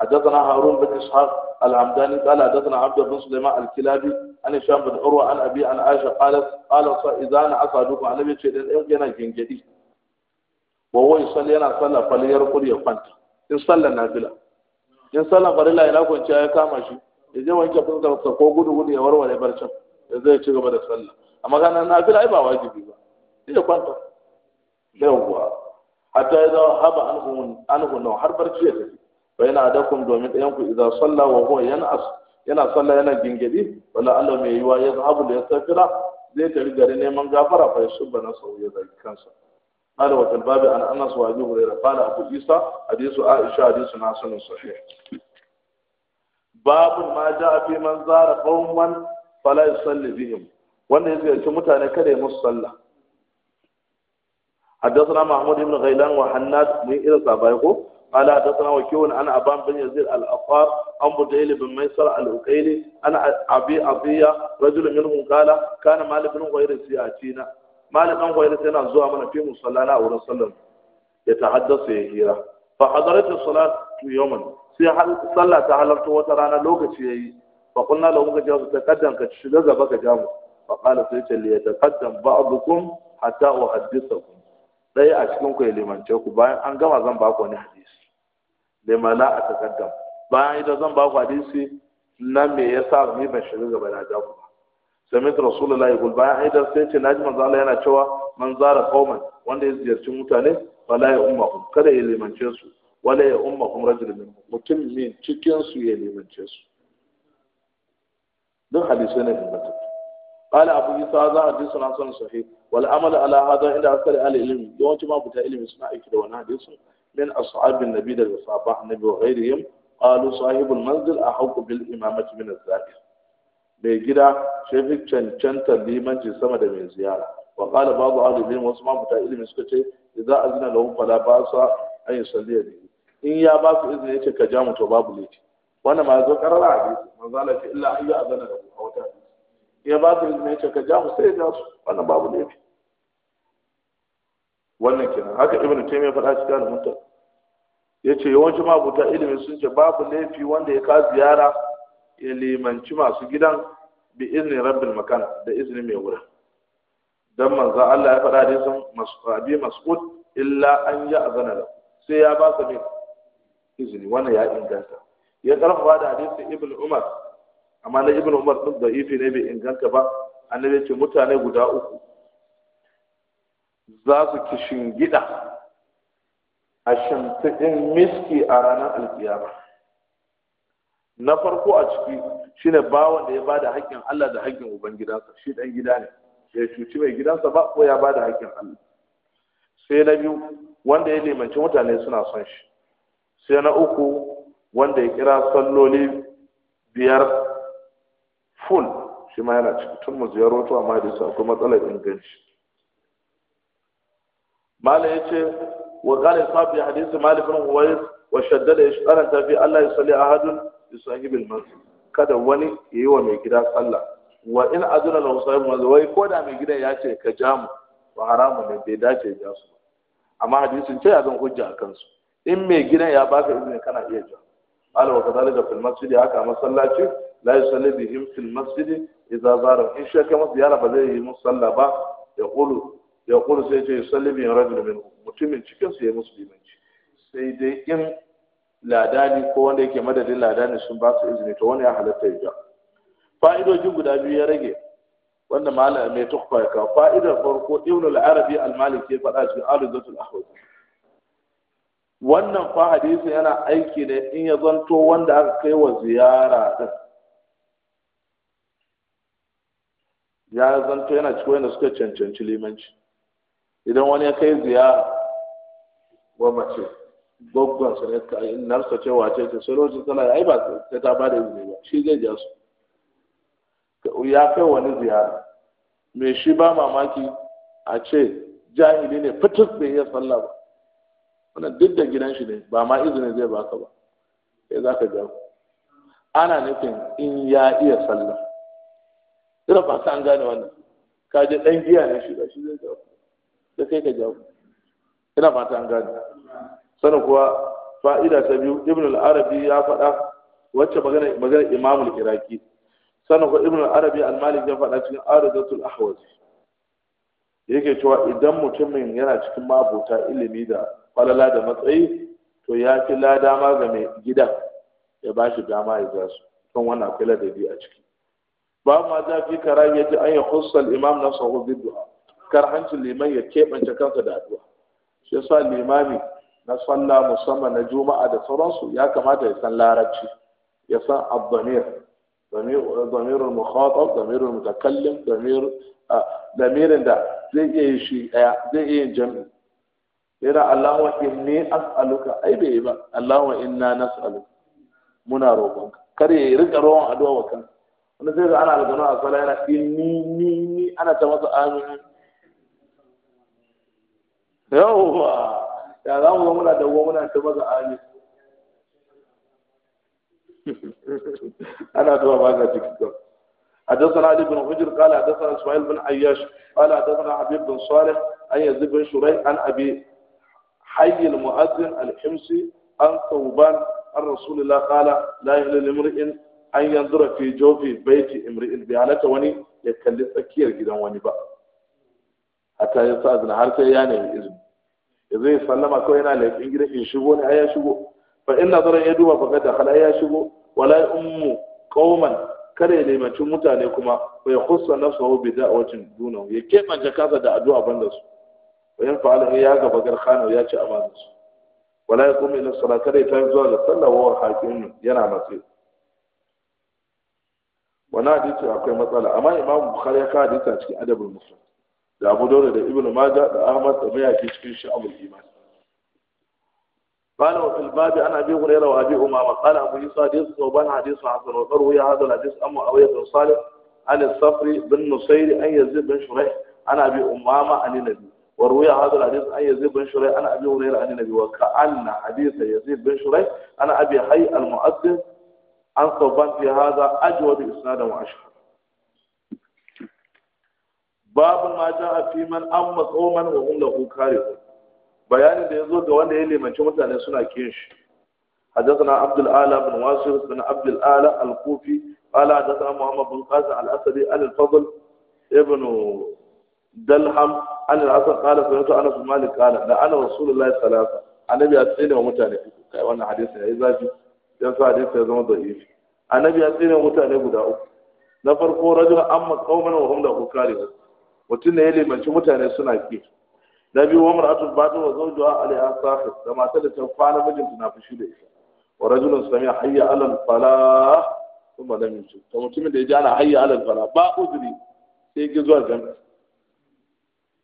haddathana harun bin ishaq al-hamdani qala haddathana abda bin sulaiman al-kilabi an isham bin urwa an abi an aisha qalat qala sa duka, asaduku annabi ce dan yana gengedi wa wai yana sallah fal yarqud ya kwanta in na nafila in sallan farilla ina kwanci ya kama shi ya je wanke fuskarsa ko gudu gudu ya warware barcin ya zai ci gaba da sallah amma kana nafila ai ba wajibi ba sai ya kwanta yawwa hatta ya zama haba anhu nau har barci ya tafi wa yana adakun domin ɗayan ku idan sallah wa huwa yana as yana sallah yana gingidi wala Allah mai yiwa ya zahabu da ya safira zai tafi gari neman gafara fa ya shubba na sau da kansa قال وفي الباب a انس وابي هريره قال ابو عيسى حديث عائشه حديث ناصر صحيح باب ما جاء في من زار قوما فلا يصلي بهم wannan yake cewa mutane kare musu sallah haddathana mahmud ibn ghailan wa hannat min ila sabai ko qala haddathana wa kiwan an aban bin yazid al aqab an budayl bin maysar al uqayli an abi abiya rajul minhum qala kana malik bin ghayr malik an kwaye yana zuwa mana fi musallana a wurin sallar ya tahaddasa ya hira fa hadaratu salatu yawman sai har sallah ta halarta wata rana lokaci yayi fa kunna lahu ka jazu taqaddam ka shiga gaba ka jamu fa qala sai ta li yataqaddam ba'dukum hatta uhaddithakum dai a cikin ku ya limance ku bayan an gama zan ba ku wani hadisi limala a taqaddam bayan idan zan ba ku hadisi na me yasa ni ban shiga gaba na jamu sami da rasulullahi gul bayan haidar sai ce naji Manzala yana cewa man zara kauman, wanda ya ziyarci mutane wala ya ummahum kada ya limance su wala ya ummahum rajul min mutum min cikin su ya limance su duk hadisi ne inganta قال أبو يسوع هذا حديث حسن صحيح والعمل على هذا عند أكثر أهل العلم يوم ما بتاع علم سنا كده وانا حديث da أصحاب النبي ده الصحابة النبي وغيرهم قالوا صاحب المنزل أحق بالإمامة من الزاكر mai gida shi fi cancantar limanci sama da mai ziyara wa ba ba'du ahli ilmi wasu mafuta futa ilmi suka ce za a idza azna lahu fala ba'sa an yusalli bihi in ya ba su izini ce ka ja mu to babu laifi wannan ma zo karara a hadisi manzo Allah ce illa ayyu azana lahu a wata ya ba su izini yace ka ja mu sai ya su wannan babu laifi wannan kenan haka ibnu taymiya faɗa cikin al-muntaka yace yawanci ma futa ilmi sun ce babu laifi wanda ya ka ziyara ya limanci masu gidan bi izni rabbil makan da izini mai wurin dan manzo Allah ya faɗa hadisin masabi mas'ud illa an ya'zana la sai ya ba sa mai izini wannan ya inganta ya karfafa da hadisin ibn umar amma na ibn umar din da ifi ne bai inganta ba annabi ce mutane guda uku za su kishin gida a shimfiɗin miski a ranar alkiyama na farko a ciki shine bawan da ya bada haƙƙin Allah da haƙƙin ubangidansa shi dan gida ne Ya cuci mai gidansa ba ko ya bada haƙƙin Allah sai na biyu wanda ya limanci mutane suna son shi sai na uku wanda ya kira salloli biyar full shi ma yana ciki tun mu ziyaroto amma da su akwai matsalar inganci malam ya ce wa qala sahabi hadisi malik bin huwais wa shaddada ta fi Allah yusalli ahadun لصاحب المنزل kada wani ya yi wa mai gida sallah wa in azuna na wasu yamma zuwa ko da mai gida ya ce ka jamu ba haramu ne bai dace ya su amma hadisin ce ya zan hujja a kansu in mai gida ya baka izini kana iya ja ala wa kazali da fil masjidi haka masallaci la yusalli bihim fil masjidi idza zara in shaka masjidi yana ba zai yi musu sallah ba ya qulu ya qulu sai ce yusalli bihim rajul min mutumin cikin su ya musu limanci sai dai in ladani ko wanda yake madadin ladani sun ba su izini to wani ya halatta ya ja fa'idojin guda biyu ya rage wanda malam mai tukfa ka fa'idar farko ibn al-arabi al-maliki ya faɗa cikin al-zatul ahwaz wannan fa hadisi yana aiki ne in ya zanto wanda aka kai wa ziyara din ya zanto yana cikin wanda suka cancanci limanci idan wani ya kai ziyara wa mace gwaggwan su ne narsa ce wace ce sai lokacin sallah ai ba sai ta bada izini ba shi zai ja su ya kai wani ziyara me shi ba mamaki a ce jahili ne fitus bai iya sallah ba wannan duk da gidan shi ne ba ma izini zai baka ba sai za ka ja ku ana nufin in ya iya sallah ina ba an gane wannan ka je dan giya ne shi ba shi zai ja ku sai kai ka ja ku ina ba an gane sanin kuwa fa'ida ta biyu ibn al-arabi ya faɗa wacce magana magana imam al-iraki sanin kuwa ibn al-arabi al-malik ya faɗa cikin aradatul ahwazi yake cewa idan mutumin yana cikin mabuta ilimi da falala da matsayi to ya fi lada ma ga mai gida ya ba shi dama ya za su kan wannan akwai ladabi a ciki ba ma za fi karahiyar ji an yi hussar imam na sahu biddu'a kar hancin liman ya keɓance kansa da addu'a shi yasa limami na sallah musamman na juma'a da sauransu ya kamata ya san larabci ya san abdamir zamirin mukhatab zamirin mutakallim zamirin da zai iya yi shi daya zai iya yin jami'i yana allahumma inni as'aluka ai bai yi ba allahumma inna nas'aluka muna roƙonka kar ya rika rawan addu'a wa kanka wani sai ga ana algano a sala yana inni ni ni ana ta masa amin yawwa da za mu muna da dawo muna ta maza amin ana zuwa ba ga cikin gaba حدثنا علي بن حجر قال حدثنا اسماعيل بن عياش قال حدثنا حبيب بن صالح عن يزيد بن شريح عن ابي حي المؤذن الحمصي عن ثوبان عن رسول الله قال لا يحل لامرئ an yanzu rafi, jofi baiti imri'in bai halatta wani ya kalli tsakiyar gidan wani ba hatta ya sa har sai ya nemi izini yanzu sallama kawai yana laifin gidan in shigo ne ai ya shigo fa in nazara ya duba fakat da khala ya shigo wala ummu qauman kada ya mutum mutane kuma fa ya khussa nafsuhu bi da'watin dunu ya man kansa da addu'a banda su wa in fa'ala eh, ya gaba khano ya ci amana su wala ya kuma ila sala kada ya zuwa da sallawa wa hakimin yana matsayi wannan hadisi akwai matsala amma Imamu bukhari ya kawo hadisi a cikin adabul muslim da abu dole da ibnu maja da ahmad da mayaki cikin sha'abul iman قال وفي الباب عن ابي هريره وابي امامه قال ابو يوسف حديث ثوبان حديث حسن وروي هذا الحديث عن معاويه بن صالح عن الصفري بن نصير عن يزيد بن شريح عن ابي امامه عن النبي وروي هذا الحديث عن يزيد بن شريح عن ابي هريره عن النبي وكان حديث يزيد بن شريح عن ابي حي المؤذن عن ثوبان في هذا اجود اسنادا واشهر Babu ma a fi man amma tsoman wa hum lahu karihun bayanin da yazo ga wanda ya limanci mutane suna kiyin shi حدثنا عبد الأعلى بن واسر بن عبد الأعلى الكوفي قال حدثنا محمد بن قاسم الأسدي عن الفضل ابن دلهم عن الحسن قال سمعت أنس بن مالك قال لعن رسول الله ثلاثة النبي أتينا ومتاني كاي wannan hadisi ya zafi dan sa hadisi ya zama da'ifi annabi ya tsine mutane guda uku na farko rajul amma qauman wa mutum ne ya limanci mutane suna ki na biyu wa mar'atul badu wa zawjuha alaiha sahib da matar da ta kwana mijinta na fushi da ita wa rajulun sami'a hayya alal falah kuma lam yusuf to mutumin da ya ji ana hayya alal falah ba uzuri sai ya zuwa jami'a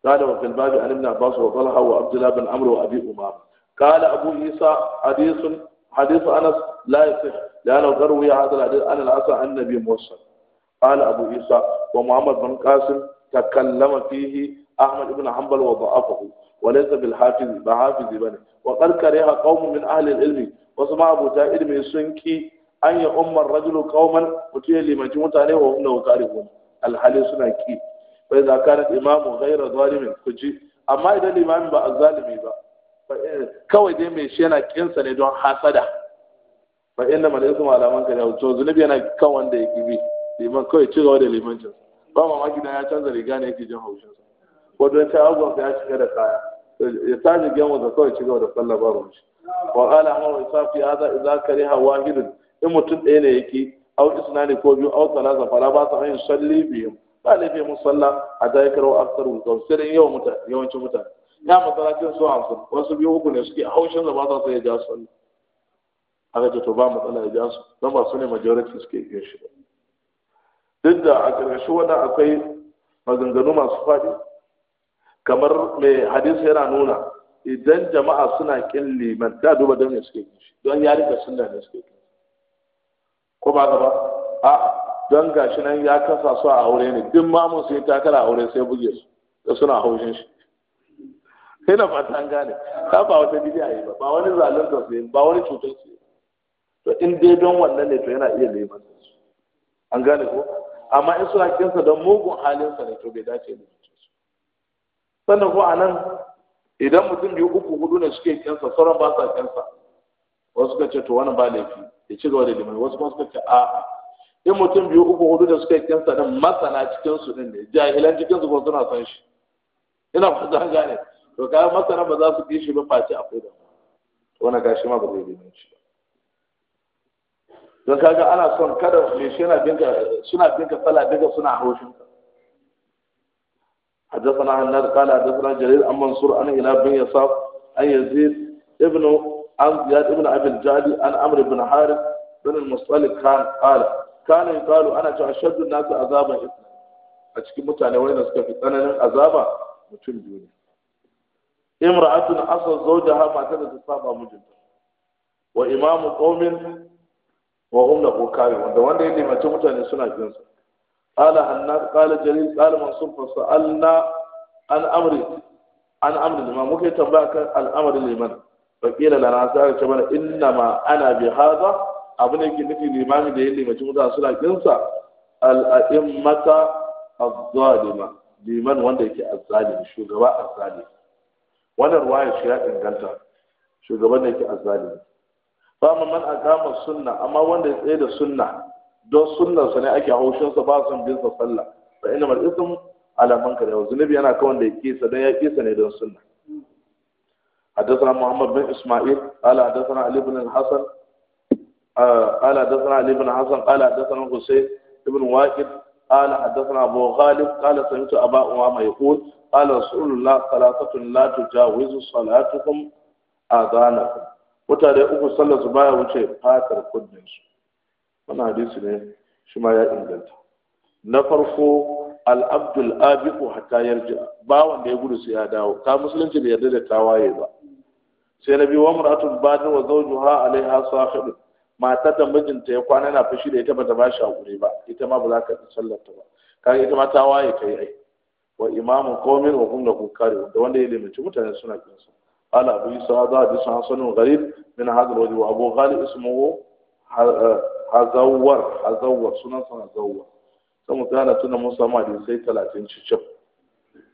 قال وفي الباب عن ابن عباس وطلحه وعبد الله بن عمرو وابي امامه قال ابو عيسى حديث حديث انس لا يصح لانه قد روي هذا الحديث عن العصا عن النبي موصل قال ابو عيسى ومحمد بن قاسم تكلم فيه أحمد بن حنبل وضعفه وليس بالحافظ بحافظ بني وقد كره قوم من أهل العلم وسمع أبو تائر من سنكي أن يؤم الرجل قوما وتيه لمن جمتانه وهم له كارهون الحالي سنكي فإذا كانت إمام غير ظالم كجي أما إذا الإمام بقى الظالم بقى kawai dai mai shi yana kinsa ne don hasada fa inda malaikatu malaman ka ne to zunubi yana kan wanda ya gibi liman kawai ci gaba da limancin ba mamaki dan ya canza riga ne yake jin haushin sa ko don ta agon ya shiga da kaya ya tashi gemu da kawai shiga da sallah ba ruwan shi wa qala wa safi hadha idza kariha wahid in mutum ɗaya ne yake aw isnani ko biyu aw talata fara ba sa yin salli biyu ba laifi musalla a da yakar wa aksar wa muta yawanci muta yawancin mutane ya masalacin su hamsin wasu biyu uku ne suke haushin da ba sa sai ya ja sallah aka ce to ba matsala ya ja su don ba su ne majority suke yin shi ba duk da a ƙarshe wannan akwai maganganu masu faɗi kamar mai hadisi yana nuna idan jama'a suna ƙin liman da duba don ya suke kishi don ya rika sunna ne suke kishi ko ba ba a don gashi nan ya kasa su a aure ne duk mamun sai takara aure sai buge su da suna haushin shi sai na fata an gane ta ba wata bidiya yi ba ba wani zalunta su yi ba wani cutar su yi to in dai don wannan ne to yana iya liman an gane ko amma in suna kinsa don mugun halinsa ne to bai dace da su sannan ko a nan idan mutum biyu uku hudu ne suke kinsa sauran ba sa kinsa wasu suka ce to wani ba laifi ya ci gaba da limani wasu kuma suka ce a'a in mutum biyu uku hudu da suka kinsa din masana cikinsu din ne jahilan cikinsu ko suna san shi ina fata gane to kayan masana ba za su bi shi ba face akwai da wani gashi ma ba zai limanci don kaga ana son kada me shi yana binka suna binka tsala daga suna haushin حدثنا هناد قال حدثنا جرير عن منصور عن هلال بن يساف عن يزيد ابن عن زياد ابن ابي الجعد عن عمرو بن حارث بن المصطلق كان قال كان يقال انا اشد الناس عذابا اثنين a cikin mutane wanda suka fi tsananin azaba mutum biyu ne zo da hama matar da mijinta wa imamu wa hum lahu karihun da wanda ya limanci mutane suna bin sa qala hannas qala jarir, qala mansur fa sa'alna an amri an amri liman muke tambaya kan al'amari liman fa qila lana sa'a ce mana inna ma ana bi hadha abin da yake nufi limami da ya limanci mutane suna bin sa al'a'immata az-zalima liman wanda yake azzalimi shugaba azzalimi wannan ruwaya shi ya inganta shugaban da yake azzalimi fama man aqama sunna amma wanda ya tsaye da sunna don sunnar sa ne ake haushin sa ba son bin sa sallah fa inna mal ism ala man kana zunubi yana kan da ya kisa dan ya kisa ne don sunna حدثنا محمد بن اسماعيل قال حدثنا علي بن الحسن قال حدثنا علي بن الحسن قال حدثنا حسين بن واقد قال حدثنا ابو غالب قال سمعت ابا امامه يقول قال رسول الله ثلاثه لا تجاوز صلاتكم اذانكم mutane uku sallar su baya wuce fatar kunnen su wannan hadisi ne shi ma ya inganta na farko al'abdul abiku hatta yarja ba wanda ya gudu sai ya dawo ta musulunci bai yarda da tawaye ba sai na biyu wa mar'atun badin wa zawjuha alaiha sahibu matar da mijinta ya kwana na fushi da ita ba ta bashi hakuri ba ita ma ba za ka sallar ta ba kaga ita ma tawaye kai ai wa imamu komin wa hum kuka da wanda ya limanci mutane suna kinsa قال أبو يسوع هذا حديث حسن غريب من هذا الوجه وأبو غالي hazawar hazawar sunansa hazawar sai mu gane tunan mun samu hadisai talatin cicif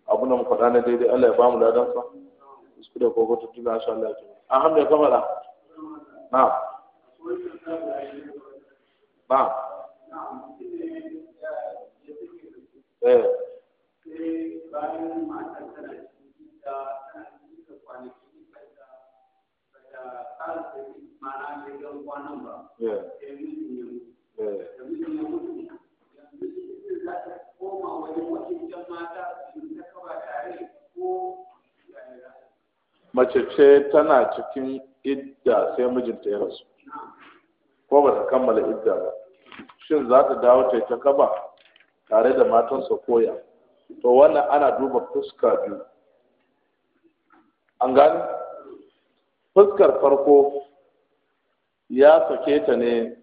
abu mu faɗa na daidai Allah ya bamu ladan sa su da koko ta tuna insha Allah ya a hamda ka faɗa na na eh bayan mata tana cikin mace ce tana cikin idda sai mijinta ya rasu ko ba ta kammala idda ba shin za ta dawo ta ta kaba tare da matansa koya to wannan ana duba fuska biyu an gani fuskar farko ya sake ta ne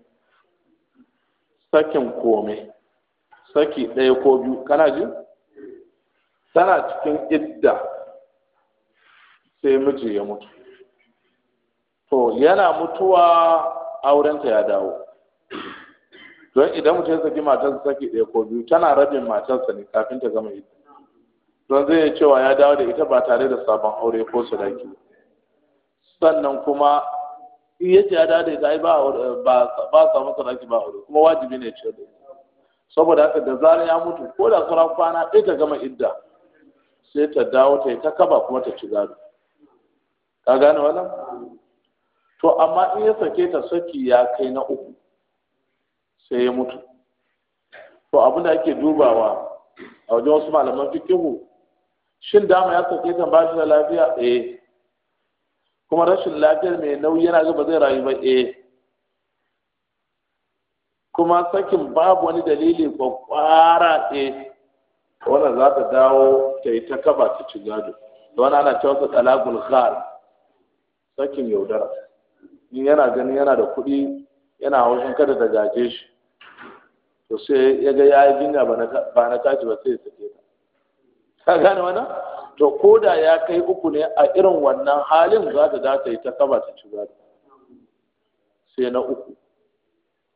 sakin kome saki ɗaya ko biyu kana ji tana cikin idda sai miji ya mutu to yana mutuwa aurenta ya dawo don idan mutum ya saki matarsa saki ɗaya ko biyu tana rabin matarsa ne kafin ta gama idda don zai cewa ya dawo da ita ba tare da sabon aure ko sadaki ba sannan kuma in yace ya dade da a ba ba sa samu sadaki ba aure kuma wajibi ne ce da saboda haka da zarar ya mutu ko da sauran kwana ɗaya ta gama idda sai ta dawo ta yi ta kaba kuma ta ci gado ka gane wala to amma in ya sake ta saki ya kai na uku sai ya mutu to abin da ake dubawa a wajen wasu malaman fikihu shin dama ya sake ta ba shi da lafiya eh kuma rashin lafiyar mai nauyi yana ga zai rayu ba eh kuma sakin babu wani dalili kwara eh wannan za ta dawo ta yi ta kaba ta ci gado da wani ana cewa talagul khar sakin yaudara in yana ganin yana da kuɗi yana haushin kada da gaje shi to sai ya ga ya yi jinya ba na kaji ba sai ya sake ta ka gane wannan to ko da ya kai uku ne a irin wannan halin za ta da ta yi ta kaba ta ci gaba? sai na uku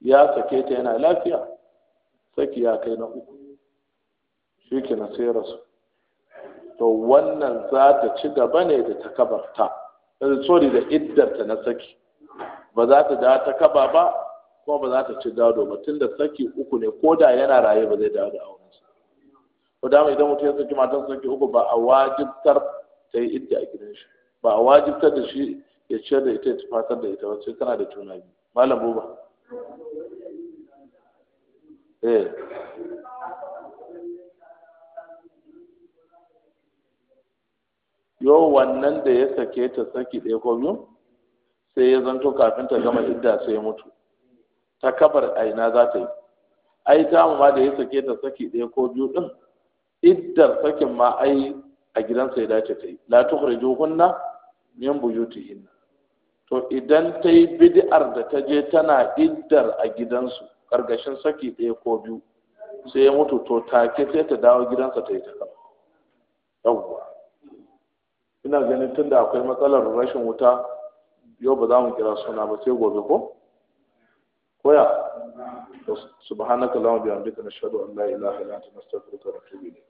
ya sake ta yana lafiya saki ya kai na uku shi ke na sai rasu to wannan za ta ci gaba ne da ta kabarta eh, sorry da iddarta na saki ba za ta da ta kaba ba kuma ba za ta ci gado ba tun da saki uku ne ko da yana raye ba zai dawo da aure ko da idan mutum ya saki matan sanki uku ba a wajibtar ta yi ita a gidan shi ba a wajibtar da shi ya ciyar da ita ya tufatar da ita wacce tana da juna biyu malam buba eh yo wannan da ya sake ta saki ɗaya ko biyu sai ya zanto kafin ta gama idda sai ya mutu ta kabar aina za ta yi ai ta ma da ya sake ta saki ɗaya ko biyu ɗin iddar sakin ma ai a gidansa ya dace ta yi la tukhriju hunna min buyutihinna to idan ta yi bid'ar da ta je tana iddar a gidansu kargashin saki ɗaya ko biyu sai ya mutu to take sai ta dawo gidansa ta yi ta kama yawwa ina ganin tunda akwai matsalar rashin wuta yau ba za mu kira suna ba sai gobe ko koya subhanaka allahumma bihamdika nashhadu an la ilaha illa anta nastaghfiruka wa natubu ilayk